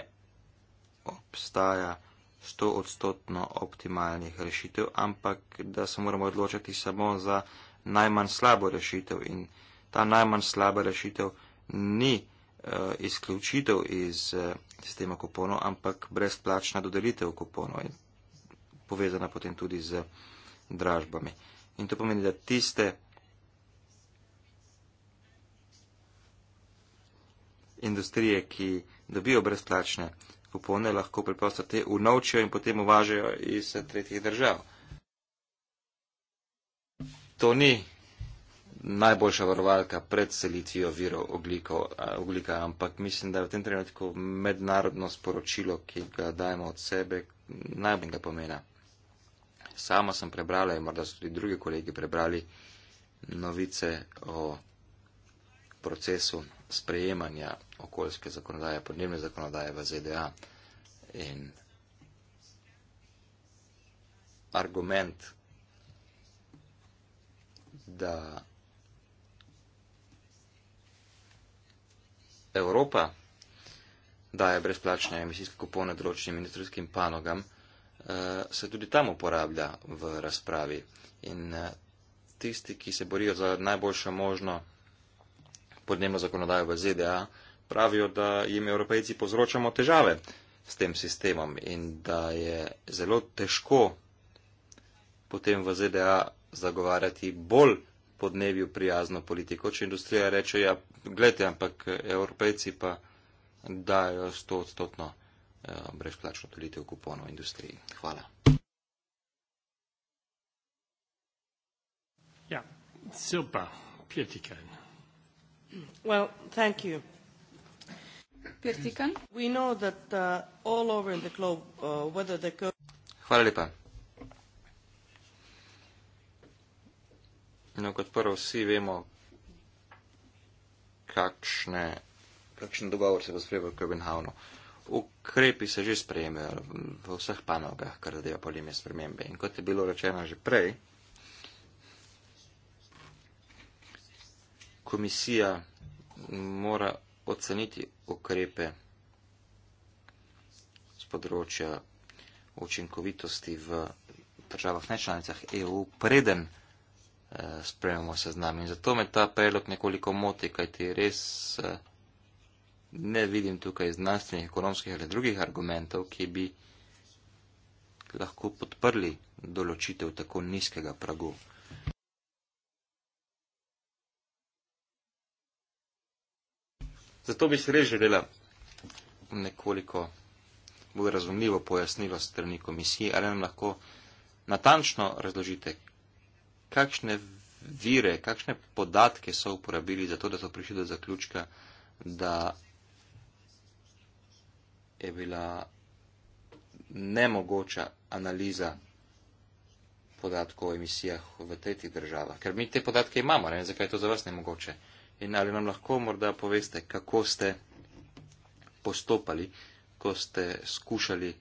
obstaja stoodstotno optimalnih rešitev, ampak da se moramo odločiti samo za najmanj slabo rešitev in ta najmanj slaba rešitev ni uh, izključitev iz uh, sistema kuponov, ampak brezplačna dodelitev kuponov in povezana potem tudi z dražbami. In to pomeni, da tiste industrije, ki dobijo brezplačne kupone, lahko preprosto te unovčijo in potem uvažajo iz tretjih držav to ni najboljša varovalka pred selitvijo virov oglika, ampak mislim, da je v tem trenutku mednarodno sporočilo, ki ga dajemo od sebe, najboljnega pomena. Sama sem prebrala in morda so tudi drugi kolegi prebrali novice o procesu sprejemanja okoljske zakonodaje, podnebne zakonodaje v ZDA in argument, da Evropa daje brezplačne emisijske kupone določenim industrijskim panogam, eh, se tudi tam uporablja v razpravi. In eh, tisti, ki se borijo za najboljšo možno podnebno zakonodajo v ZDA, pravijo, da jim evropejci povzročamo težave s tem sistemom in da je zelo težko potem v ZDA zagovarjati bolj podnebju prijazno politiko, če industrija reče, ja, gledajte, ampak eh, evropejci pa dajo 100 odstotno eh, brezplačno delitev kuponov industriji. Hvala. Ja, super, Pirtikan. Well, thank you. Pirtikan? We know that uh, all over the globe, uh, whether the... Hvala lepa. No, kot prvo, vsi vemo, kakšne, kakšen dogovor se bo sprejel v Kobenhavnu. Ukrepi se že sprejemajo v vseh panogah, kar zadeva polimne spremembe. In kot je bilo rečeno že prej, komisija mora oceniti ukrepe z področja učinkovitosti v državah nečlanicah EU, preden Eh, spremljamo se z nami. In zato me ta predlog nekoliko moti, kajti res eh, ne vidim tukaj znanstvenih, ekonomskih ali drugih argumentov, ki bi lahko podprli določitev tako nizkega pragu. Zato bi se res želela nekoliko bolj razumljivo pojasnilo strani komisije, ali nam lahko natančno razložite, kakšne vire, kakšne podatke so uporabili za to, da so prišli do zaključka, da je bila nemogoča analiza podatkov o emisijah v tretjih državah. Ker mi te podatke imamo, ne vem, zakaj je to za vas nemogoče. In ali nam lahko morda poveste, kako ste postopali, ko ste skušali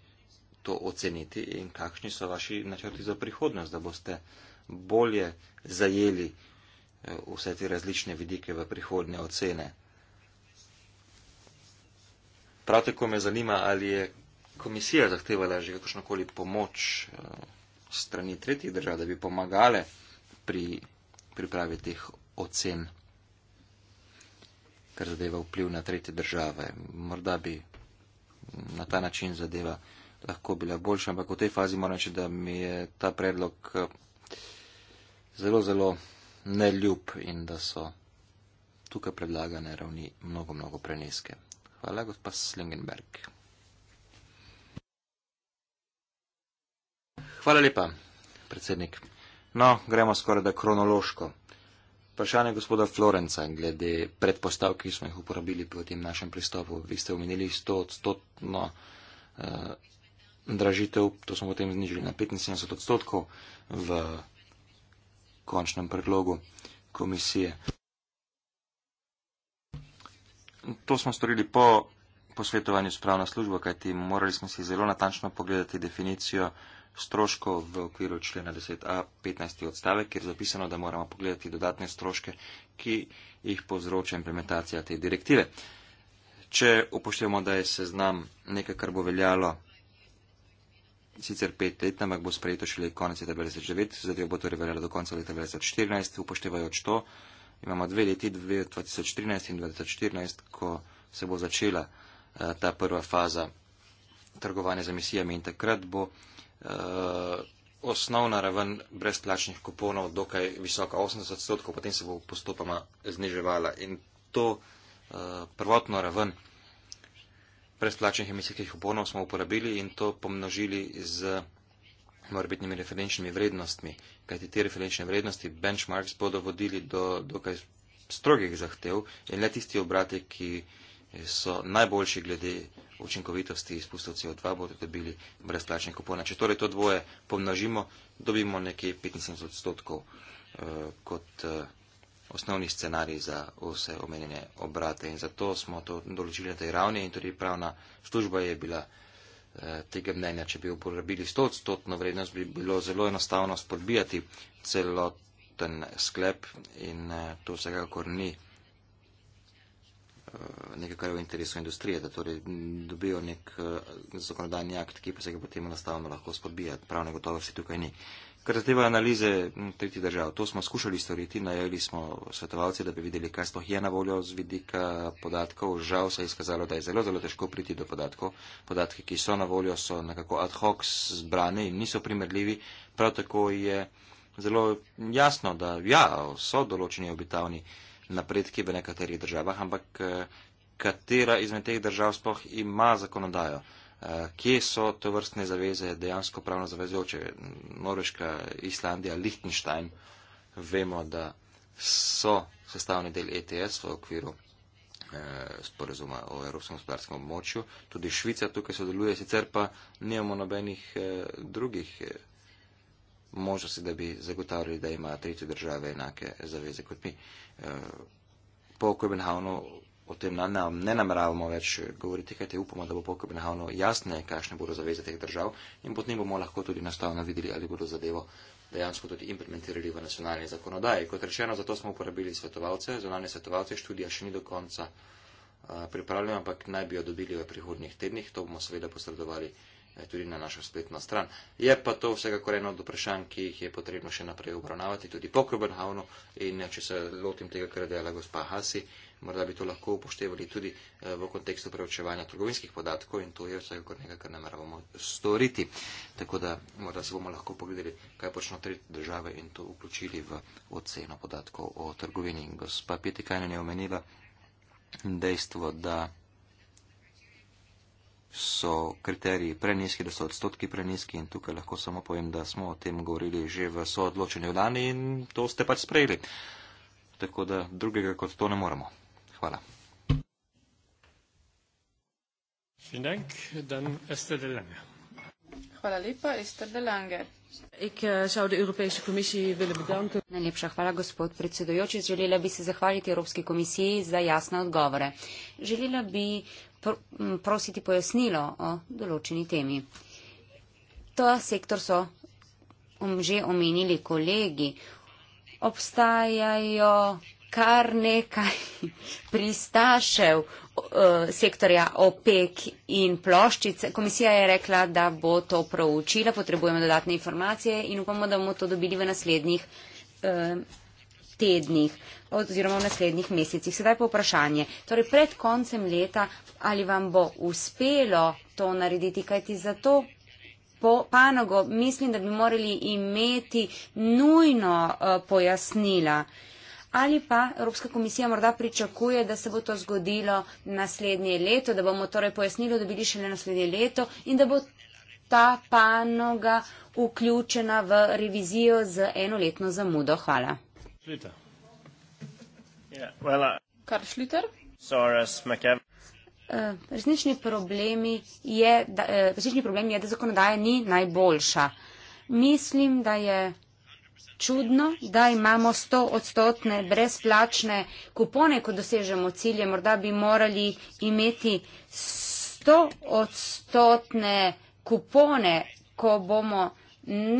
to oceniti in kakšni so vaši načrti za prihodnost, da boste bolje zajeli eh, vse te različne vidike v prihodnje ocene. Prav tako me zanima, ali je komisija zahtevala že kakšnokoli pomoč eh, strani tretjih držav, da bi pomagale pri pripravi teh ocen, kar zadeva vpliv na tretje države. Morda bi na ta način zadeva lahko bila boljša, ampak v tej fazi moram reči, da mi je ta predlog eh, zelo, zelo neljub in da so tukaj predlagane ravni mnogo, mnogo preniske. Hvala, gospa Slingenberg. Hvala lepa, predsednik. No, gremo skoraj da kronološko. Vprašanje gospoda Florenca glede predpostavk, ki smo jih uporabili pri tem našem pristopu. Vi ste omenili 100-odstotno dražitev, to smo potem znižili na 75 odstotkov v končnem predlogu komisije. To smo storili po posvetovanju s pravno službo, kajti morali smo si zelo natančno pogledati definicijo stroškov v okviru člena 10a 15. odstavek, kjer je zapisano, da moramo pogledati dodatne stroške, ki jih povzroča implementacija te direktive. Če upoštevamo, da je seznam nekaj, kar bo veljalo sicer pet let, ampak bo sprejeto šele konec leta 2009, zadevo bo torej veljalo do konca leta 2014, upoštevajoč to, imamo dve leti, 2013 in 2014, ko se bo začela eh, ta prva faza trgovanja z emisijami in takrat bo eh, osnovna raven brezplačnih kuponov dokaj visoka, 80 odstotkov, potem se bo postopoma zniževala in to eh, prvotno raven brezplačnih emisijskih bonov smo uporabili in to pomnožili z morbitnimi referenčnimi vrednostmi, kajti te referenčne vrednosti, benchmarks, bodo vodili do dokaj strogih zahtev in le tisti obrate, ki so najboljši glede učinkovitosti izpustov CO2, bodo dobili brezplačne kupone. Če torej to dvoje pomnožimo, dobimo nekje 75 odstotkov uh, kot. Uh, osnovni scenarij za vse omenjene obrate in zato smo to določili na tej ravni in tudi pravna služba je bila eh, tega mnenja, če bi uporabili 100 odstotno vrednost, bi bilo zelo enostavno spodbijati celoten sklep in eh, to vsekakor ni eh, nekaj, kar je v interesu industrije, da torej dobijo nek zakonodajni akt, ki pa se ga potem enostavno lahko spodbija. Pravne gotovosti tukaj ni. Kar zadeva analize mm, tretjih držav, to smo skušali storiti, najeli smo svetovalce, da bi videli, kaj sploh je na voljo z vidika podatkov. Žal se je izkazalo, da je zelo, zelo težko priti do podatkov. Podatki, ki so na voljo, so nekako ad hoc zbrani in niso primerljivi. Prav tako je zelo jasno, da ja, so določeni obitavni napredki v nekaterih državah, ampak eh, katera izmed teh držav sploh ima zakonodajo. Eh, kje so to vrstne zaveze dejansko pravno zavezujoče. Norveška, Islandija, Liechtenstein, vemo, da so sestavni del ETS v okviru eh, sporazuma o Evropskem gospodarskem območju. Tudi Švica tukaj sodeluje, sicer pa nimamo nobenih eh, drugih možnosti, da bi zagotavljali, da ima tretje države enake zaveze kot mi. Po Kopenhavnu o tem na, na, ne nameravamo več govoriti, kajte upamo, da bo pokrb nahavno jasne, kakšne bodo zaveze teh držav in potem bomo lahko tudi nastavno videli, ali bodo zadevo dejansko tudi implementirali v nacionalni zakonodaji. Kot rečeno, zato smo uporabili svetovalce, zonalne svetovalce, študija še ni do konca pripravljena, ampak naj bi jo dobili v prihodnih tednih, to bomo seveda posredovali eh, tudi na našo spletno stran. Je pa to vsekakor eno od vprašanj, ki jih je potrebno še naprej obravnavati, tudi po Krbenhavnu in eh, če se lotim tega, kar je dejala gospa Hasi, morda bi to lahko upoštevali tudi eh, v kontekstu preučevanja trgovinskih podatkov in to je vsekakor nekaj, kar nameravamo storiti. Tako da morda si bomo lahko pogledali, kaj počno tretje države in to vključili v oceno podatkov o trgovini. Gospa Pitikajnen je omenila dejstvo, da so kriteriji preniski, da so odstotki preniski in tukaj lahko samo povem, da smo o tem govorili že v soodločenju lani in to ste pač sprejeli. Tako da drugega kot to ne moremo. Hvala. Hvala lepa, Ester de Lange. Ik eh, zou de Europese Commissie willen bedanken. Najlepša hvala, gospod predsedujoči. Želela bi se zahvaliti Evropski komisiji za jasne odgovore. Želela bi pr prositi pojasnilo o določeni temi. To sektor so um, že omenili kolegi. Obstajajo kar nekaj pristašev eh, sektorja OPEC in ploščice. Komisija je rekla, da bo to proučila, potrebujemo dodatne informacije in upamo, da bomo to dobili v naslednjih eh, tednih oziroma v naslednjih mesecih. Sedaj pa vprašanje. Torej pred koncem leta, ali vam bo uspelo to narediti, kajti za to panogo mislim, da bi morali imeti nujno eh, pojasnila ali pa Evropska komisija morda pričakuje, da se bo to zgodilo naslednje leto, da bomo torej pojasnilo dobili šele naslednje leto in da bo ta panoga vključena v revizijo z enoletno zamudo. Hvala. Ja, Kar Šliter? Soros, eh, Resnični problem, je, da, eh, resnični problem je, da zakonodaja ni najboljša. Mislim, da je čudno, da imamo 100-odstotne brezplačne kupone, ko dosežemo cilje. Morda bi morali imeti 100-odstotne kupone, ko bomo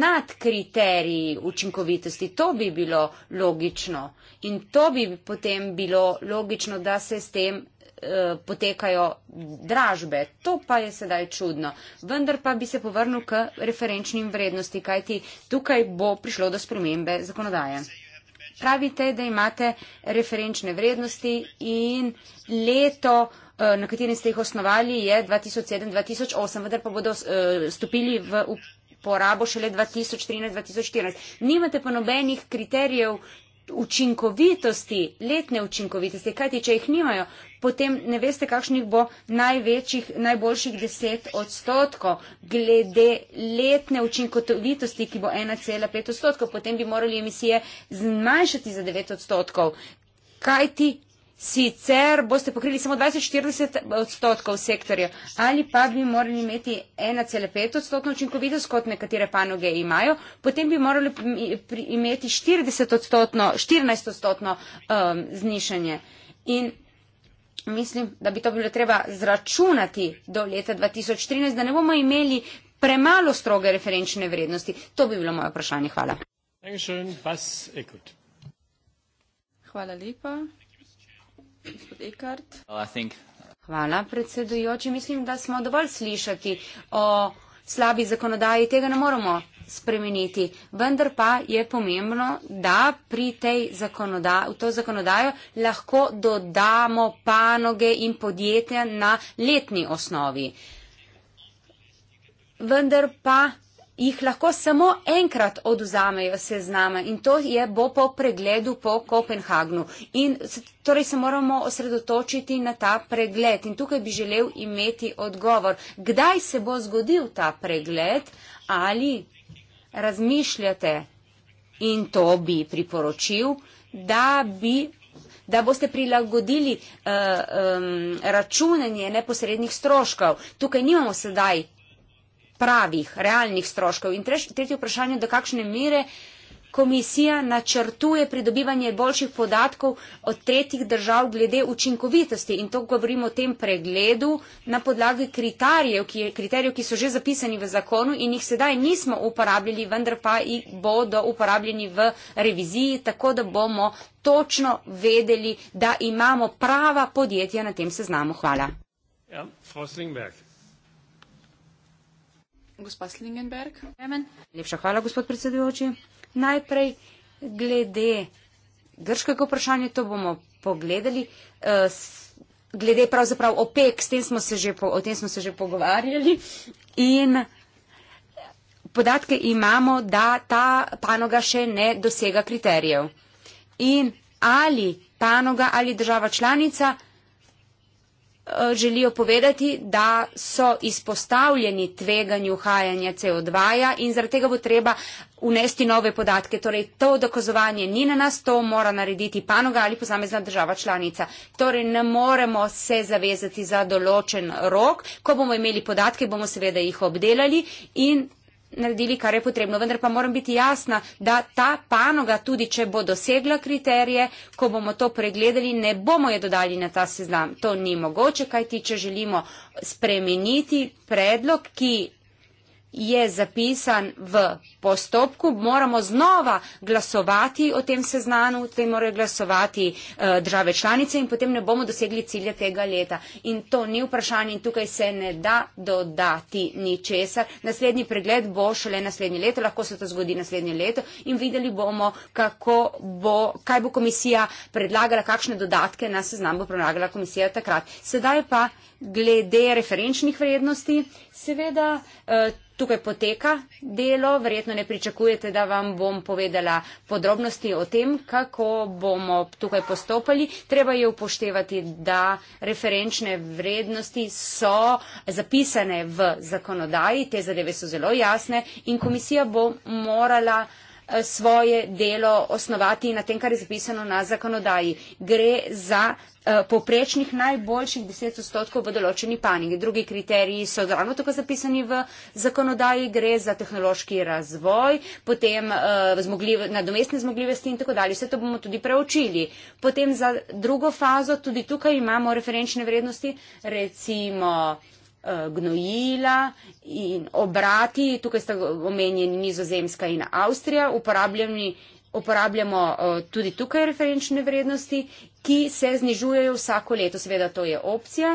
nad kriteriji učinkovitosti. To bi bilo logično in to bi potem bilo logično, da se s tem Eh, potekajo dražbe. To pa je sedaj čudno. Vendar pa bi se povrnil k referenčnim vrednosti, kajti tukaj bo prišlo do spremembe zakonodaje. Pravite, da imate referenčne vrednosti in leto, eh, na katerem ste jih osnovali, je 2007-2008, vendar pa bodo eh, stopili v porabo šele 2013-2014. Nimate pa nobenih kriterijev, učinkovitosti, letne učinkovitosti, kajti če jih nimajo, potem ne veste, kakšnih bo največjih, najboljših deset odstotkov glede letne učinkovitosti, ki bo 1,5 odstotkov, potem bi morali emisije zmanjšati za devet odstotkov, kajti sicer boste pokrili samo 20-40 odstotkov sektorja ali pa bi morali imeti 1,5 odstotno učinkovitost, kot nekatere panoge imajo, potem bi morali imeti 40 odstotno, 14 odstotno um, znišanje. In mislim, da bi to bilo treba zračunati do leta 2013, da ne bomo imeli premalo stroge referenčne vrednosti. To bi bilo moje vprašanje. Hvala. Hvala lepa. Uh, Hvala, predsedujoči. Mislim, da smo dovolj slišati o slabi zakonodaji, tega ne moramo spremeniti. Vendar pa je pomembno, da pri tej zakonodaji, v to zakonodajo lahko dodamo panoge in podjetja na letni osnovi. Vendar pa jih lahko samo enkrat oduzamejo sezname in to je bo po pregledu po Kopenhagnu. In torej se moramo osredotočiti na ta pregled in tukaj bi želel imeti odgovor, kdaj se bo zgodil ta pregled ali razmišljate in to bi priporočil, da bi da boste prilagodili uh, um, računanje neposrednih stroškov. Tukaj nimamo sedaj pravih, realnih stroškov. In tretje vprašanje, do kakšne mere komisija načrtuje pridobivanje boljših podatkov od tretjih držav glede učinkovitosti. In to govorimo o tem pregledu na podlagi kriterijev, ki, kriterijev, ki so že zapisani v zakonu in jih sedaj nismo uporabljali, vendar pa jih bodo uporabljeni v reviziji, tako da bomo točno vedeli, da imamo prava podjetja na tem seznamu. Hvala. Ja, Frau Slingberg, Gospa Slingenberg. Lepša hvala, gospod predsedujoči. Najprej glede grškega vprašanja, to bomo pogledali. E, glede pravzaprav OPEC, tem smo se že, o tem smo se že pogovarjali. In podatke imamo, da ta panoga še ne dosega kriterijev. In ali panoga ali država članica Eh, želijo povedati, da so izpostavljeni tveganju hajanja CO2 -ja in zaradi tega bo treba unesti nove podatke. Torej, to dokazovanje ni na nas, to mora narediti panoga ali posamezna država članica. Torej, ne moremo se zavezati za določen rok. Ko bomo imeli podatke, bomo seveda jih obdelali in naredili, kar je potrebno. Vendar pa moram biti jasna, da ta panoga, tudi če bo dosegla kriterije, ko bomo to pregledali, ne bomo je dodali na ta seznam. To ni mogoče, kajti če želimo spremeniti predlog, ki je zapisan v postopku, moramo znova glasovati o tem seznanu, potem morajo glasovati eh, države članice in potem ne bomo dosegli cilja tega leta. In to ni vprašanje in tukaj se ne da dodati ničesar. Naslednji pregled bo šele naslednje leto, lahko se to zgodi naslednje leto in videli bomo, bo, kaj bo komisija predlagala, kakšne dodatke na seznam bo predlagala komisija takrat. Sedaj pa glede referenčnih vrednosti, seveda eh, tukaj poteka delo. Verjetno ne pričakujete, da vam bom povedala podrobnosti o tem, kako bomo tukaj postopali. Treba je upoštevati, da referenčne vrednosti so zapisane v zakonodaji, te zadeve so zelo jasne in komisija bo morala svoje delo osnovati na tem, kar je zapisano na zakonodaji. Gre za eh, poprečnih najboljših 10 odstotkov v določeni panigi. Drugi kriteriji so ravno tako zapisani v zakonodaji, gre za tehnološki razvoj, potem eh, nadomestne zmogljivosti in tako dalje. Vse to bomo tudi preučili. Potem za drugo fazo, tudi tukaj imamo referenčne vrednosti, recimo Eh, gnojila in obrati, tukaj sta omenjeni Nizozemska in Avstrija, uporabljamo eh, tudi tukaj referenčne vrednosti, ki se znižujejo vsako leto. Seveda to je opcija.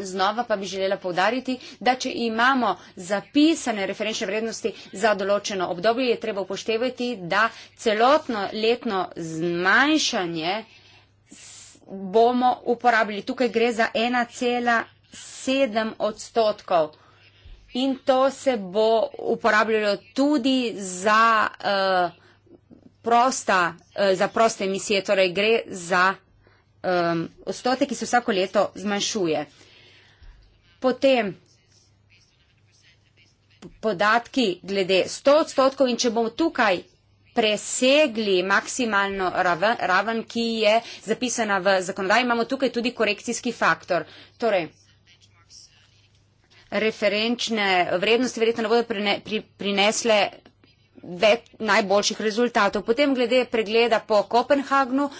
Znova pa bi želela povdariti, da če imamo zapisane referenčne vrednosti za določeno obdobje, je treba upoštevati, da celotno letno zmanjšanje bomo uporabili. Tukaj gre za sedem odstotkov. In to se bo uporabljalo tudi za, uh, prosta, uh, za proste emisije, torej gre za um, eh, odstote, ki se vsako leto zmanjšuje. Potem podatki glede 100 odstotkov in če bomo tukaj presegli maksimalno raven, raven, ki je zapisana v zakonodaji, imamo tukaj tudi korekcijski faktor. Torej, referenčne vrednosti verjetno ne bodo prinesle več najboljših rezultatov. Potem glede pregleda po Kopenhagnu.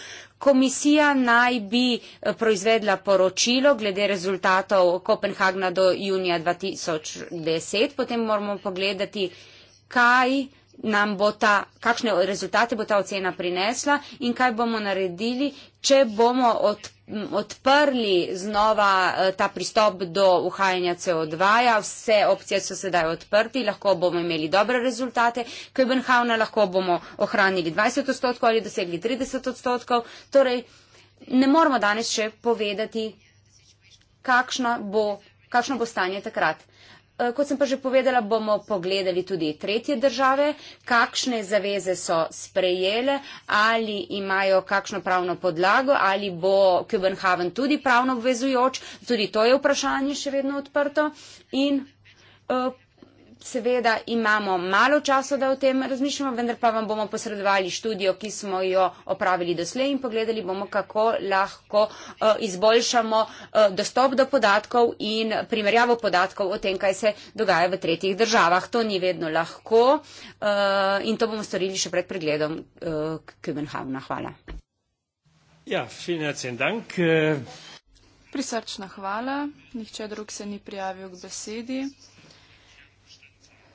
Komisija naj bi eh, proizvedla poročilo glede rezultatov Kopenhagna do junija 2010. Potem moramo pogledati, kaj nam bo ta, kakšne rezultate bo ta ocena prinesla in kaj bomo naredili, če bomo odprli odprli znova eh, ta pristop do uhajanja CO2. -ja. Vse opcije so sedaj odprti, lahko bomo imeli dobre rezultate. Köbenhavna lahko bomo ohranili 20 odstotkov ali dosegli 30 odstotkov. Torej, ne moramo danes še povedati, kakšno bo, kakšno bo stanje takrat. Eh, kot sem pa že povedala, bomo pogledali tudi tretje države, kakšne zaveze so sprejele, ali imajo kakšno pravno podlago, ali bo Kubenhaven tudi pravno obvezujoč. Tudi to je vprašanje še vedno odprto. In, uh, seveda imamo malo časa, da o tem razmišljamo, vendar pa vam bomo posredovali študijo, ki smo jo opravili doslej in pogledali bomo, kako lahko uh, izboljšamo uh, dostop do podatkov in primerjavo podatkov o tem, kaj se dogaja v tretjih državah. To ni vedno lahko uh, in to bomo storili še pred pregledom uh, Kübenhavna. Hvala. Ja, Prisrčna hvala. Nihče drug se ni prijavil k besedi.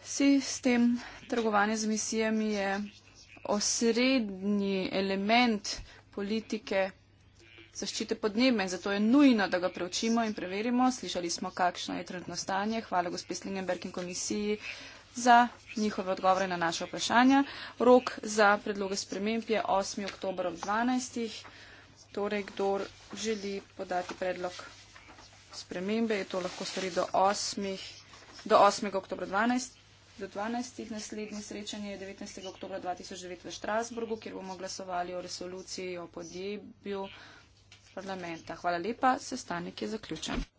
Sistem trgovanja z emisijami je osrednji element politike zaščite podnebne, zato je nujno, da ga preučimo in preverimo. Slišali smo, kakšno je trenutno stanje. Hvala gospod Slingenberg in komisiji za njihove odgovore na naše vprašanja. Rok za predloge sprememb je 8. oktober ob 12. Torej, kdo želi podati predlog spremembe, je to lahko stori do 8. Do 8. oktober 12 do 12. Naslednje srečanje je 19. oktober 2009 v Štrasburgu, kjer bomo glasovali o resoluciji o podjebju parlamenta. Hvala lepa, sestanek je zaključen.